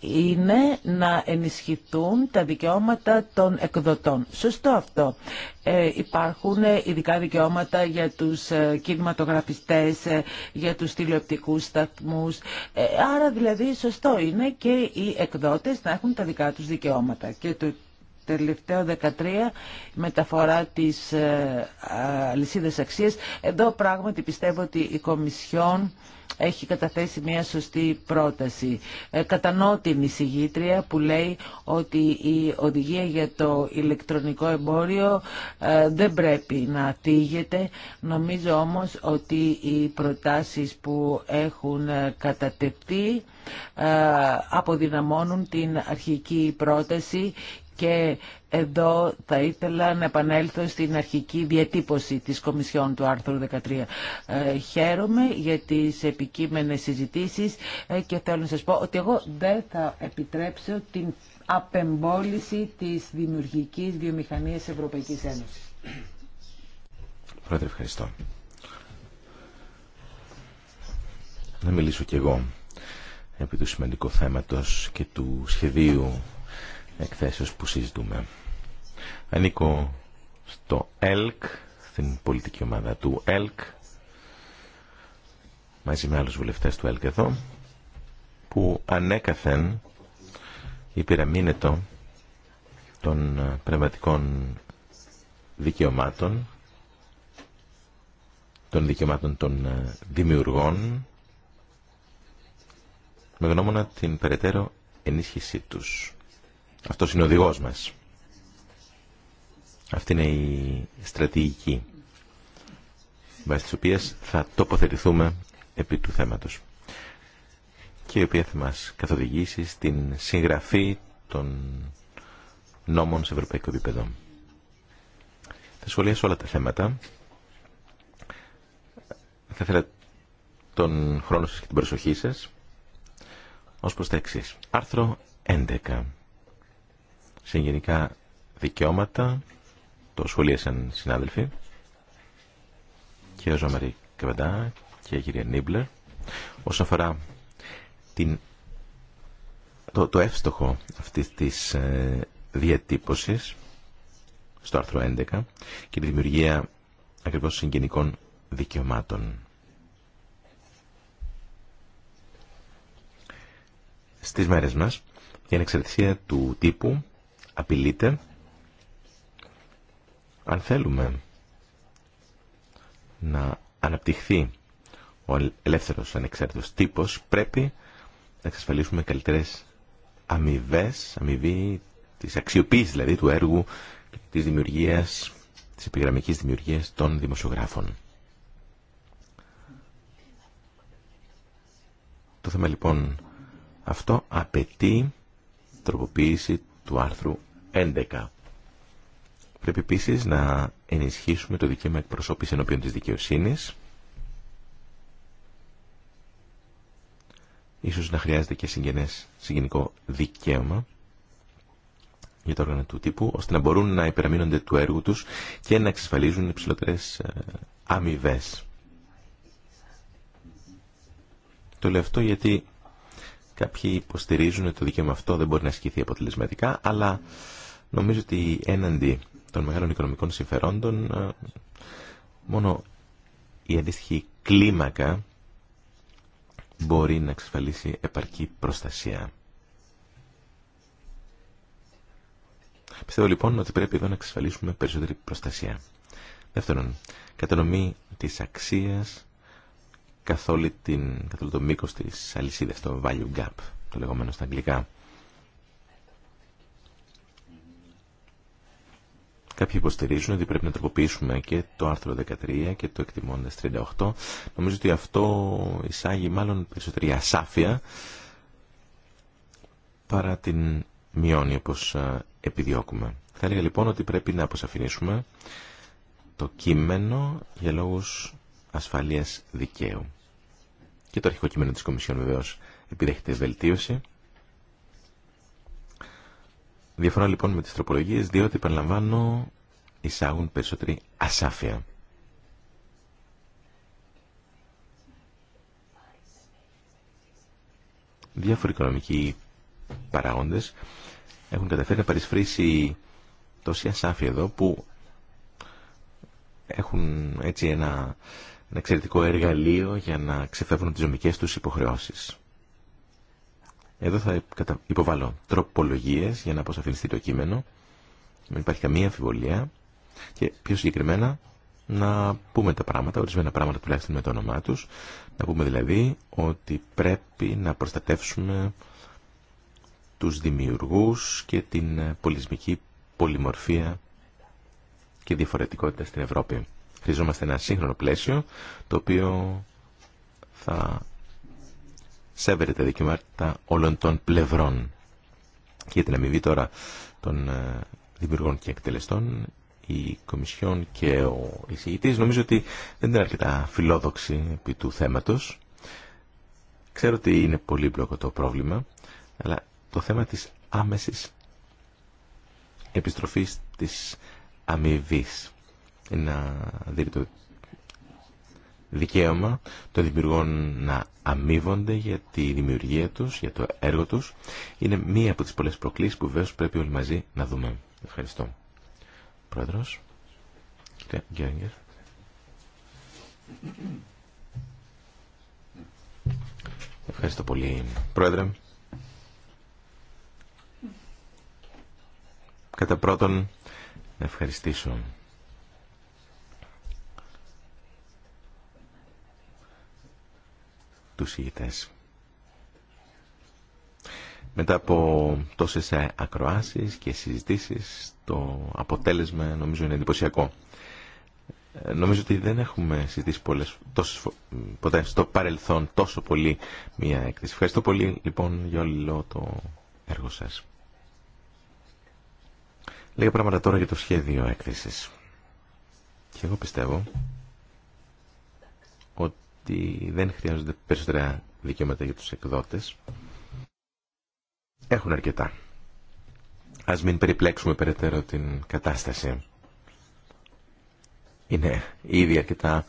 είναι να ενισχυθούν τα δικαιώματα των εκδοτών. Σωστό αυτό. Ε, υπάρχουν ε, ειδικά δικαιώματα για τους ε, κινηματογραφιστές, ε, για τους τηλεοπτικούς σταθμούς. άρα δηλαδή σωστό είναι και οι εκδότες να έχουν τα δικά τους δικαιώματα. Και το τελευταίο 13 μεταφορά της λυσίδας αξίας. Εδώ πράγματι πιστεύω ότι η Κομισιόν έχει καταθέσει μια σωστή πρόταση. Ε, κατανοώ την εισηγήτρια που λέει ότι η οδηγία για το ηλεκτρονικό εμπόριο ε, δεν πρέπει να τύγεται. Νομίζω όμως ότι οι προτάσεις που έχουν ε, κατατεθεί αποδυναμώνουν την αρχική πρόταση και εδώ θα ήθελα να επανέλθω στην αρχική διατύπωση της Κομισιόν του άρθρου 13. Ε, χαίρομαι για τις επικείμενες συζητήσεις ε, και θέλω να σας πω ότι εγώ δεν θα επιτρέψω την απεμπόληση της δημιουργικής βιομηχανίας Ευρωπαϊκής Ένωσης. Πρόεδρε, ευχαριστώ. Να μιλήσω κι εγώ επί του σημαντικού θέματος και του σχεδίου εκθέσεως που συζητούμε. Ανήκω στο ΕΛΚ, στην πολιτική ομάδα του ΕΛΚ, μαζί με άλλους βουλευτές του ΕΛΚ εδώ, που ανέκαθεν υπηρεμήνετο των ε, πνευματικών δικαιωμάτων, των δικαιωμάτων των ε, δημιουργών, με γνώμονα την περαιτέρω ενίσχυσή τους. Αυτός είναι ο οδηγός μας. Αυτή είναι η στρατηγική βάση της οποίας θα τοποθετηθούμε επί του θέματος και η οποία θα μας καθοδηγήσει στην συγγραφή των νόμων σε ευρωπαϊκό επίπεδο. Θα σχολιάσω όλα τα θέματα. Θα ήθελα τον χρόνο σας και την προσοχή σας ως προς τα εξής. Άρθρο 11. Συγγενικά δικαιώματα το σχολίασαν συνάδελφοι και ο Ζωμαρή Κεβεντά και η κυρία Νίμπλερ όσον αφορά την, το, το εύστοχο αυτής της ε, διατύπωσης στο άρθρο 11 και τη δημιουργία ακριβώς συγγενικών δικαιωμάτων. Στις μέρες μας η ανεξαρτησία του τύπου απειλείται αν θέλουμε να αναπτυχθεί ο ελεύθερος ανεξάρτητος τύπος, πρέπει να εξασφαλίσουμε καλύτερες αμοιβέ, αμοιβή της αξιοποίησης δηλαδή του έργου και της δημιουργίας, της επιγραμμικής δημιουργίας των δημοσιογράφων. Το θέμα λοιπόν αυτό απαιτεί τροποποίηση του άρθρου 11 Πρέπει επίση να ενισχύσουμε το δικαίωμα εκπροσώπηση ενώπιον της δικαιοσύνης. Ίσως να χρειάζεται και συγγενές, συγγενικό δικαίωμα για τα όργανα του τύπου, ώστε να μπορούν να υπεραμείνονται του έργου τους και να εξασφαλίζουν υψηλότερε ε, αμοιβέ. Το λέω αυτό γιατί κάποιοι υποστηρίζουν ότι το δικαίωμα αυτό δεν μπορεί να ασκηθεί αποτελεσματικά, αλλά νομίζω ότι έναντι των μεγάλων οικονομικών συμφερόντων, ε, μόνο η αντίστοιχη κλίμακα μπορεί να εξασφαλίσει επαρκή προστασία. Πιστεύω λοιπόν ότι πρέπει εδώ να εξασφαλίσουμε περισσότερη προστασία. Δεύτερον, κατανομή της αξίας καθ' την, το μήκος της αλυσίδας, το value gap, το λεγόμενο στα αγγλικά. Κάποιοι υποστηρίζουν ότι πρέπει να τροποποιήσουμε και το άρθρο 13 και το εκτιμώντας 38. Νομίζω ότι αυτό εισάγει μάλλον περισσότερη ασάφεια παρά την μειώνει όπως επιδιώκουμε. Θα έλεγα λοιπόν ότι πρέπει να αποσαφηνίσουμε το κείμενο για λόγους ασφαλείας δικαίου. Και το αρχικό κείμενο της Κομισιόν βεβαίως επιδέχεται βελτίωση. Διαφορά λοιπόν με τις τροπολογίες διότι παραλαμβάνω εισάγουν περισσότερη ασάφεια. Διάφοροι οικονομικοί παράγοντες έχουν καταφέρει να παρισφρήσει τόση ασάφεια εδώ που έχουν έτσι ένα, ένα εξαιρετικό εργαλείο για να ξεφεύγουν τις ζωμικές τους υποχρεώσεις. Εδώ θα υποβάλω τροπολογίες για να αποσαφινιστεί το κείμενο. Δεν υπάρχει καμία αμφιβολία. Και πιο συγκεκριμένα να πούμε τα πράγματα, ορισμένα πράγματα τουλάχιστον με το όνομά τους. Να πούμε δηλαδή ότι πρέπει να προστατεύσουμε τους δημιουργούς και την πολισμική πολυμορφία και διαφορετικότητα στην Ευρώπη. Χρειαζόμαστε ένα σύγχρονο πλαίσιο το οποίο θα σέβεται τα δικαιώματα όλων των πλευρών. Και για την αμοιβή τώρα των ε, δημιουργών και εκτελεστών, η Κομισιόν και ο εισηγητής νομίζω ότι δεν είναι αρκετά φιλόδοξη επί του θέματος. Ξέρω ότι είναι πολύπλοκο το πρόβλημα, αλλά το θέμα της άμεσης επιστροφής της αμοιβή. Ένα δίρυτο δικαίωμα των δημιουργών να αμείβονται για τη δημιουργία τους, για το έργο τους. Είναι μία από τις πολλές προκλήσεις που βέβαια πρέπει όλοι μαζί να δούμε. Ευχαριστώ. Πρόεδρος. Ευχαριστώ πολύ, Πρόεδρε. Κατά πρώτον, να ευχαριστήσω τους ηγητές. Μετά από τόσες ακροάσεις και συζητήσεις, το αποτέλεσμα νομίζω είναι εντυπωσιακό. Ε, νομίζω ότι δεν έχουμε συζητήσει πολλές, τόσες, ποτέ στο παρελθόν τόσο πολύ μία έκθεση. Ευχαριστώ πολύ λοιπόν για όλο το έργο σας. Λίγα πράγματα τώρα για το σχέδιο έκθεσης. Και εγώ πιστεύω ότι δεν χρειάζονται περισσότερα δικαιώματα για τους εκδότες. Έχουν αρκετά. Ας μην περιπλέξουμε περαιτέρω την κατάσταση. Είναι ήδη αρκετά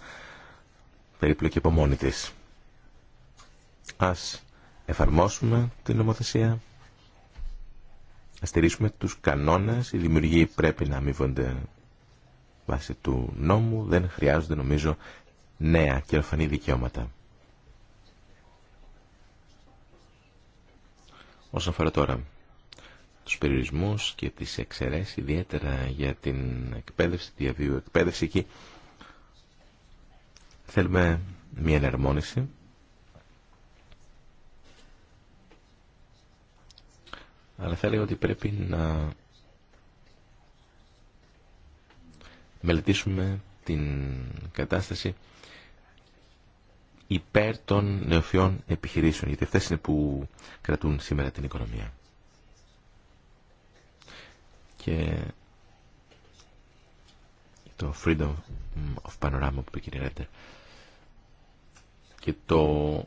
περίπλοκη από μόνη της. Ας εφαρμόσουμε την νομοθεσία, ας στηρίσουμε τους κανόνες, οι δημιουργοί πρέπει να αμείβονται βάσει του νόμου, δεν χρειάζονται νομίζω νέα και ορφανή δικαιώματα. Όσον αφορά τώρα τους περιορισμούς και τις εξαιρέσεις, ιδιαίτερα για την εκπαίδευση, τη διαβίου εκπαίδευση εκεί, θέλουμε μια εναρμόνιση. Αλλά θα έλεγα ότι πρέπει να μελετήσουμε την κατάσταση υπέρ των νεοφιών επιχειρήσεων, γιατί αυτές είναι που κρατούν σήμερα την οικονομία. Και το Freedom of Panorama που είπε και το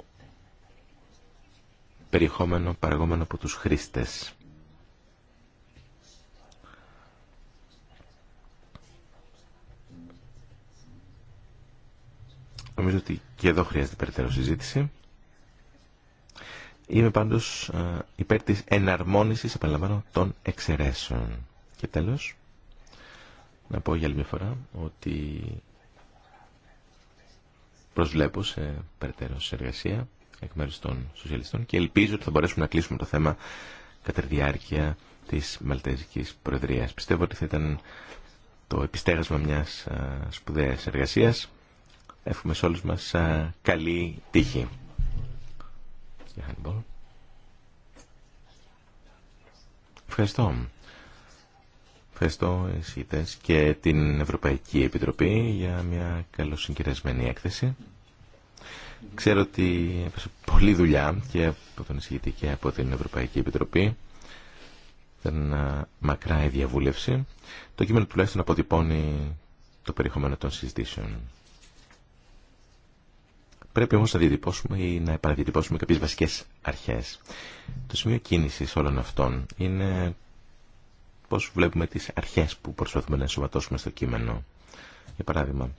περιεχόμενο παραγόμενο από τους χρήστες. Νομίζω ότι και εδώ χρειάζεται περαιτέρω συζήτηση. Είμαι πάντως ε, υπέρ της εναρμόνισης, επαναλαμβάνω, των εξαιρέσεων. Και τέλος, να πω για άλλη μια φορά ότι προσβλέπω σε περαιτέρω συνεργασία εκ μέρους των σοσιαλιστών και ελπίζω ότι θα μπορέσουμε να κλείσουμε το θέμα κατά τη διάρκεια της Μαλτέζικης Προεδρίας. Πιστεύω ότι θα ήταν το επιστέγασμα μιας ε, σπουδαίας εργασίας Εύχομαι σε όλους μας καλή τύχη. Ευχαριστώ. Ευχαριστώ εσείς και την Ευρωπαϊκή Επιτροπή για μια καλοσυγκυρασμένη έκθεση. Ξέρω ότι έπεσε πολλή δουλειά και από τον εισηγητή και από την Ευρωπαϊκή Επιτροπή. Ήταν μακρά η διαβούλευση. Το κείμενο τουλάχιστον αποτυπώνει το περιεχόμενο των συζητήσεων. Πρέπει όμως να διατυπώσουμε ή να επαναδιατυπώσουμε κάποιες βασικές αρχές. Το σημείο κίνησης όλων αυτών είναι πώς βλέπουμε τις αρχές που προσπαθούμε να ενσωματώσουμε στο κείμενο. Για παράδειγμα,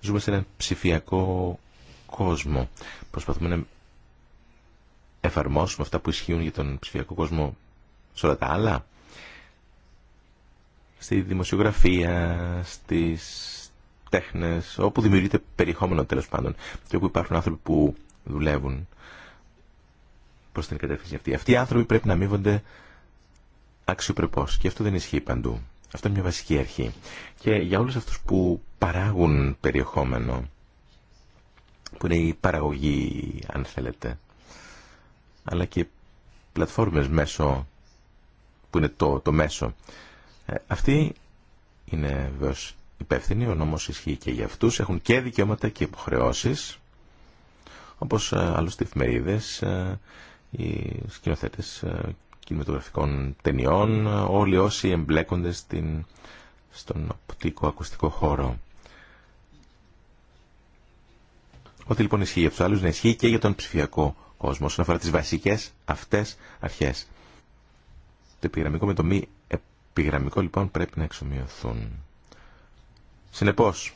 ζούμε σε έναν ψηφιακό κόσμο. Προσπαθούμε να εφαρμόσουμε αυτά που ισχύουν για τον ψηφιακό κόσμο σε όλα τα άλλα. Στη δημοσιογραφία, στις τέχνε, όπου δημιουργείται περιεχόμενο τέλο πάντων και όπου υπάρχουν άνθρωποι που δουλεύουν προς την κατεύθυνση αυτή. Αυτοί οι άνθρωποι πρέπει να αμείβονται αξιοπρεπώς και αυτό δεν ισχύει παντού. Αυτό είναι μια βασική αρχή. Και για όλους αυτούς που παράγουν περιεχόμενο, που είναι η παραγωγή αν θέλετε, αλλά και πλατφόρμες μέσω που είναι το, το μέσο. Ε, αυτοί είναι βεβαιω υπεύθυνοι, ο νόμος ισχύει και για αυτούς, έχουν και δικαιώματα και υποχρεώσεις, όπως ε, άλλωστε οι εφημερίδες, ε, οι σκηνοθέτες ε, κινηματογραφικών ταινιών, όλοι όσοι εμπλέκονται στην, στον οπτικο-ακουστικό χώρο. Ό,τι λοιπόν ισχύει για τους άλλους, να ισχύει και για τον ψηφιακό κόσμο, όσον αφορά τις βασικές αυτές αρχές. Το επιγραμμικό με το μη επιγραμμικό λοιπόν πρέπει να εξομοιωθούν. Συνεπώς,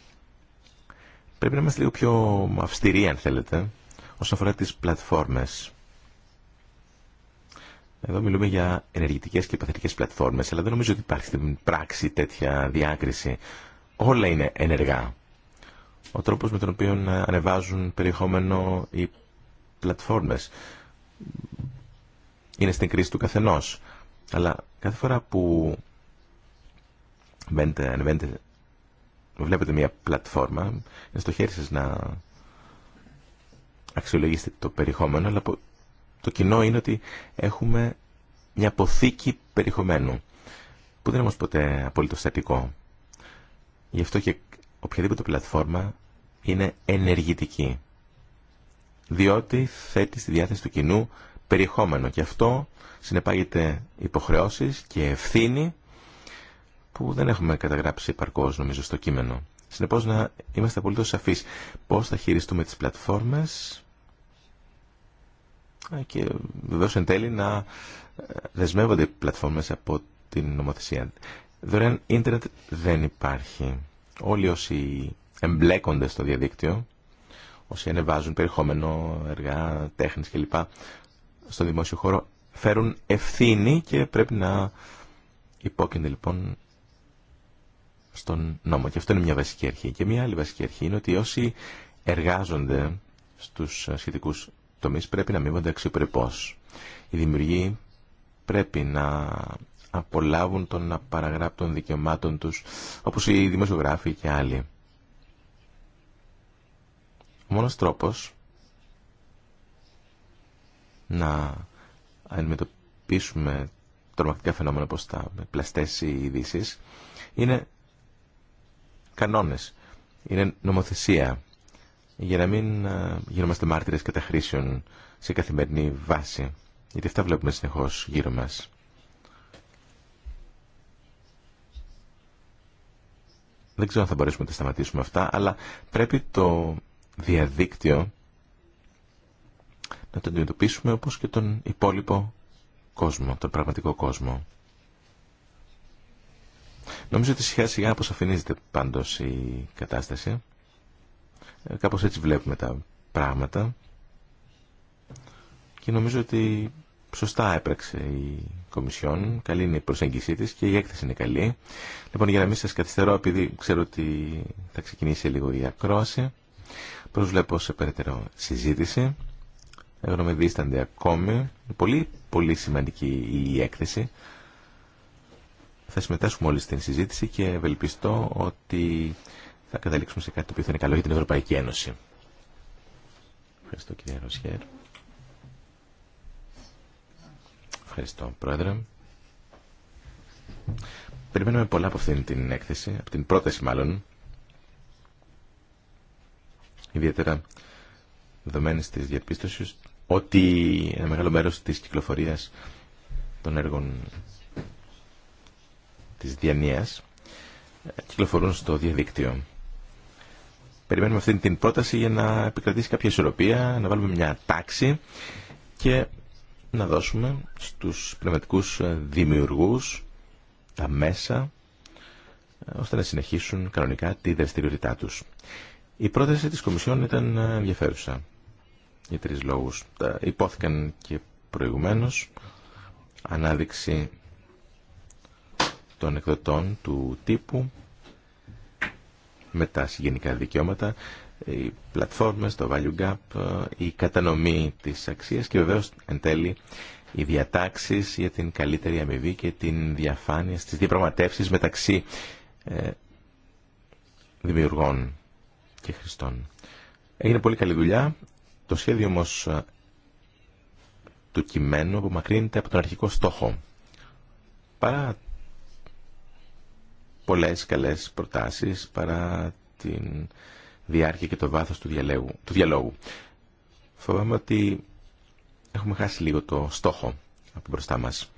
πρέπει να είμαστε λίγο πιο αυστηροί, αν θέλετε, όσον αφορά τις πλατφόρμες. Εδώ μιλούμε για ενεργητικές και παθητικές πλατφόρμες, αλλά δεν νομίζω ότι υπάρχει στην πράξη τέτοια διάκριση. Όλα είναι ενεργά. Ο τρόπος με τον οποίο ανεβάζουν περιεχόμενο οι πλατφόρμες είναι στην κρίση του καθενός. Αλλά κάθε φορά που μπαίνετε, ανεβαίνετε βλέπετε μια πλατφόρμα, είναι στο χέρι σας να αξιολογήσετε το περιεχόμενο, αλλά το κοινό είναι ότι έχουμε μια αποθήκη περιεχομένου, που δεν είναι όμως ποτέ απόλυτο στατικό. Γι' αυτό και οποιαδήποτε πλατφόρμα είναι ενεργητική, διότι θέτει στη διάθεση του κοινού περιεχόμενο και αυτό συνεπάγεται υποχρεώσεις και ευθύνη που δεν έχουμε καταγράψει επαρκώ, νομίζω στο κείμενο. Συνεπώ να είμαστε απολύτως σαφεί. πώς θα χειριστούμε τις πλατφόρμες ε, και βεβαίω εν τέλει να ε, δεσμεύονται οι πλατφόρμες από την νομοθεσία. Δωρεάν ίντερνετ δεν υπάρχει. Όλοι όσοι εμπλέκονται στο διαδίκτυο, όσοι ανεβάζουν περιεχόμενο, εργά, τέχνης κλπ. στο δημόσιο χώρο, φέρουν ευθύνη και πρέπει να υπόκεινται λοιπόν στον νόμο. Και αυτό είναι μια βασική αρχή. Και μια άλλη βασική αρχή είναι ότι όσοι εργάζονται στους σχετικού τομείς πρέπει να μείβονται αξιοπρεπώ. Οι δημιουργοί πρέπει να απολάβουν των απαραγράπτων δικαιωμάτων τους, όπως οι δημοσιογράφοι και άλλοι. Ο μόνος τρόπος να αντιμετωπίσουμε τρομακτικά φαινόμενα όπως τα πλαστές ειδήσει είναι κανόνες. Είναι νομοθεσία για να μην ε, γινόμαστε μάρτυρες καταχρήσεων σε καθημερινή βάση. Γιατί αυτά βλέπουμε συνεχώς γύρω μας. Δεν ξέρω αν θα μπορέσουμε να σταματήσουμε αυτά, αλλά πρέπει το διαδίκτυο να το αντιμετωπίσουμε όπως και τον υπόλοιπο κόσμο, τον πραγματικό κόσμο. Νομίζω ότι σιγά σιγά αποσαφηνίζεται πάντως η κατάσταση. Ε, κάπως έτσι βλέπουμε τα πράγματα. Και νομίζω ότι σωστά έπραξε η Κομισιόν. Καλή είναι η προσέγγιση της και η έκθεση είναι καλή. Λοιπόν, για να μην σας καθυστερώ, επειδή ξέρω ότι θα ξεκινήσει λίγο η ακρόαση, προσβλέπω σε περαιτέρω συζήτηση. Εγώ με δίστανται ακόμη. Πολύ, πολύ σημαντική η έκθεση. Θα συμμετάσχουμε όλοι στην συζήτηση και ευελπιστώ ότι θα καταλήξουμε σε κάτι το οποίο θα είναι καλό για την Ευρωπαϊκή Ένωση. Ευχαριστώ κύριε Ροσχέρ. Ευχαριστώ πρόεδρε. Περιμένουμε πολλά από αυτήν την έκθεση, από την πρόταση μάλλον. Ιδιαίτερα δεδομένες της διαπίστωσης ότι ένα μεγάλο μέρος της κυκλοφορίας των έργων της Διανίας ε, κυκλοφορούν στο διαδίκτυο. Περιμένουμε αυτή την πρόταση για να επικρατήσει κάποια ισορροπία, να βάλουμε μια τάξη και να δώσουμε στους πνευματικούς ε, δημιουργούς τα μέσα ε, ώστε να συνεχίσουν κανονικά τη δραστηριότητά τους. Η πρόταση της Κομισιόν ήταν ενδιαφέρουσα για τρεις λόγους. Τα υπόθηκαν και προηγουμένως ανάδειξη των εκδοτών του τύπου με τα συγγενικά δικαιώματα, οι πλατφόρμες, το value gap, η κατανομή της αξίας και βεβαίως εν τέλει οι διατάξεις για την καλύτερη αμοιβή και την διαφάνεια στις διαπραγματεύσεις μεταξύ ε, δημιουργών και χρηστών. Έγινε πολύ καλή δουλειά. Το σχέδιο όμω ε, του κειμένου απομακρύνεται από τον αρχικό στόχο. Παρά πολλές καλές προτάσεις παρά την διάρκεια και το βάθος του, διαλέγου, του διαλόγου. Φοβάμαι ότι έχουμε χάσει λίγο το στόχο από μπροστά μας.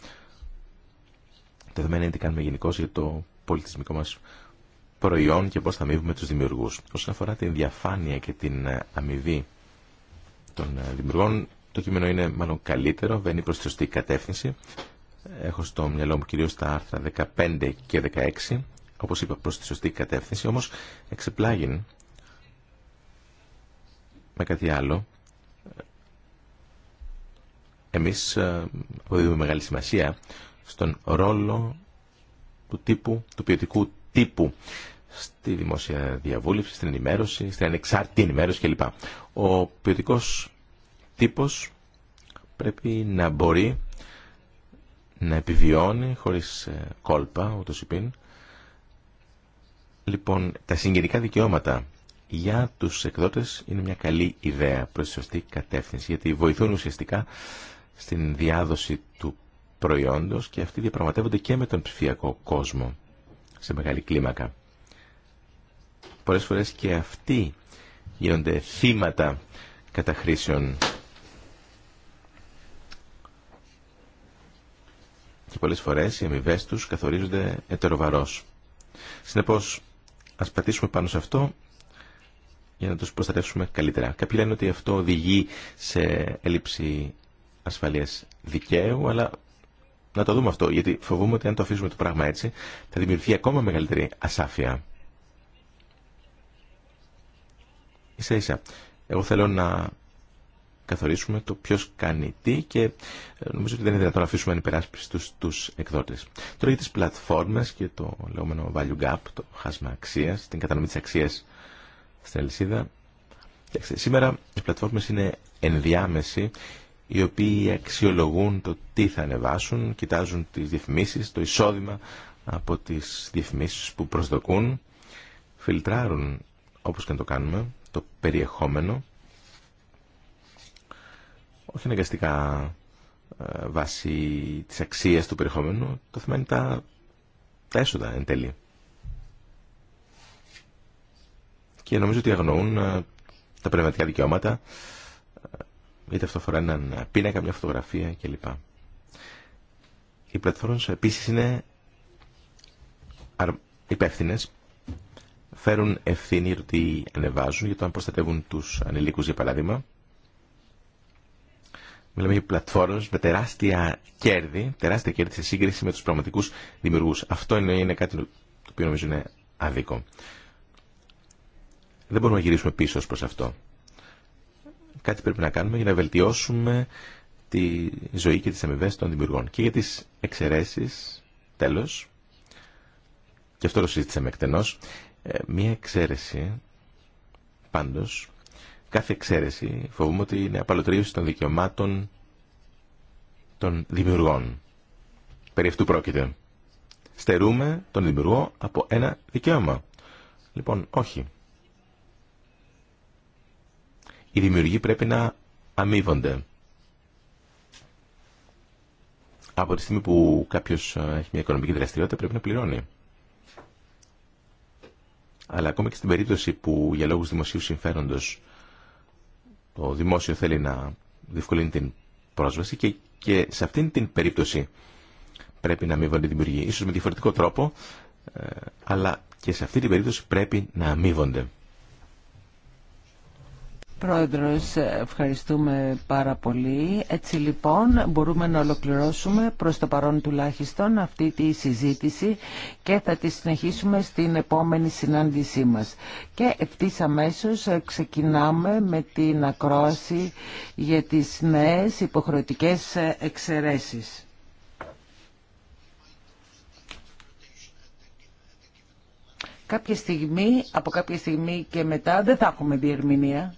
Το δεδομένο είναι τι κάνουμε γενικώ για το πολιτισμικό μας προϊόν και πώς θα αμείβουμε τους δημιουργούς. Όσον αφορά την διαφάνεια και την αμοιβή των δημιουργών, το κείμενο είναι μάλλον καλύτερο, βαίνει προς τη σωστή κατεύθυνση. Έχω στο μυαλό μου κυρίως τα άρθρα 15 και 16 όπως είπα, προς τη σωστή κατεύθυνση, όμως εξεπλάγει με κάτι άλλο. Εμείς ε, αποδίδουμε μεγάλη σημασία στον ρόλο του τύπου, του ποιοτικού τύπου στη δημόσια διαβούλευση, στην ενημέρωση, στην ανεξάρτητη ενημέρωση κλπ. Ο ποιοτικό τύπος πρέπει να μπορεί να επιβιώνει χωρίς ε, κόλπα, ούτως υπήν, Λοιπόν, τα συγκεκριτικά δικαιώματα για τους εκδότες είναι μια καλή ιδέα προς τη σωστή κατεύθυνση, γιατί βοηθούν ουσιαστικά στην διάδοση του προϊόντος και αυτοί διαπραγματεύονται και με τον ψηφιακό κόσμο σε μεγάλη κλίμακα. Πολλές φορές και αυτοί γίνονται θύματα καταχρήσεων και πολλές φορές οι αμοιβέ τους καθορίζονται ετεροβαρός. Συνεπώς, Ας πατήσουμε πάνω σε αυτό για να τους προστατεύσουμε καλύτερα. Κάποιοι λένε ότι αυτό οδηγεί σε έλλειψη ασφαλείας δικαίου, αλλά να το δούμε αυτό, γιατί φοβούμαι ότι αν το αφήσουμε το πράγμα έτσι, θα δημιουργηθεί ακόμα μεγαλύτερη ασάφεια. Ίσα ίσα. Εγώ θέλω να καθορίσουμε το ποιο κάνει τι και ε, νομίζω ότι δεν είναι δυνατόν να αφήσουμε ανυπεράσπιση στους τους εκδότες. Τώρα για τις πλατφόρμες και το λεγόμενο value gap, το χάσμα αξίας, την κατανομή της αξίας στην αλυσίδα. Σήμερα οι πλατφόρμες είναι ενδιάμεση οι οποίοι αξιολογούν το τι θα ανεβάσουν, κοιτάζουν τις διαφημίσεις, το εισόδημα από τις διαφημίσεις που προσδοκούν, φιλτράρουν όπως και να το κάνουμε το περιεχόμενο όχι αναγκαστικά ε, βάσει της αξίας του περιεχόμενου, το θέμα είναι τα, τα έσοδα εν τέλει. Και νομίζω ότι αγνοούν ε, τα πνευματικά δικαιώματα, ε, είτε αυτό αφορά έναν πίνακα, μια φωτογραφία κλπ. Οι πλατφόρμες επίσης είναι υπεύθυνε, φέρουν ευθύνη ότι ανεβάζουν για το αν προστατεύουν τους ανηλίκους για παράδειγμα Μιλάμε για πλατφόρμες με τεράστια κέρδη, τεράστια κέρδη σε σύγκριση με τους πραγματικούς δημιουργούς. Αυτό είναι, είναι κάτι το οποίο νομίζω είναι αδίκο. Δεν μπορούμε να γυρίσουμε πίσω προς αυτό. Κάτι πρέπει να κάνουμε για να βελτιώσουμε τη ζωή και τις αμοιβέ των δημιουργών. Και για τις εξαιρέσει, τέλος, και αυτό το συζήτησαμε εκτενώς, ε, μια εξαίρεση πάντως κάθε εξαίρεση φοβούμαι ότι είναι απαλωτρίωση των δικαιωμάτων των δημιουργών. Περί αυτού πρόκειται. Στερούμε τον δημιουργό από ένα δικαίωμα. Λοιπόν, όχι. Οι δημιουργοί πρέπει να αμείβονται. Από τη στιγμή που κάποιος ε, έχει μια οικονομική δραστηριότητα πρέπει να πληρώνει. Αλλά ακόμα και στην περίπτωση που για λόγους δημοσίου συμφέροντος το δημόσιο θέλει να διευκολύνει την πρόσβαση και, σε αυτήν την περίπτωση πρέπει να αμείβονται οι δημιουργοί. Ίσως με διαφορετικό τρόπο, ε, αλλά και σε αυτή την περίπτωση πρέπει να αμείβονται. Πρόεδρος, ευχαριστούμε πάρα πολύ. Έτσι λοιπόν μπορούμε να ολοκληρώσουμε προς το παρόν τουλάχιστον αυτή τη συζήτηση και θα τη συνεχίσουμε στην επόμενη συνάντησή μας. Και ευθύς αμέσως ε, ξεκινάμε με την ακρόαση για τις νέες υποχρεωτικές ε, εξαιρέσεις. Κάποια στιγμή, από κάποια στιγμή και μετά δεν θα έχουμε διερμηνία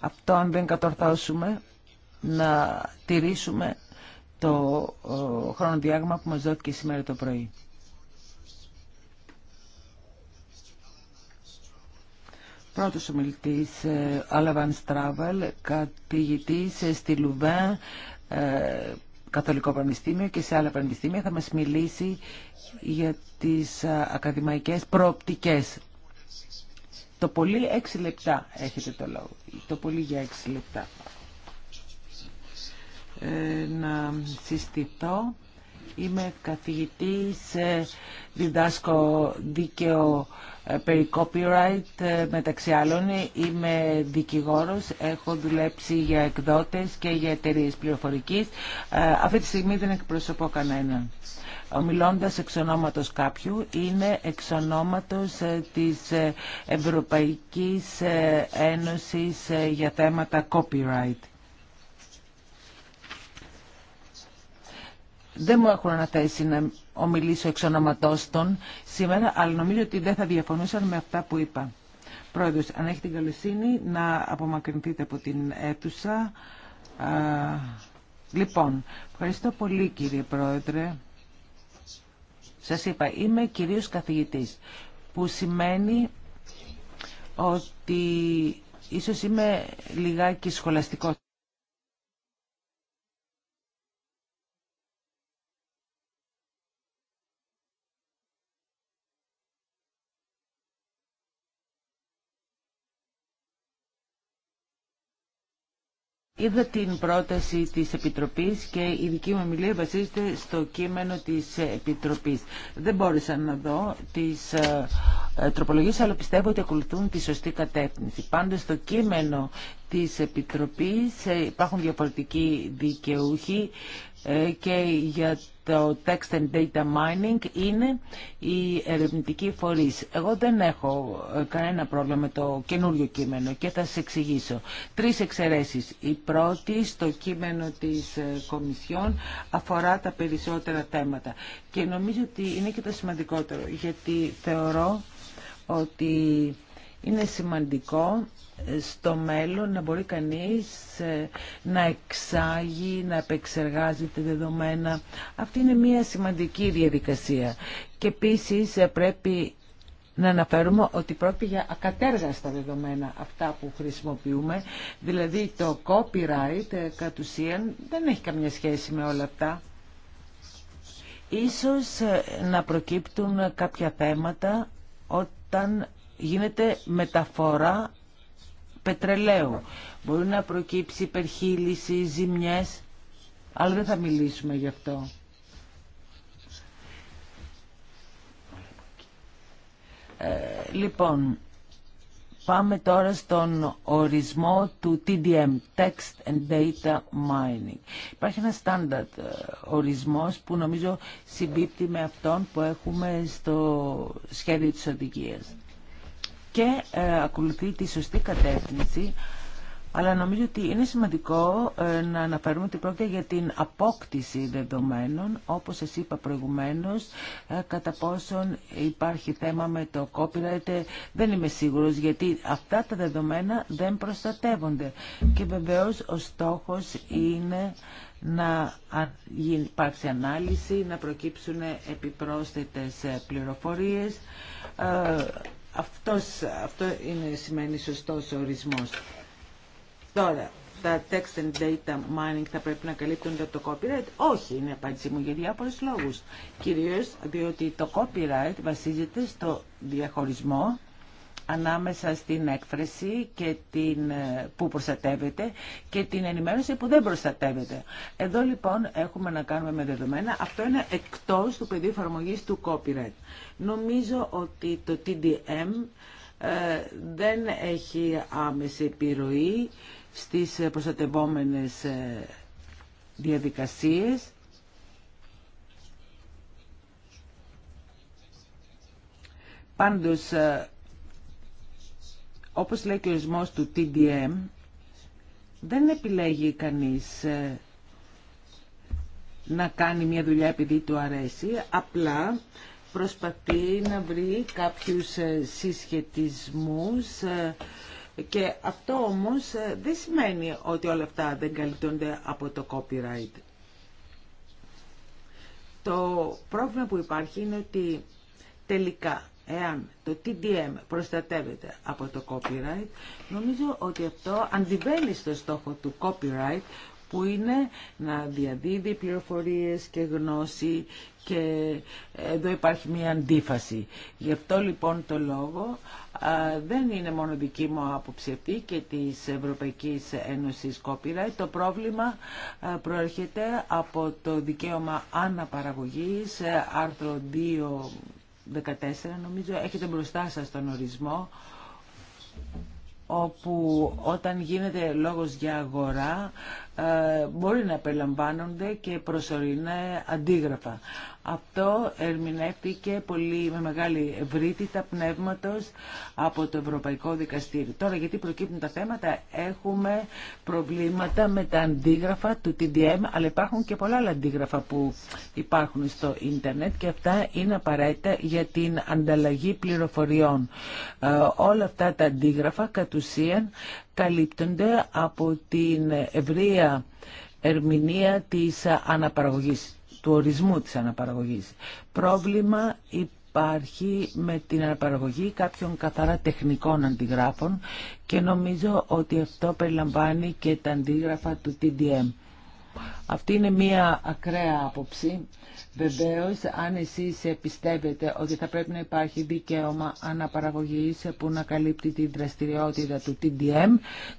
αυτό αν δεν κατορθώσουμε να τηρήσουμε το χρονοδιάγμα που μας δόθηκε σήμερα το πρωί. Πρώτος ομιλητής, ε, Αλαβάν Στράβελ, καθηγητής ε, στη Λουβέν, ε, Καθολικό Πανεπιστήμιο και σε άλλα πανεπιστήμια θα μας μιλήσει για τις ακαδημαϊκές προοπτικές το πολύ 6 λεπτά έχετε το λόγο. Το πολύ για 6 λεπτά. Ε, να συστηθώ Είμαι καθηγητής, ε, διδάσκω δίκαιο ε, περί copyright ε, μεταξύ άλλων. Είμαι δικηγόρος, έχω δουλέψει για εκδότες και για εταιρείε πληροφορικής. Αυτή τη στιγμή δεν εκπροσωπώ κανέναν. Μιλώντας εξ ονόματος κάποιου, είναι εξ ονόματος της Ευρωπαϊκής Ένωσης για θέματα copyright. Δεν μου έχουν αναθέσει να ομιλήσω εξ ονοματός των σήμερα, αλλά νομίζω ότι δεν θα διαφωνούσαν με αυτά που είπα. Πρόεδρος, αν έχει την καλοσύνη να απομακρυνθείτε από την αίθουσα. Λοιπόν, ευχαριστώ πολύ κύριε Πρόεδρε. Σας είπα, είμαι κυρίως καθηγητής, που σημαίνει ότι ίσως είμαι λιγάκι σχολαστικός. Είδα την πρόταση της Επιτροπής και η δική μου ομιλία βασίζεται στο κείμενο της Επιτροπής. Δεν μπόρεσα να δω τις ε, ε, τροπολογίες, αλλά πιστεύω ότι ακολουθούν τη σωστή κατεύθυνση. Πάντως στο κείμενο της Επιτροπής ε, υπάρχουν διαφορετικοί δικαιούχοι και για το text and data mining είναι η ερευνητικοί φορείς. Εγώ δεν έχω ε, κανένα πρόβλημα με το καινούριο κείμενο και θα σας εξηγήσω. Τρεις εξαιρέσεις. Η πρώτη στο κείμενο της ε, Κομισιόν αφορά τα περισσότερα θέματα. Και νομίζω ότι είναι και το σημαντικότερο γιατί θεωρώ ότι είναι σημαντικό στο μέλλον να μπορεί κανείς ε, να εξάγει, να επεξεργάζεται δεδομένα. Αυτή είναι μια σημαντική διαδικασία. Και επίσης ε, πρέπει να αναφέρουμε ότι πρόκειται για ακατέργαστα δεδομένα αυτά που χρησιμοποιούμε. Δηλαδή το copyright ε, κατ' ουσίαν δεν έχει καμιά σχέση με όλα αυτά. Ίσως να προκύπτουν κάποια θέματα όταν γίνεται μεταφορά πετρελαίου. Μπορεί να προκύψει υπερχείληση, ζημιές, αλλά δεν θα μιλήσουμε γι' αυτό. Ε, λοιπόν, πάμε τώρα στον ορισμό του TDM, Text and Data Mining. Υπάρχει ένα στάνταρτ ε, ορισμός που νομίζω συμπίπτει με αυτόν που έχουμε στο σχέδιο της οδηγίας και ε, ακολουθεί τη σωστή κατεύθυνση αλλά νομίζω ότι είναι σημαντικό ε, να αναφέρουμε ότι πρόκειται για την απόκτηση δεδομένων, όπως σας είπα προηγουμένως, ε, κατά πόσον υπάρχει θέμα με το copyright, δεν είμαι σίγουρος, γιατί αυτά τα δεδομένα δεν προστατεύονται. Και βεβαίως ο στόχος είναι να υπάρξει ανάλυση, να προκύψουν επιπρόσθετες πληροφορίες, αυτός, αυτό είναι, σημαίνει σωστός ορισμός. Τώρα, τα text and data mining θα πρέπει να καλύπτουν το copyright. Όχι, είναι απάντησή μου για διάφορους λόγους. Κυρίως διότι το copyright βασίζεται στο διαχωρισμό ανάμεσα στην έκφραση και την, ε, που προστατεύεται και την ενημέρωση που δεν προστατεύεται. Εδώ λοιπόν έχουμε να κάνουμε με δεδομένα. Αυτό είναι εκτός του πεδίου εφαρμογή του copyright. Νομίζω ότι το TDM ε, δεν έχει άμεση επιρροή στις προστατευόμενες ε, διαδικασίες. Πάντως όπως λέει ο του TDM, δεν επιλέγει κανείς ε, να κάνει μια δουλειά επειδή του αρέσει, απλά προσπαθεί να βρει κάποιους ε, συσχετισμούς ε, και αυτό όμως δεν σημαίνει ότι όλα αυτά δεν καλύπτονται από το copyright. Το πρόβλημα που υπάρχει είναι ότι τελικά Εάν το TDM προστατεύεται από το copyright, νομίζω ότι αυτό αντιβαίνει στο στόχο του copyright που είναι να διαδίδει πληροφορίες και γνώση και εδώ υπάρχει μια αντίφαση. Γι' αυτό λοιπόν το λόγο δεν είναι μόνο δική μου άποψη αυτή και της Ευρωπαϊκής Ένωσης Copyright. Το πρόβλημα προέρχεται από το δικαίωμα αναπαραγωγής, ε, άρθρο 2 14 νομίζω έχετε μπροστά σας τον ορισμό όπου όταν γίνεται λόγος για αγορά ε, μπορεί να περιλαμβάνονται και προσωρινά αντίγραφα. Αυτό ερμηνεύτηκε πολύ με μεγάλη ευρύτητα πνεύματος από το Ευρωπαϊκό Δικαστήριο. Τώρα γιατί προκύπτουν τα θέματα έχουμε προβλήματα με τα αντίγραφα του TDM αλλά υπάρχουν και πολλά άλλα αντίγραφα που υπάρχουν στο ίντερνετ και αυτά είναι απαραίτητα για την ανταλλαγή πληροφοριών. Ε, όλα αυτά τα αντίγραφα κατ' ουσίαν καλύπτονται από την ευρεία ερμηνεία της αναπαραγωγής του ορισμού της αναπαραγωγής. Πρόβλημα υπάρχει με την αναπαραγωγή κάποιων καθαρά τεχνικών αντιγράφων και νομίζω ότι αυτό περιλαμβάνει και τα αντίγραφα του TDM. Αυτή είναι μία ακραία άποψη Βεβαίω, αν εσεί πιστεύετε ότι θα πρέπει να υπάρχει δικαίωμα αναπαραγωγή που να καλύπτει τη δραστηριότητα του TDM,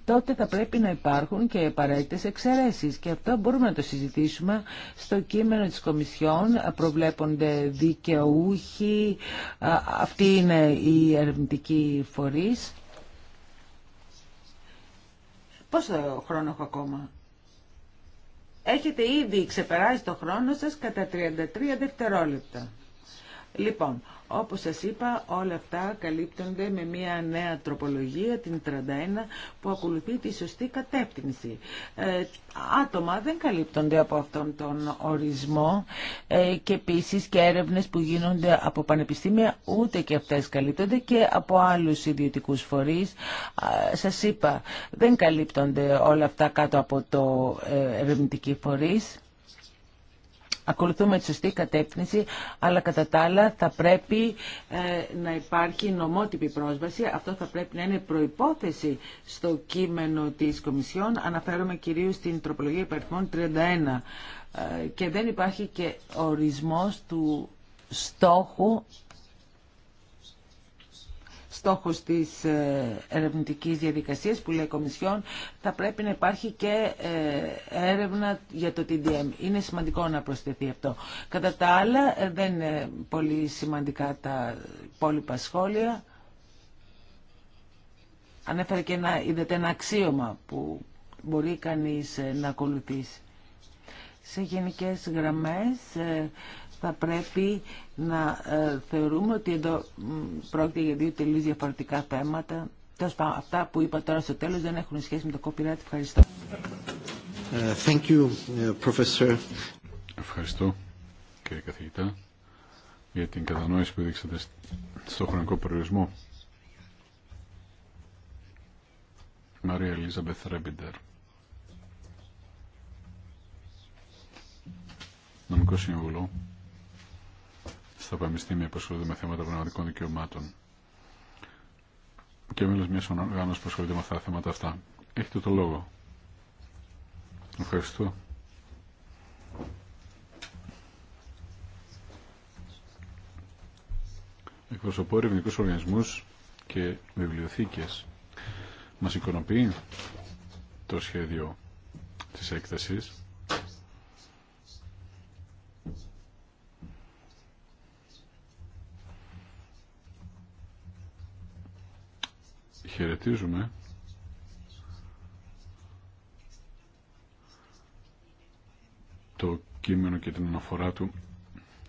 τότε θα πρέπει να υπάρχουν και απαραίτητε εξαιρέσει. Και αυτό μπορούμε να το συζητήσουμε στο κείμενο της Κομισιόν. Προβλέπονται δικαιούχοι, Αυτή είναι οι ερευνητικοί φορείς. Πόσο χρόνο έχω ακόμα. Έχετε ήδη ξεπεράσει το χρόνο σας κατά 33 δευτερόλεπτα. Λοιπόν, όπως σας είπα, όλα αυτά καλύπτονται με μια νέα τροπολογία, την 31, που ακολουθεί τη σωστή κατεύθυνση. Ε, άτομα δεν καλύπτονται από αυτόν τον ορισμό ε, και επίσης και έρευνες που γίνονται από πανεπιστήμια, ούτε και αυτές καλύπτονται και από άλλους ιδιωτικούς φορείς. Ε, σας είπα, δεν καλύπτονται όλα αυτά κάτω από το ε, ερευνητική φορείς ακολουθούμε τη σωστή κατεύθυνση, αλλά κατά τα άλλα θα πρέπει ε, να υπάρχει νομότυπη πρόσβαση. Αυτό θα πρέπει να είναι προϋπόθεση στο κείμενο της Κομισιόν. Αναφέρομαι κυρίως στην τροπολογία υπερθμών 31 ε, και δεν υπάρχει και ορισμός του στόχου Στόχο της ε, ερευνητική διαδικασία που λέει Κομισιόν θα πρέπει να υπάρχει και ε, έρευνα για το TDM. Είναι σημαντικό να προσθεθεί αυτό. Κατά τα άλλα ε, δεν είναι πολύ σημαντικά τα υπόλοιπα σχόλια. Ανέφερε και ένα, είδατε ένα αξίωμα που μπορεί κανείς να ακολουθήσει. Σε γενικές γραμμές θα πρέπει να ε, θεωρούμε ότι εδώ πρόκειται για δύο τελείως διαφορετικά θέματα. Τα αυτά που είπα τώρα στο τέλος δεν έχουν σχέση με το copyright. Ευχαριστώ. Ε, thank you, ε, professor. Ευχαριστώ, κύριε καθηγητά, για την κατανόηση που δείξατε στο χρονικό περιορισμό. Μαρία Ελίζαμπεθ Ρέμπιντερ. Νομικό Συμβουλό στα πανεπιστήμια που ασχολούνται με θέματα πνευματικών δικαιωμάτων και μέλο μια οργάνωση που ασχολείται με αυτά τα θέματα αυτά. Έχετε το λόγο. Ευχαριστώ. Εκπροσωπώ ερευνητικού οργανισμού και βιβλιοθήκε. Μα εικονοποιεί το σχέδιο τη έκθεση χαιρετίζουμε το κείμενο και την αναφορά του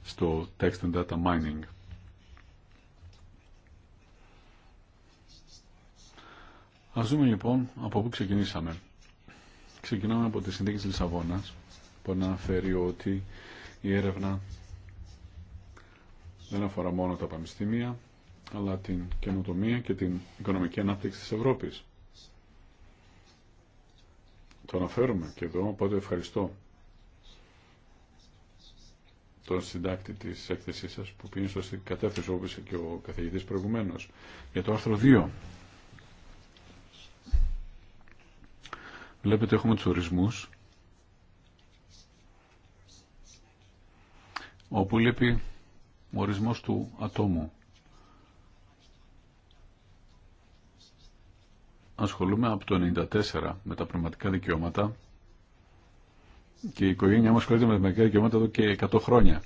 στο Text and Data Mining. Ας δούμε λοιπόν από πού ξεκινήσαμε. Ξεκινάμε από τη συνθήκη της Λισαβόνας που αναφέρει ότι η έρευνα δεν αφορά μόνο τα πανεπιστήμια αλλά την καινοτομία και την οικονομική ανάπτυξη της Ευρώπης. Το αναφέρουμε και εδώ, οπότε ευχαριστώ τον συντάκτη της έκθεσής σας που πήγε στο κατεύθυνση όπως και ο καθηγητής προηγουμένως. Για το άρθρο 2. Βλέπετε έχουμε τους ορισμούς όπου λείπει ο ορισμός του ατόμου ασχολούμαι από το 1994 με τα πνευματικά δικαιώματα και η οικογένειά μου ασχολείται με τα πνευματικά δικαιώματα εδώ και 100 χρόνια.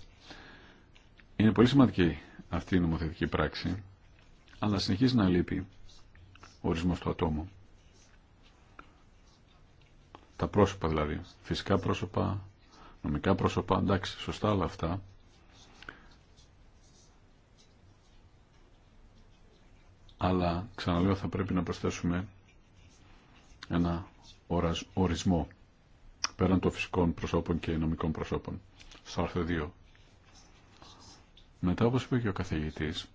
Είναι πολύ σημαντική αυτή η νομοθετική πράξη, αλλά συνεχίζει να λείπει ο ορισμός του ατόμου. Τα πρόσωπα δηλαδή, φυσικά πρόσωπα, νομικά πρόσωπα, εντάξει, σωστά όλα αυτά, αλλά ξαναλέω θα πρέπει να προσθέσουμε ένα ορισμό πέραν των φυσικών προσώπων και νομικών προσώπων. Στο άρθρο 2. Μετά, όπως είπε και ο καθηγητής,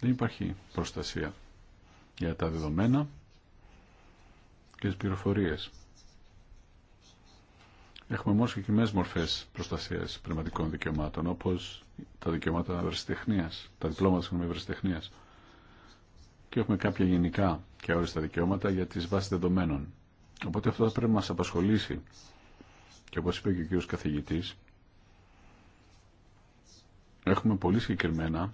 δεν υπάρχει προστασία για τα δεδομένα και τις πληροφορίες. Έχουμε μόνο κοινέ μορφές προστασίας πνευματικών δικαιωμάτων, όπως τα δικαιώματα ευρεσιτεχνίας, τα διπλώματα συγγνώμη και έχουμε κάποια γενικά και όριστα δικαιώματα για τις βάσεις δεδομένων. Οπότε αυτό θα πρέπει να μας απασχολήσει. Και όπως είπε και ο κύριος καθηγητής, έχουμε πολύ συγκεκριμένα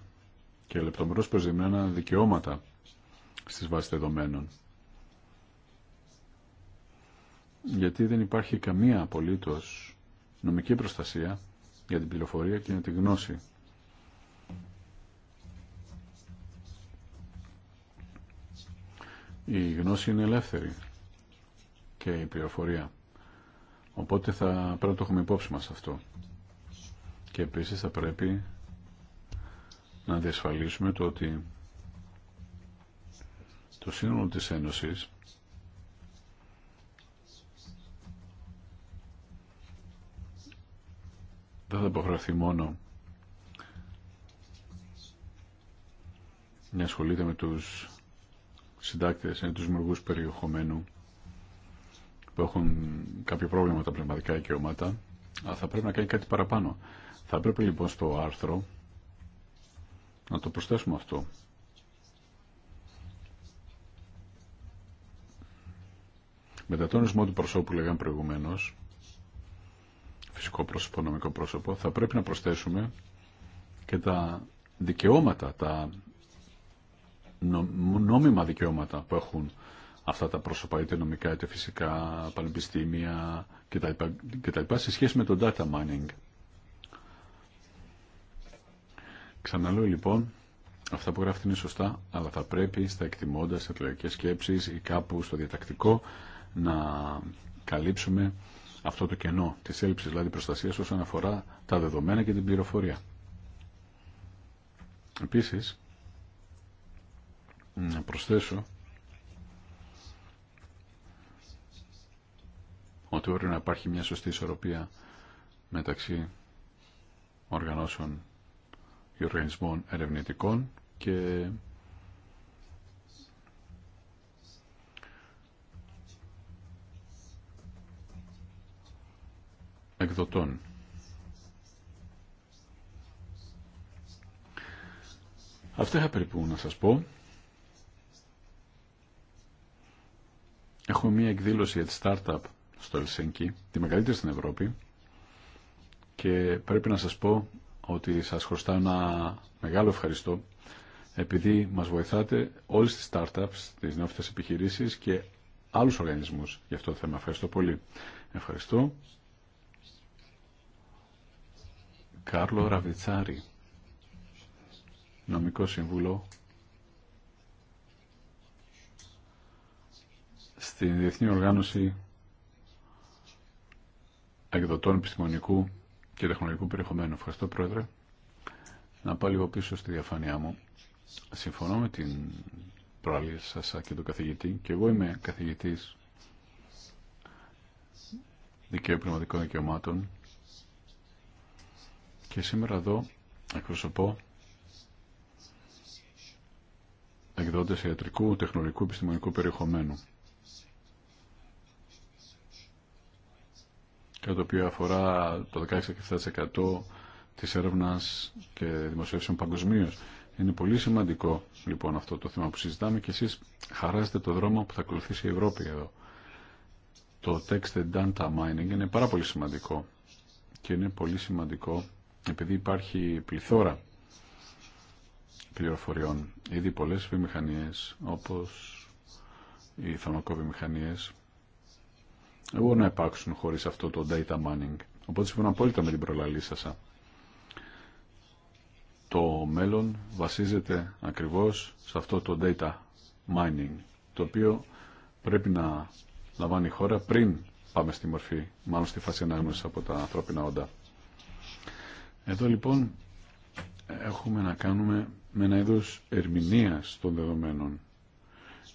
και λεπτομερώς προσδεμένα δικαιώματα στις βάσεις δεδομένων. Γιατί δεν υπάρχει καμία απολύτως νομική προστασία για την πληροφορία και για τη γνώση η γνώση είναι ελεύθερη και η πληροφορία. Οπότε θα πρέπει να το έχουμε υπόψη μας αυτό. Και επίσης θα πρέπει να διασφαλίσουμε το ότι το σύνολο της Ένωσης δεν θα υποχρεωθεί μόνο να ασχολείται με τους συντάκτες, είναι τους δημιουργούς περιεχομένου που έχουν κάποιο πρόβλημα με τα πνευματικά δικαιώματα, αλλά θα πρέπει να κάνει κάτι παραπάνω. Θα πρέπει λοιπόν στο άρθρο να το προσθέσουμε αυτό. Με του προσώπου που λέγαμε προηγουμένω, φυσικό πρόσωπο, νομικό πρόσωπο, θα πρέπει να προσθέσουμε και τα δικαιώματα, τα νόμιμα δικαιώματα που έχουν αυτά τα πρόσωπα, είτε νομικά είτε φυσικά, πανεπιστήμια κτλ. σε σχέση με το data mining. Ξαναλέω λοιπόν, αυτά που γράφετε είναι σωστά, αλλά θα πρέπει στα εκτιμώντα, στα εκλογικέ σκέψει ή κάπου στο διατακτικό να καλύψουμε αυτό το κενό τη έλλειψη δηλαδή προστασία όσον αφορά τα δεδομένα και την πληροφορία. Επίσης, να προσθέσω ότι μπορεί να υπάρχει μια σωστή ισορροπία μεταξύ οργανώσεων και οργανισμών ερευνητικών και εκδοτών. Αυτά είχα περίπου να σας πω. Έχουμε μία εκδήλωση για τη startup στο Ελσίνκι, τη μεγαλύτερη στην Ευρώπη και πρέπει να σας πω ότι σας χρωστάω ένα μεγάλο ευχαριστώ επειδή μας βοηθάτε όλες τις startups, τις νεόφυτες επιχειρήσεις και άλλους οργανισμούς για αυτό το θέμα. Ευχαριστώ πολύ. Ευχαριστώ. Κάρλο Ραβιτσάρη, νομικό σύμβουλο στην Διεθνή Οργάνωση Εκδοτών Επιστημονικού και Τεχνολογικού Περιεχομένου. Ευχαριστώ, Πρόεδρε. Να πάω λίγο πίσω στη διαφάνειά μου. Συμφωνώ με την προάλληλη σας και τον καθηγητή και εγώ είμαι καθηγητής δικαίου πνευματικών δικαιωμάτων και σήμερα εδώ εκπροσωπώ εκδότες ιατρικού, τεχνολογικού, επιστημονικού περιεχομένου. το οποίο αφορά το 16 της έρευνας και δημοσίευσεων παγκοσμίω. Είναι πολύ σημαντικό λοιπόν αυτό το θέμα που συζητάμε και εσείς χαράζετε το δρόμο που θα ακολουθήσει η Ευρώπη εδώ. Το text data mining είναι πάρα πολύ σημαντικό και είναι πολύ σημαντικό επειδή υπάρχει πληθώρα πληροφοριών. Ήδη πολλές βιομηχανίες όπως οι θερμοκόβιομηχανίες δεν μπορούν να υπάρξουν χωρίς αυτό το data mining. Οπότε συμφωνώ απόλυτα με την προλαλή σας. Το μέλλον βασίζεται ακριβώς σε αυτό το data mining, το οποίο πρέπει να λαμβάνει η χώρα πριν πάμε στη μορφή, μάλλον στη φάση ανάγνωση από τα ανθρώπινα όντα. Εδώ λοιπόν έχουμε να κάνουμε με ένα είδος ερμηνείας των δεδομένων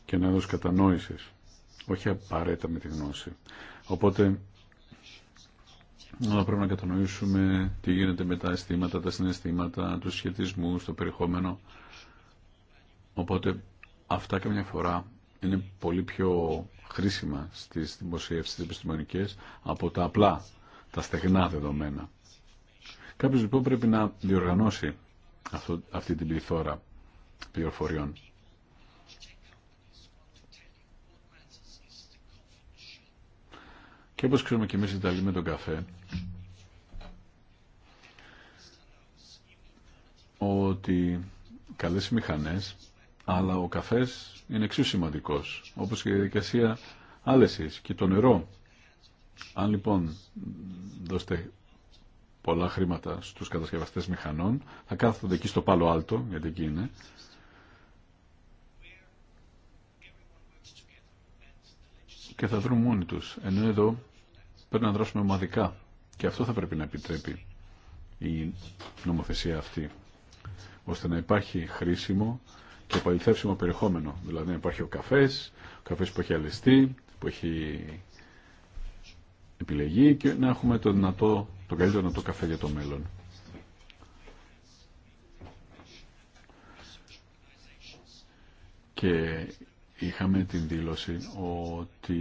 και ένα είδος κατανόησης όχι απαραίτητα με τη γνώση. Οπότε πρέπει να κατανοήσουμε τι γίνεται με τα αισθήματα, τα συναισθήματα, τους σχετισμού το περιεχόμενο. Οπότε αυτά καμιά φορά είναι πολύ πιο χρήσιμα στις δημοσίευσεις επιστημονικές από τα απλά, τα στεγνά δεδομένα. Κάποιος λοιπόν πρέπει να διοργανώσει αυτή την πληθώρα πληροφοριών. Και όπως ξέρουμε και εμείς οι Ιταλοί με τον καφέ, ότι καλές μηχανές, αλλά ο καφές είναι εξίσου σημαντικός, όπως και η διαδικασία άλεσης και το νερό. Αν λοιπόν δώσετε πολλά χρήματα στους κατασκευαστές μηχανών, θα κάθονται εκεί στο πάλο άλτο, γιατί εκεί είναι, και θα βρουν μόνοι του. Ενώ εδώ πρέπει να δράσουμε ομαδικά. Και αυτό θα πρέπει να επιτρέπει η νομοθεσία αυτή. Ώστε να υπάρχει χρήσιμο και παληθεύσιμο περιεχόμενο. Δηλαδή να υπάρχει ο καφές, ο καφές που έχει αλεστεί, που έχει επιλεγεί και να έχουμε το, δυνατό, το καλύτερο το καφέ για το μέλλον. Και είχαμε την δήλωση ότι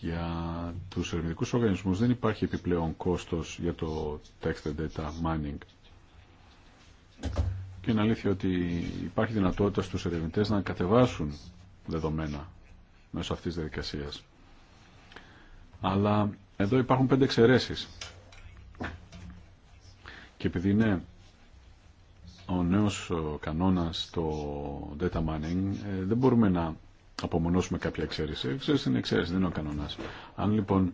για τους ερευνητικούς οργανισμούς δεν υπάρχει επιπλέον κόστος για το text and data mining. Και είναι αλήθεια ότι υπάρχει δυνατότητα στους ερευνητές να κατεβάσουν δεδομένα μέσω αυτής της διαδικασίας. Αλλά εδώ υπάρχουν πέντε εξαιρέσεις. Και επειδή είναι ο νέος κανόνας το data mining, ε, δεν μπορούμε να απομονώσουμε κάποια εξαίρεση. Εξαίρεση είναι εξαίρεση, δεν είναι ο κανονάς. Αν λοιπόν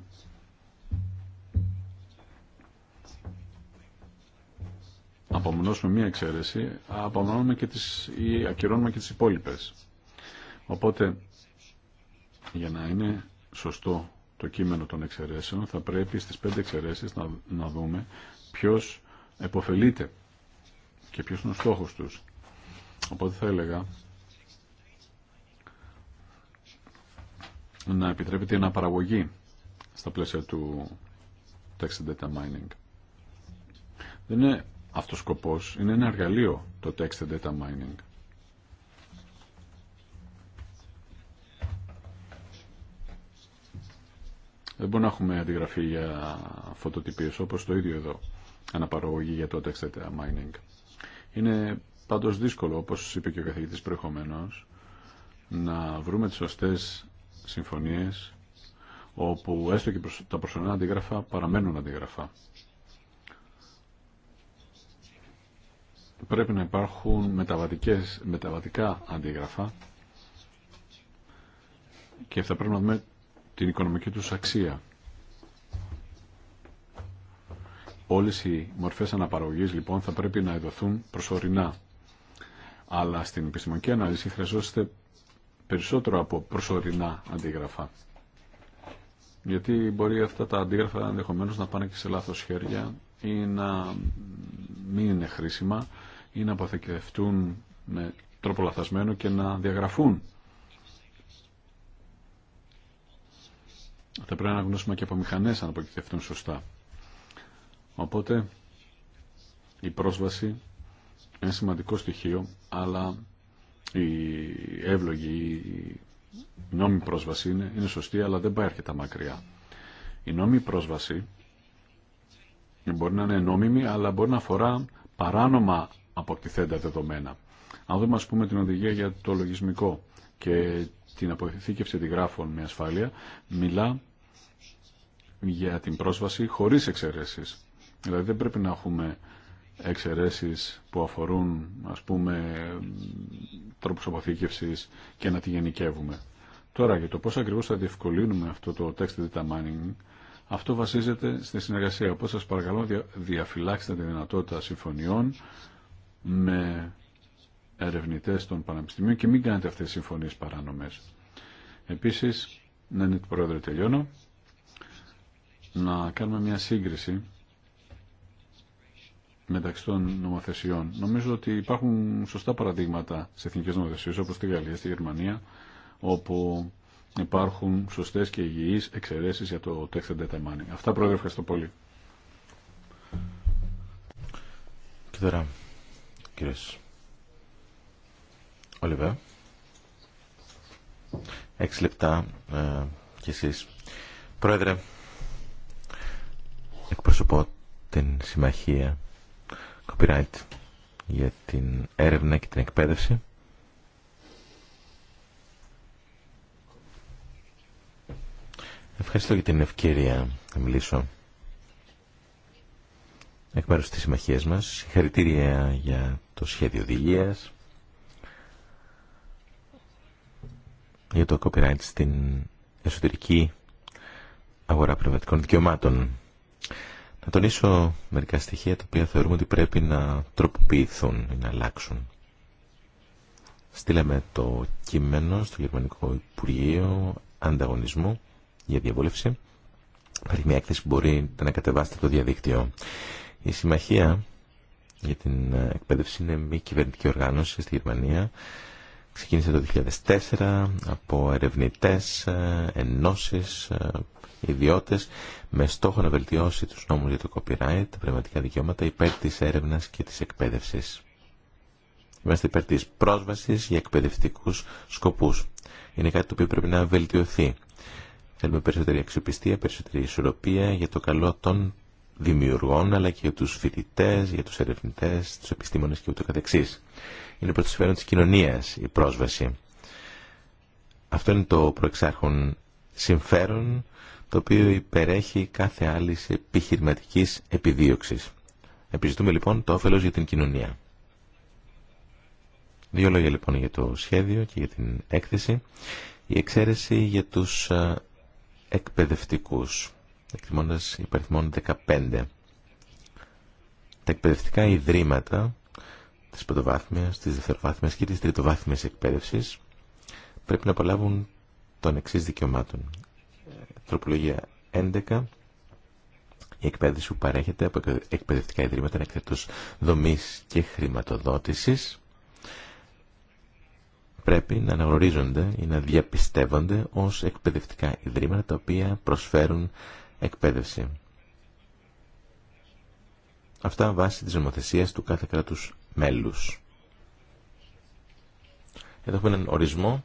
απομονώσουμε μία εξαίρεση, απομονώνουμε και τις, ή ακυρώνουμε και τις υπόλοιπες. Οπότε, για να είναι σωστό το κείμενο των εξαιρέσεων, θα πρέπει στις πέντε εξαιρέσεις να, να δούμε ποιος εποφελείται... και ποιος είναι ο στόχος τους. Οπότε θα έλεγα να επιτρέπεται η αναπαραγωγή στα πλαίσια του text data mining. Δεν είναι αυτός ο σκοπός, είναι ένα εργαλείο το text data mining. Δεν μπορούμε να έχουμε αντιγραφή για φωτοτυπίες όπως το ίδιο εδώ αναπαραγωγή για το text data mining. Είναι πάντως δύσκολο όπως είπε και ο καθηγητής προηγουμένως να βρούμε τις σωστές συμφωνίες όπου έστω και τα προσωρινά αντίγραφα παραμένουν αντίγραφα. Πρέπει να υπάρχουν μεταβατικές, μεταβατικά αντίγραφα και θα πρέπει να δούμε την οικονομική τους αξία. Όλες οι μορφές αναπαραγωγής λοιπόν θα πρέπει να ειδωθούν προσωρινά. Αλλά στην επιστημονική ανάλυση χρειαζόμαστε περισσότερο από προσωρινά αντίγραφα. Γιατί μπορεί αυτά τα αντίγραφα ενδεχομένω να πάνε και σε λάθος χέρια ή να μην είναι χρήσιμα ή να αποθηκευτούν με τρόπο λαθασμένο και να διαγραφούν. Θα πρέπει να γνώσουμε και από μηχανέ αν αποθηκευτούν σωστά. Οπότε η πρόσβαση είναι σημαντικό στοιχείο, αλλά η εύλογη, η νόμιμη πρόσβαση είναι, σωστή, αλλά δεν πάει αρκετά μακριά. Η νόμιμη πρόσβαση μπορεί να είναι νόμιμη, αλλά μπορεί να αφορά παράνομα αποκτηθέντα δεδομένα. Αν δούμε, ας πούμε, την οδηγία για το λογισμικό και την αποθήκευση αντιγράφων με ασφάλεια, μιλά για την πρόσβαση χωρίς εξαιρέσεις. Δηλαδή δεν πρέπει να έχουμε εξαιρέσεις που αφορούν ας πούμε τρόπους αποθήκευσης και να τη γενικεύουμε. Τώρα για το πώς ακριβώς θα διευκολύνουμε αυτό το text data mining αυτό βασίζεται στη συνεργασία. Οπότε σας παρακαλώ διαφυλάξτε τη δυνατότητα συμφωνιών με ερευνητές των πανεπιστημίων και μην κάνετε αυτές τις συμφωνίες παράνομες. Επίσης, να είναι το ναι, πρόεδρο τελειώνω, να κάνουμε μια σύγκριση μεταξύ των νομοθεσιών. Νομίζω ότι υπάρχουν σωστά παραδείγματα σε εθνικέ νομοθεσίε όπω στη Γαλλία, στη Γερμανία, όπου υπάρχουν σωστέ και υγιεί εξαιρέσει για το text and data mining. Αυτά, Πρόεδρε, ευχαριστώ πολύ. Και τώρα, κύριε Όλιβε, έξι λεπτά ε, εσείς. Πρόεδρε, εκπροσωπώ την συμμαχία copyright για την έρευνα και την εκπαίδευση. Ευχαριστώ για την ευκαιρία να μιλήσω εκ μέρους της συμμαχίας μας. Συγχαρητήρια για το σχέδιο διηγείας. για το copyright στην εσωτερική αγορά πνευματικών δικαιωμάτων. Να τονίσω μερικά στοιχεία τα οποία θεωρούμε ότι πρέπει να τροποποιηθούν ή να αλλάξουν. Στείλαμε το κείμενο στο Γερμανικό Υπουργείο Ανταγωνισμού για διαβούλευση. Υπάρχει μια έκθεση που μπορείτε να κατεβάσετε το διαδίκτυο. Η Συμμαχία για την Εκπαίδευση είναι μη κυβερνητική οργάνωση στη Γερμανία Ξεκίνησε το 2004 από ερευνητές, ε, ενώσεις, ε, ιδιώτες με στόχο να βελτιώσει τους νόμους για το copyright, τα πνευματικά δικαιώματα υπέρ της έρευνας και της εκπαίδευσης. Είμαστε υπέρ της πρόσβασης για εκπαιδευτικούς σκοπούς. Είναι κάτι το οποίο πρέπει να βελτιωθεί. Θέλουμε περισσότερη αξιοπιστία, περισσότερη ισορροπία για το καλό των δημιουργών αλλά και για τους φοιτητές, για τους ερευνητές, τους επιστήμονες και ούτω καθεξής. Είναι προς το συμφέρον τη κοινωνίας η πρόσβαση. Αυτό είναι το προεξάρχον συμφέρον το οποίο υπερέχει κάθε άλλη επιχειρηματική επιδίωξης. Επιζητούμε λοιπόν το όφελος για την κοινωνία. Δύο λόγια λοιπόν για το σχέδιο και για την έκθεση. Η εξαίρεση για τους ε, εκπαιδευτικούς εκτιμώντας υπαριθμών 15. Τα εκπαιδευτικά ιδρύματα της πρωτοβάθμιας, της δευτεροβάθμιας και της τριτοβάθμιας εκπαίδευσης πρέπει να απολαύουν των εξής δικαιωμάτων. Τροπολογία 11. Η εκπαίδευση που παρέχεται από εκπαιδευτικά ιδρύματα είναι εκτέτως δομής και χρηματοδότησης. Πρέπει να αναγνωρίζονται ή να διαπιστεύονται ως εκπαιδευτικά ιδρύματα τα οποία προσφέρουν εκπαίδευση. Αυτά βάσει της νομοθεσίας του κάθε κράτους μέλους. Εδώ έχουμε έναν ορισμό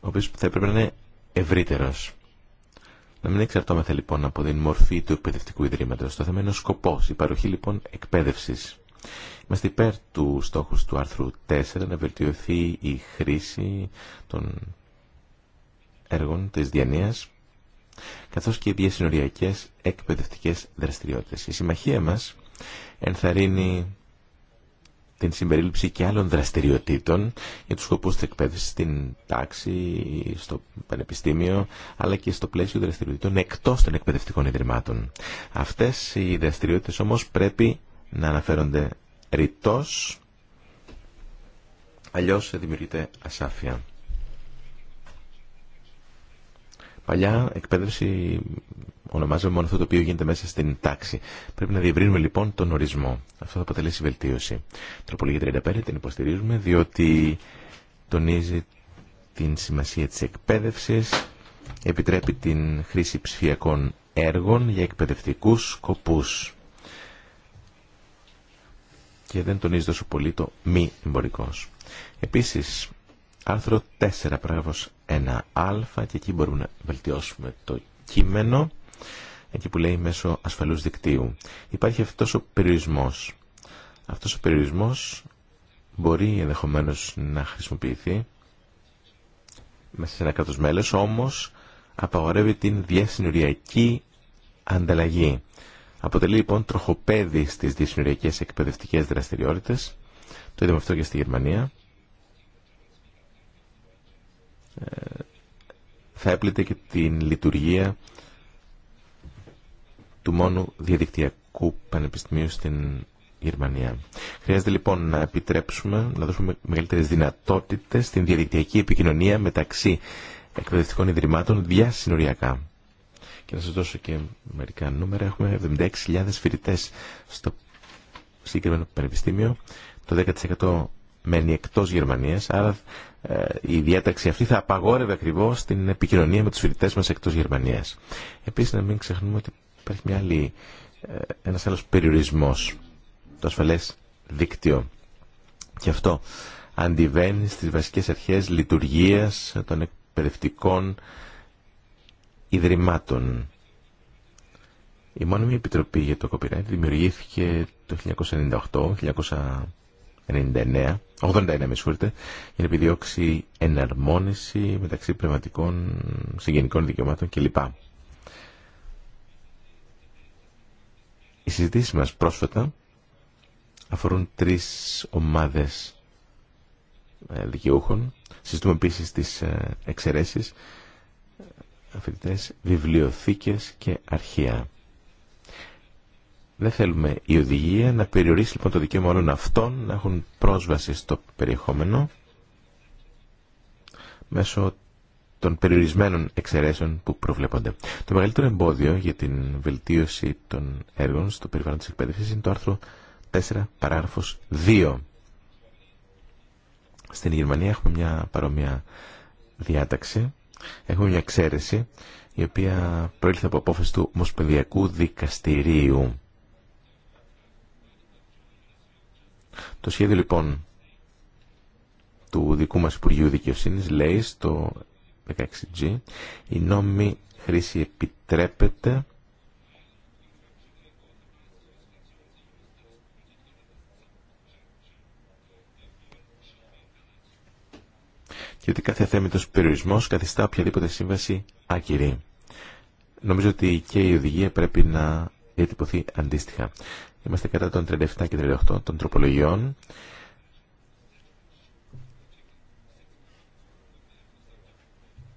ο οποίος θα έπρεπε να είναι ευρύτερος. Να μην εξαρτώμεθα λοιπόν από την μορφή του εκπαιδευτικού ιδρύματος. Το θέμα είναι ο σκοπός, η παροχή λοιπόν εκπαίδευσης. Είμαστε υπέρ του στόχου του άρθρου 4 να βελτιωθεί η χρήση των έργων της διανοίας καθώς και οι διασυνοριακές εκπαιδευτικές δραστηριότητες. Η συμμαχία μας ενθαρρύνει την συμπερίληψη και άλλων δραστηριοτήτων για τους σκοπούς της εκπαίδευσης στην τάξη, στο πανεπιστήμιο, αλλά και στο πλαίσιο δραστηριοτήτων εκτός των εκπαιδευτικών ιδρυμάτων. Αυτές οι δραστηριότητες όμως πρέπει να αναφέρονται ρητός, αλλιώς δημιουργείται ασάφεια. Παλιά εκπαίδευση ονομάζαμε μόνο αυτό το οποίο γίνεται μέσα στην τάξη. Πρέπει να διευρύνουμε λοιπόν τον ορισμό. Αυτό θα αποτελέσει βελτίωση. Τροπολογία 35 την υποστηρίζουμε διότι τονίζει την σημασία της εκπαίδευσης, επιτρέπει την χρήση ψηφιακών έργων για εκπαιδευτικούς σκοπούς και δεν τονίζει τόσο πολύ το μη εμπορικός. Επίσης, άρθρο 4, πράγμα ένα αλφά και εκεί μπορούμε να βελτιώσουμε το κείμενο εκεί που λέει μέσω ασφαλούς δικτύου. Υπάρχει αυτός ο περιορισμός. Αυτός ο περιορισμός μπορεί ενδεχομένως να χρησιμοποιηθεί μέσα σε ένα κράτος μέλος, όμως απαγορεύει την διασυνοριακή ανταλλαγή. Αποτελεί λοιπόν τροχοπέδι στις διασυνοριακές εκπαιδευτικές δραστηριότητες. Το είδαμε αυτό και στη Γερμανία θα έπλετε και την λειτουργία του μόνου διαδικτυακού πανεπιστημίου στην Γερμανία. Χρειάζεται λοιπόν να επιτρέψουμε, να δώσουμε μεγαλύτερες δυνατότητες στην διαδικτυακή επικοινωνία μεταξύ εκπαιδευτικών ιδρυμάτων διασυνοριακά. Και να σας δώσω και μερικά νούμερα. Έχουμε 76.000 φοιτητές στο συγκεκριμένο πανεπιστήμιο. Το 10% μένει εκτός Γερμανίας, άρα ε, η διάταξη αυτή θα απαγόρευε ακριβώ την επικοινωνία με του φοιτητέ μα εκτό Γερμανία. Επίση, να μην ξεχνούμε ότι υπάρχει μια άλλη, ε, ένας άλλος περιορισμός, το ασφαλές δίκτυο. Και αυτό αντιβαίνει στις βασικές αρχές λειτουργίας των εκπαιδευτικών ιδρυμάτων. Η μόνιμη επιτροπή για το copyright δημιουργήθηκε το 1998-1999 81 με συγχωρείτε, για να επιδιώξει εναρμόνιση μεταξύ πνευματικών συγγενικών δικαιωμάτων κλπ. Οι συζητήσεις μας πρόσφατα αφορούν τρεις ομάδες ε, δικαιούχων. Συζητούμε επίσης τις ε, εξαιρέσεις, ε, βιβλιοθήκες και αρχεία. Δεν θέλουμε η οδηγία να περιορίσει λοιπόν το δικαίωμα όλων αυτών να έχουν πρόσβαση στο περιεχόμενο μέσω των περιορισμένων εξαιρέσεων που προβλέπονται. Το μεγαλύτερο εμπόδιο για την βελτίωση των έργων στο περιβάλλον της εκπαίδευσης είναι το άρθρο 4 παράγραφος 2. Στην Γερμανία έχουμε μια παρόμοια διάταξη, έχουμε μια εξαίρεση η οποία προήλθε από απόφαση του Ομοσπονδιακού Δικαστηρίου. Το σχέδιο λοιπόν του δικού μας Υπουργείου Δικαιοσύνης λέει στο 16G η νόμιμη χρήση επιτρέπεται και ότι κάθε θέμητος περιορισμός καθιστά οποιαδήποτε σύμβαση άκυρη. Νομίζω ότι και η οδηγία πρέπει να διατυπωθεί αντίστοιχα. Είμαστε κατά των 37 και 38 των τροπολογιών.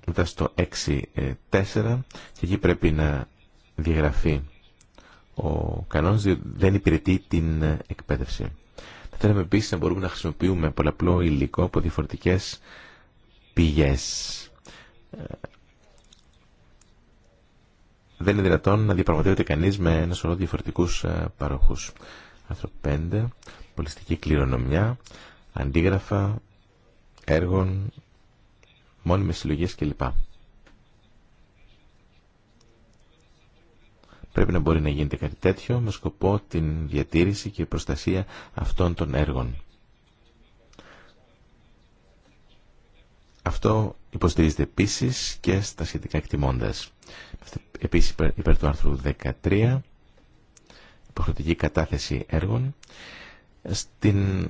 Μετά στο 6-4 ε, και εκεί πρέπει να διαγραφεί ο κανόνας διότι δεν υπηρετεί την εκπαίδευση. Θα θέλαμε επίσης να μπορούμε να χρησιμοποιούμε πολλαπλό υλικό από διαφορετικές πηγές ε, δεν είναι δυνατόν να διαπραγματεύεται κανεί με ένα σωρό διαφορετικού ε, παροχού. Άρθρο 5. Πολιστική κληρονομιά, αντίγραφα, έργων, μόνιμες συλλογέ κλπ. Πρέπει να μπορεί να γίνεται κάτι τέτοιο με σκοπό την διατήρηση και προστασία αυτών των έργων. Αυτό υποστηρίζεται επίσης και στα σχετικά εκτιμώντα επίσης υπέρ, του άρθρου 13, υποχρεωτική κατάθεση έργων. Στην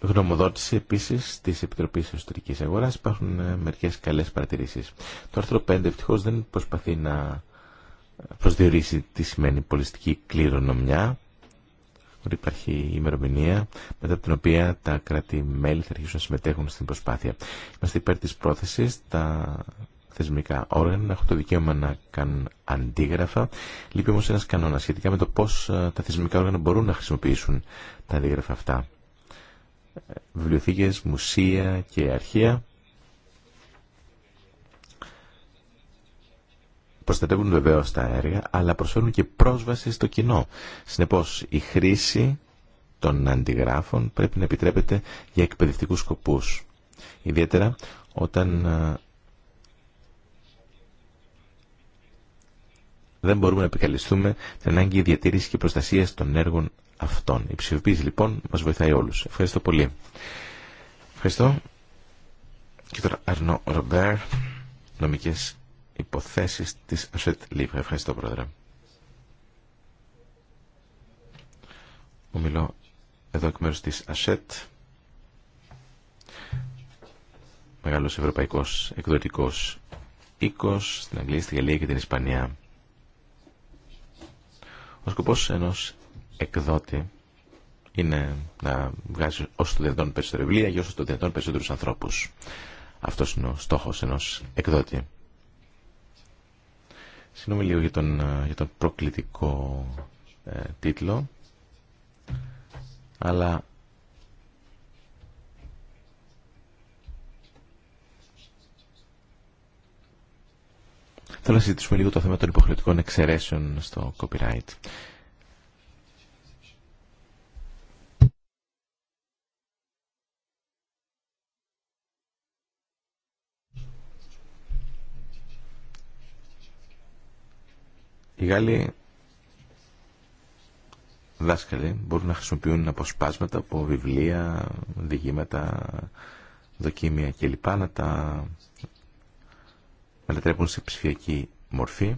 γνωμοδότηση επίσης της Επιτροπής Εσωτερικής Αγοράς υπάρχουν ε, μερικές καλές παρατηρήσεις. Το άρθρο 5 ευτυχώς δεν προσπαθεί να προσδιορίσει τι σημαίνει πολιστική κληρονομιά, ότι υπάρχει ημερομηνία μετά την οποία τα κράτη-μέλη θα αρχίσουν να συμμετέχουν στην προσπάθεια. Είμαστε υπέρ της πρόθεσης τα θεσμικά όργανα να έχουν το δικαίωμα να κάνουν αντίγραφα. Λείπει όμω ένα κανόνα σχετικά με το πώ ε, τα θεσμικά όργανα μπορούν να χρησιμοποιήσουν τα αντίγραφα αυτά. Βιβλιοθήκε, μουσεία και αρχεία προστατεύουν βεβαίω τα έργα, αλλά προσφέρουν και πρόσβαση στο κοινό. Συνεπώ, η χρήση των αντιγράφων πρέπει να επιτρέπεται για εκπαιδευτικού σκοπού. Ιδιαίτερα όταν ε, δεν μπορούμε να επικαλυστούμε την ανάγκη διατήρηση και προστασία των έργων αυτών. Η ψηφοποίηση λοιπόν μα βοηθάει όλου. Ευχαριστώ πολύ. Ευχαριστώ. Και τώρα Αρνό Ρομπέρ, νομικέ υποθέσει τη ΑΣΕΤ ΛΥΒ. Ευχαριστώ, Πρόεδρε. Ομιλώ εδώ εκ μέρου τη ΑΣΕΤ. Μεγαλό ευρωπαϊκό εκδοτικό οικο στην Αγγλία, στη Γαλλία και την Ισπανία. Ο σκοπός ενός εκδότη είναι να βγάζει όσο το δυνατόν περισσότερα βιβλία για όσο το δυνατόν περισσότερου ανθρώπου. Αυτός είναι ο στόχος ενός εκδότη. Συγγνώμη λίγο για τον, για προκλητικό ε, τίτλο, αλλά Θέλω να συζητήσουμε λίγο το θέμα των υποχρεωτικών εξαιρέσεων στο copyright. Οι Γάλλοι δάσκαλοι μπορούν να χρησιμοποιούν αποσπάσματα από βιβλία, διηγήματα, δοκίμια κλπ. τα μετατρέπουν σε ψηφιακή μορφή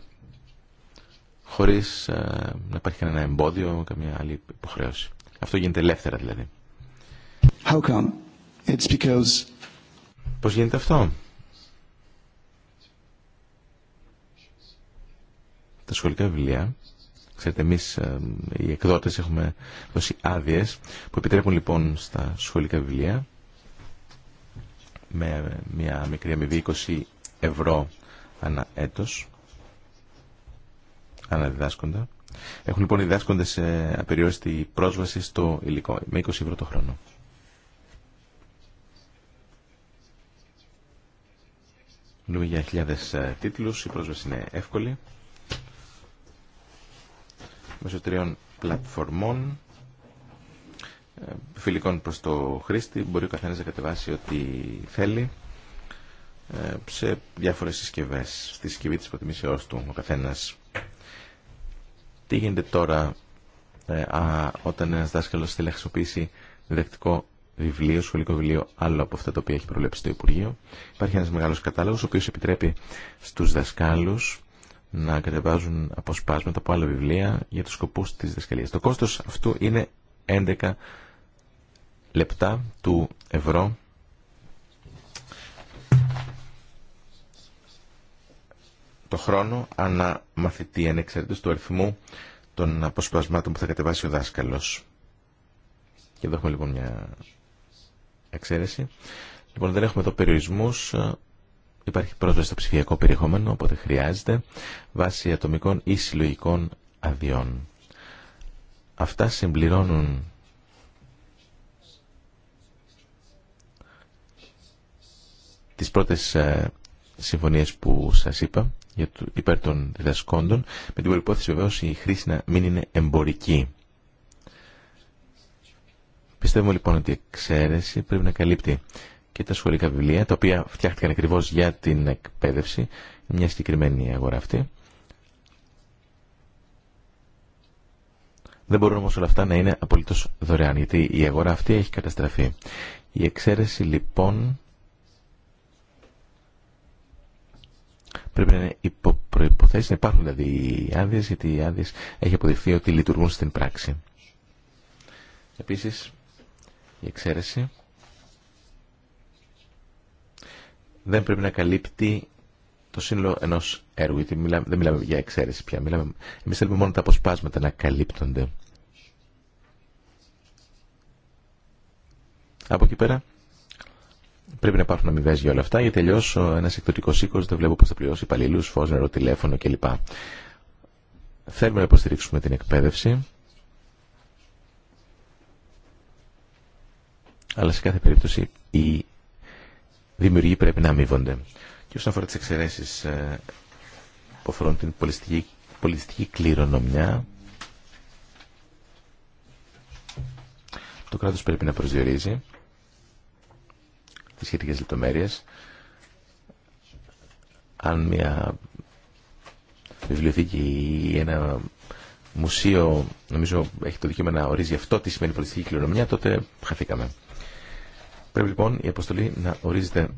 χωρίς ε, να υπάρχει κανένα εμπόδιο, καμία άλλη υποχρέωση. Αυτό γίνεται ελεύθερα δηλαδή. How come? It's because... Πώς γίνεται αυτό? Τα σχολικά βιβλία, ξέρετε εμείς ε, οι εκδότες έχουμε δώσει άδειε που επιτρέπουν λοιπόν στα σχολικά βιβλία με μια μικρή αμοιβή 20 ευρώ ανά έτος Έχουν λοιπόν οι διδάσκοντες ε, απεριόριστη πρόσβαση στο υλικό με 20 ευρώ το χρόνο. Μιλούμε για χιλιάδες ε, τίτλους, η πρόσβαση είναι εύκολη. Μέσω τριών πλατφορμών ε, φιλικών προς το χρήστη μπορεί ο καθένας να κατεβάσει ό,τι θέλει. Ε, σε διάφορες συσκευές, στη συσκευή της προτιμήσεώς του ο καθένας. Τι γίνεται τώρα ε, α, όταν ένας δάσκαλος θέλει να χρησιμοποιήσει διδακτικό βιβλίο, σχολικό βιβλίο, άλλο από αυτά τα οποία έχει προβλέψει το Υπουργείο. Υπάρχει ένας μεγάλος κατάλογος, ο οποίος επιτρέπει στους δασκάλους να κατεβάζουν αποσπάσματα από άλλα βιβλία για τους σκοπούς της διδασκαλίας. Το κόστος αυτού είναι 11 λεπτά του ευρώ το χρόνο ανά μαθητή ανεξαρτήτως του αριθμού των αποσπασμάτων που θα κατεβάσει ο δάσκαλος. Και εδώ έχουμε λοιπόν μια εξαίρεση. Λοιπόν, δεν έχουμε εδώ περιορισμούς. Υπάρχει πρόσβαση στο ψηφιακό περιεχόμενο, οπότε χρειάζεται, βάσει ατομικών ή συλλογικών αδειών. Αυτά συμπληρώνουν τις πρώτες ε, συμφωνίες που σας είπα για το, υπέρ των διδασκόντων, με την προϋπόθεση βεβαίω η χρήση να μην είναι εμπορική. Πιστεύουμε λοιπόν ότι η εξαίρεση πρέπει να καλύπτει και τα σχολικά βιβλία, τα οποία φτιάχτηκαν ακριβώ για την εκπαίδευση, μια συγκεκριμένη αγορά αυτή. Δεν μπορούν όμω όλα αυτά να είναι απολύτω δωρεάν, γιατί η αγορά αυτή έχει καταστραφεί. Η εξαίρεση λοιπόν Πρέπει να είναι υπό να υπάρχουν δηλαδή οι άδειε γιατί οι άδειε έχει αποδειχθεί ότι λειτουργούν στην πράξη. Επίσης, η εξαίρεση δεν πρέπει να καλύπτει το σύνολο ενό έργου, γιατί δεν μιλάμε για εξαίρεση πια. Μιλάμε, εμείς θέλουμε μόνο τα αποσπάσματα να καλύπτονται. Από εκεί πέρα Πρέπει να υπάρχουν αμοιβέ για όλα αυτά, γιατί αλλιώ ένα εκδοτικό οίκο δεν βλέπω πώ θα πληρώσει υπαλλήλου, φω, νερό, τηλέφωνο κλπ. Θέλουμε να υποστηρίξουμε την εκπαίδευση. Αλλά σε κάθε περίπτωση οι δημιουργοί πρέπει να αμείβονται. Και όσον αφορά τι εξαιρέσει ε, που αφορούν την πολιτιστική, πολιτιστική κληρονομιά, το κράτος πρέπει να προσδιορίζει σχετικές λεπτομέρειες. Αν μια βιβλιοθήκη ή ένα μουσείο νομίζω έχει το δικαίωμα να ορίζει αυτό τι σημαίνει πολιτιστική κληρονομιά, τότε χαθήκαμε. Πρέπει λοιπόν η αποστολή να ορίζεται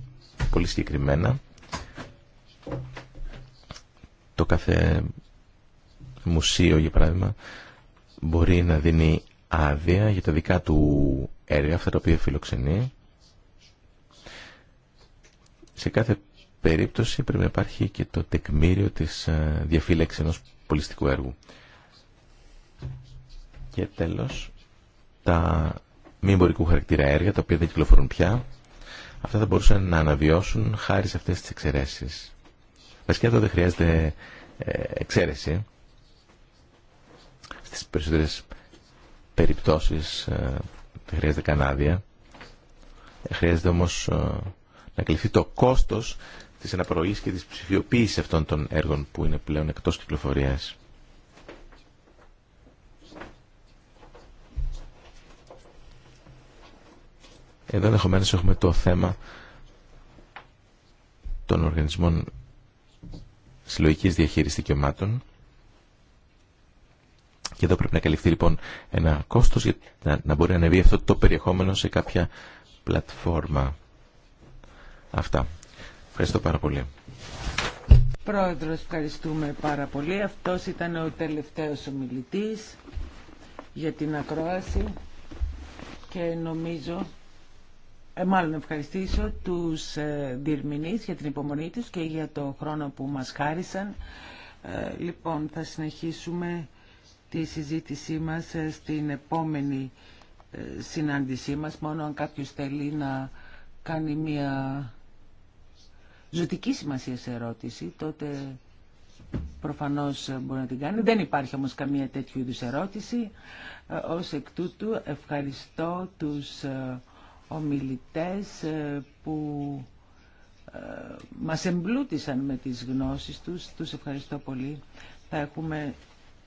πολύ συγκεκριμένα το κάθε μουσείο για παράδειγμα μπορεί να δίνει άδεια για τα δικά του έργα, αυτά τα οποία φιλοξενεί σε κάθε περίπτωση πρέπει να υπάρχει και το τεκμήριο της ε, διαφύλαξης ενός πολιστικού έργου. Και τέλος, τα μη εμπορικού χαρακτήρα έργα, τα οποία δεν κυκλοφορούν πια, αυτά θα μπορούσαν να αναβιώσουν χάρη σε αυτές τις εξαιρέσεις. Βασικά εδώ δεν χρειάζεται ε, εξαίρεση. Στις περισσότερες περιπτώσεις ε, δεν χρειάζεται κανάδια. Χρειάζεται όμως να καλυφθεί το κόστο της αναπροής και τη ψηφιοποίηση αυτών των έργων που είναι πλέον εκτό κυκλοφορία. Εδώ ενδεχομένω έχουμε το θέμα των οργανισμών συλλογική διαχείρισης δικαιωμάτων και εδώ πρέπει να καλυφθεί λοιπόν ένα κόστος για να, να μπορεί να ανεβεί αυτό το περιεχόμενο σε κάποια πλατφόρμα. Αυτά. Ευχαριστώ πάρα πολύ. Πρόεδρος, ευχαριστούμε πάρα πολύ. Αυτός ήταν ο τελευταίος ομιλητής για την ακρόαση και νομίζω, ε, μάλλον ευχαριστήσω τους ε, διερμηνείς για την υπομονή τους και για το χρόνο που μας χάρισαν. Ε, λοιπόν, θα συνεχίσουμε τη συζήτησή μας ε, στην επόμενη ε, συνάντησή μας, μόνο αν κάποιος θέλει να κάνει μια ζωτική σημασία σε ερώτηση, τότε προφανώς μπορεί να την κάνει. Δεν υπάρχει όμω καμία τέτοιου είδου ερώτηση. Ε, Ω εκ τούτου ευχαριστώ τους ε, ομιλητές ε, που μας εμπλούτησαν με τις γνώσεις τους. Τους ευχαριστώ πολύ. Θα έχουμε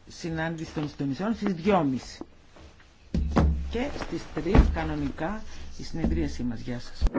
συνάντηση των συντονιστών στις 2.30 και στις 3 κανονικά η συνεδρίασή μας. Γεια σας.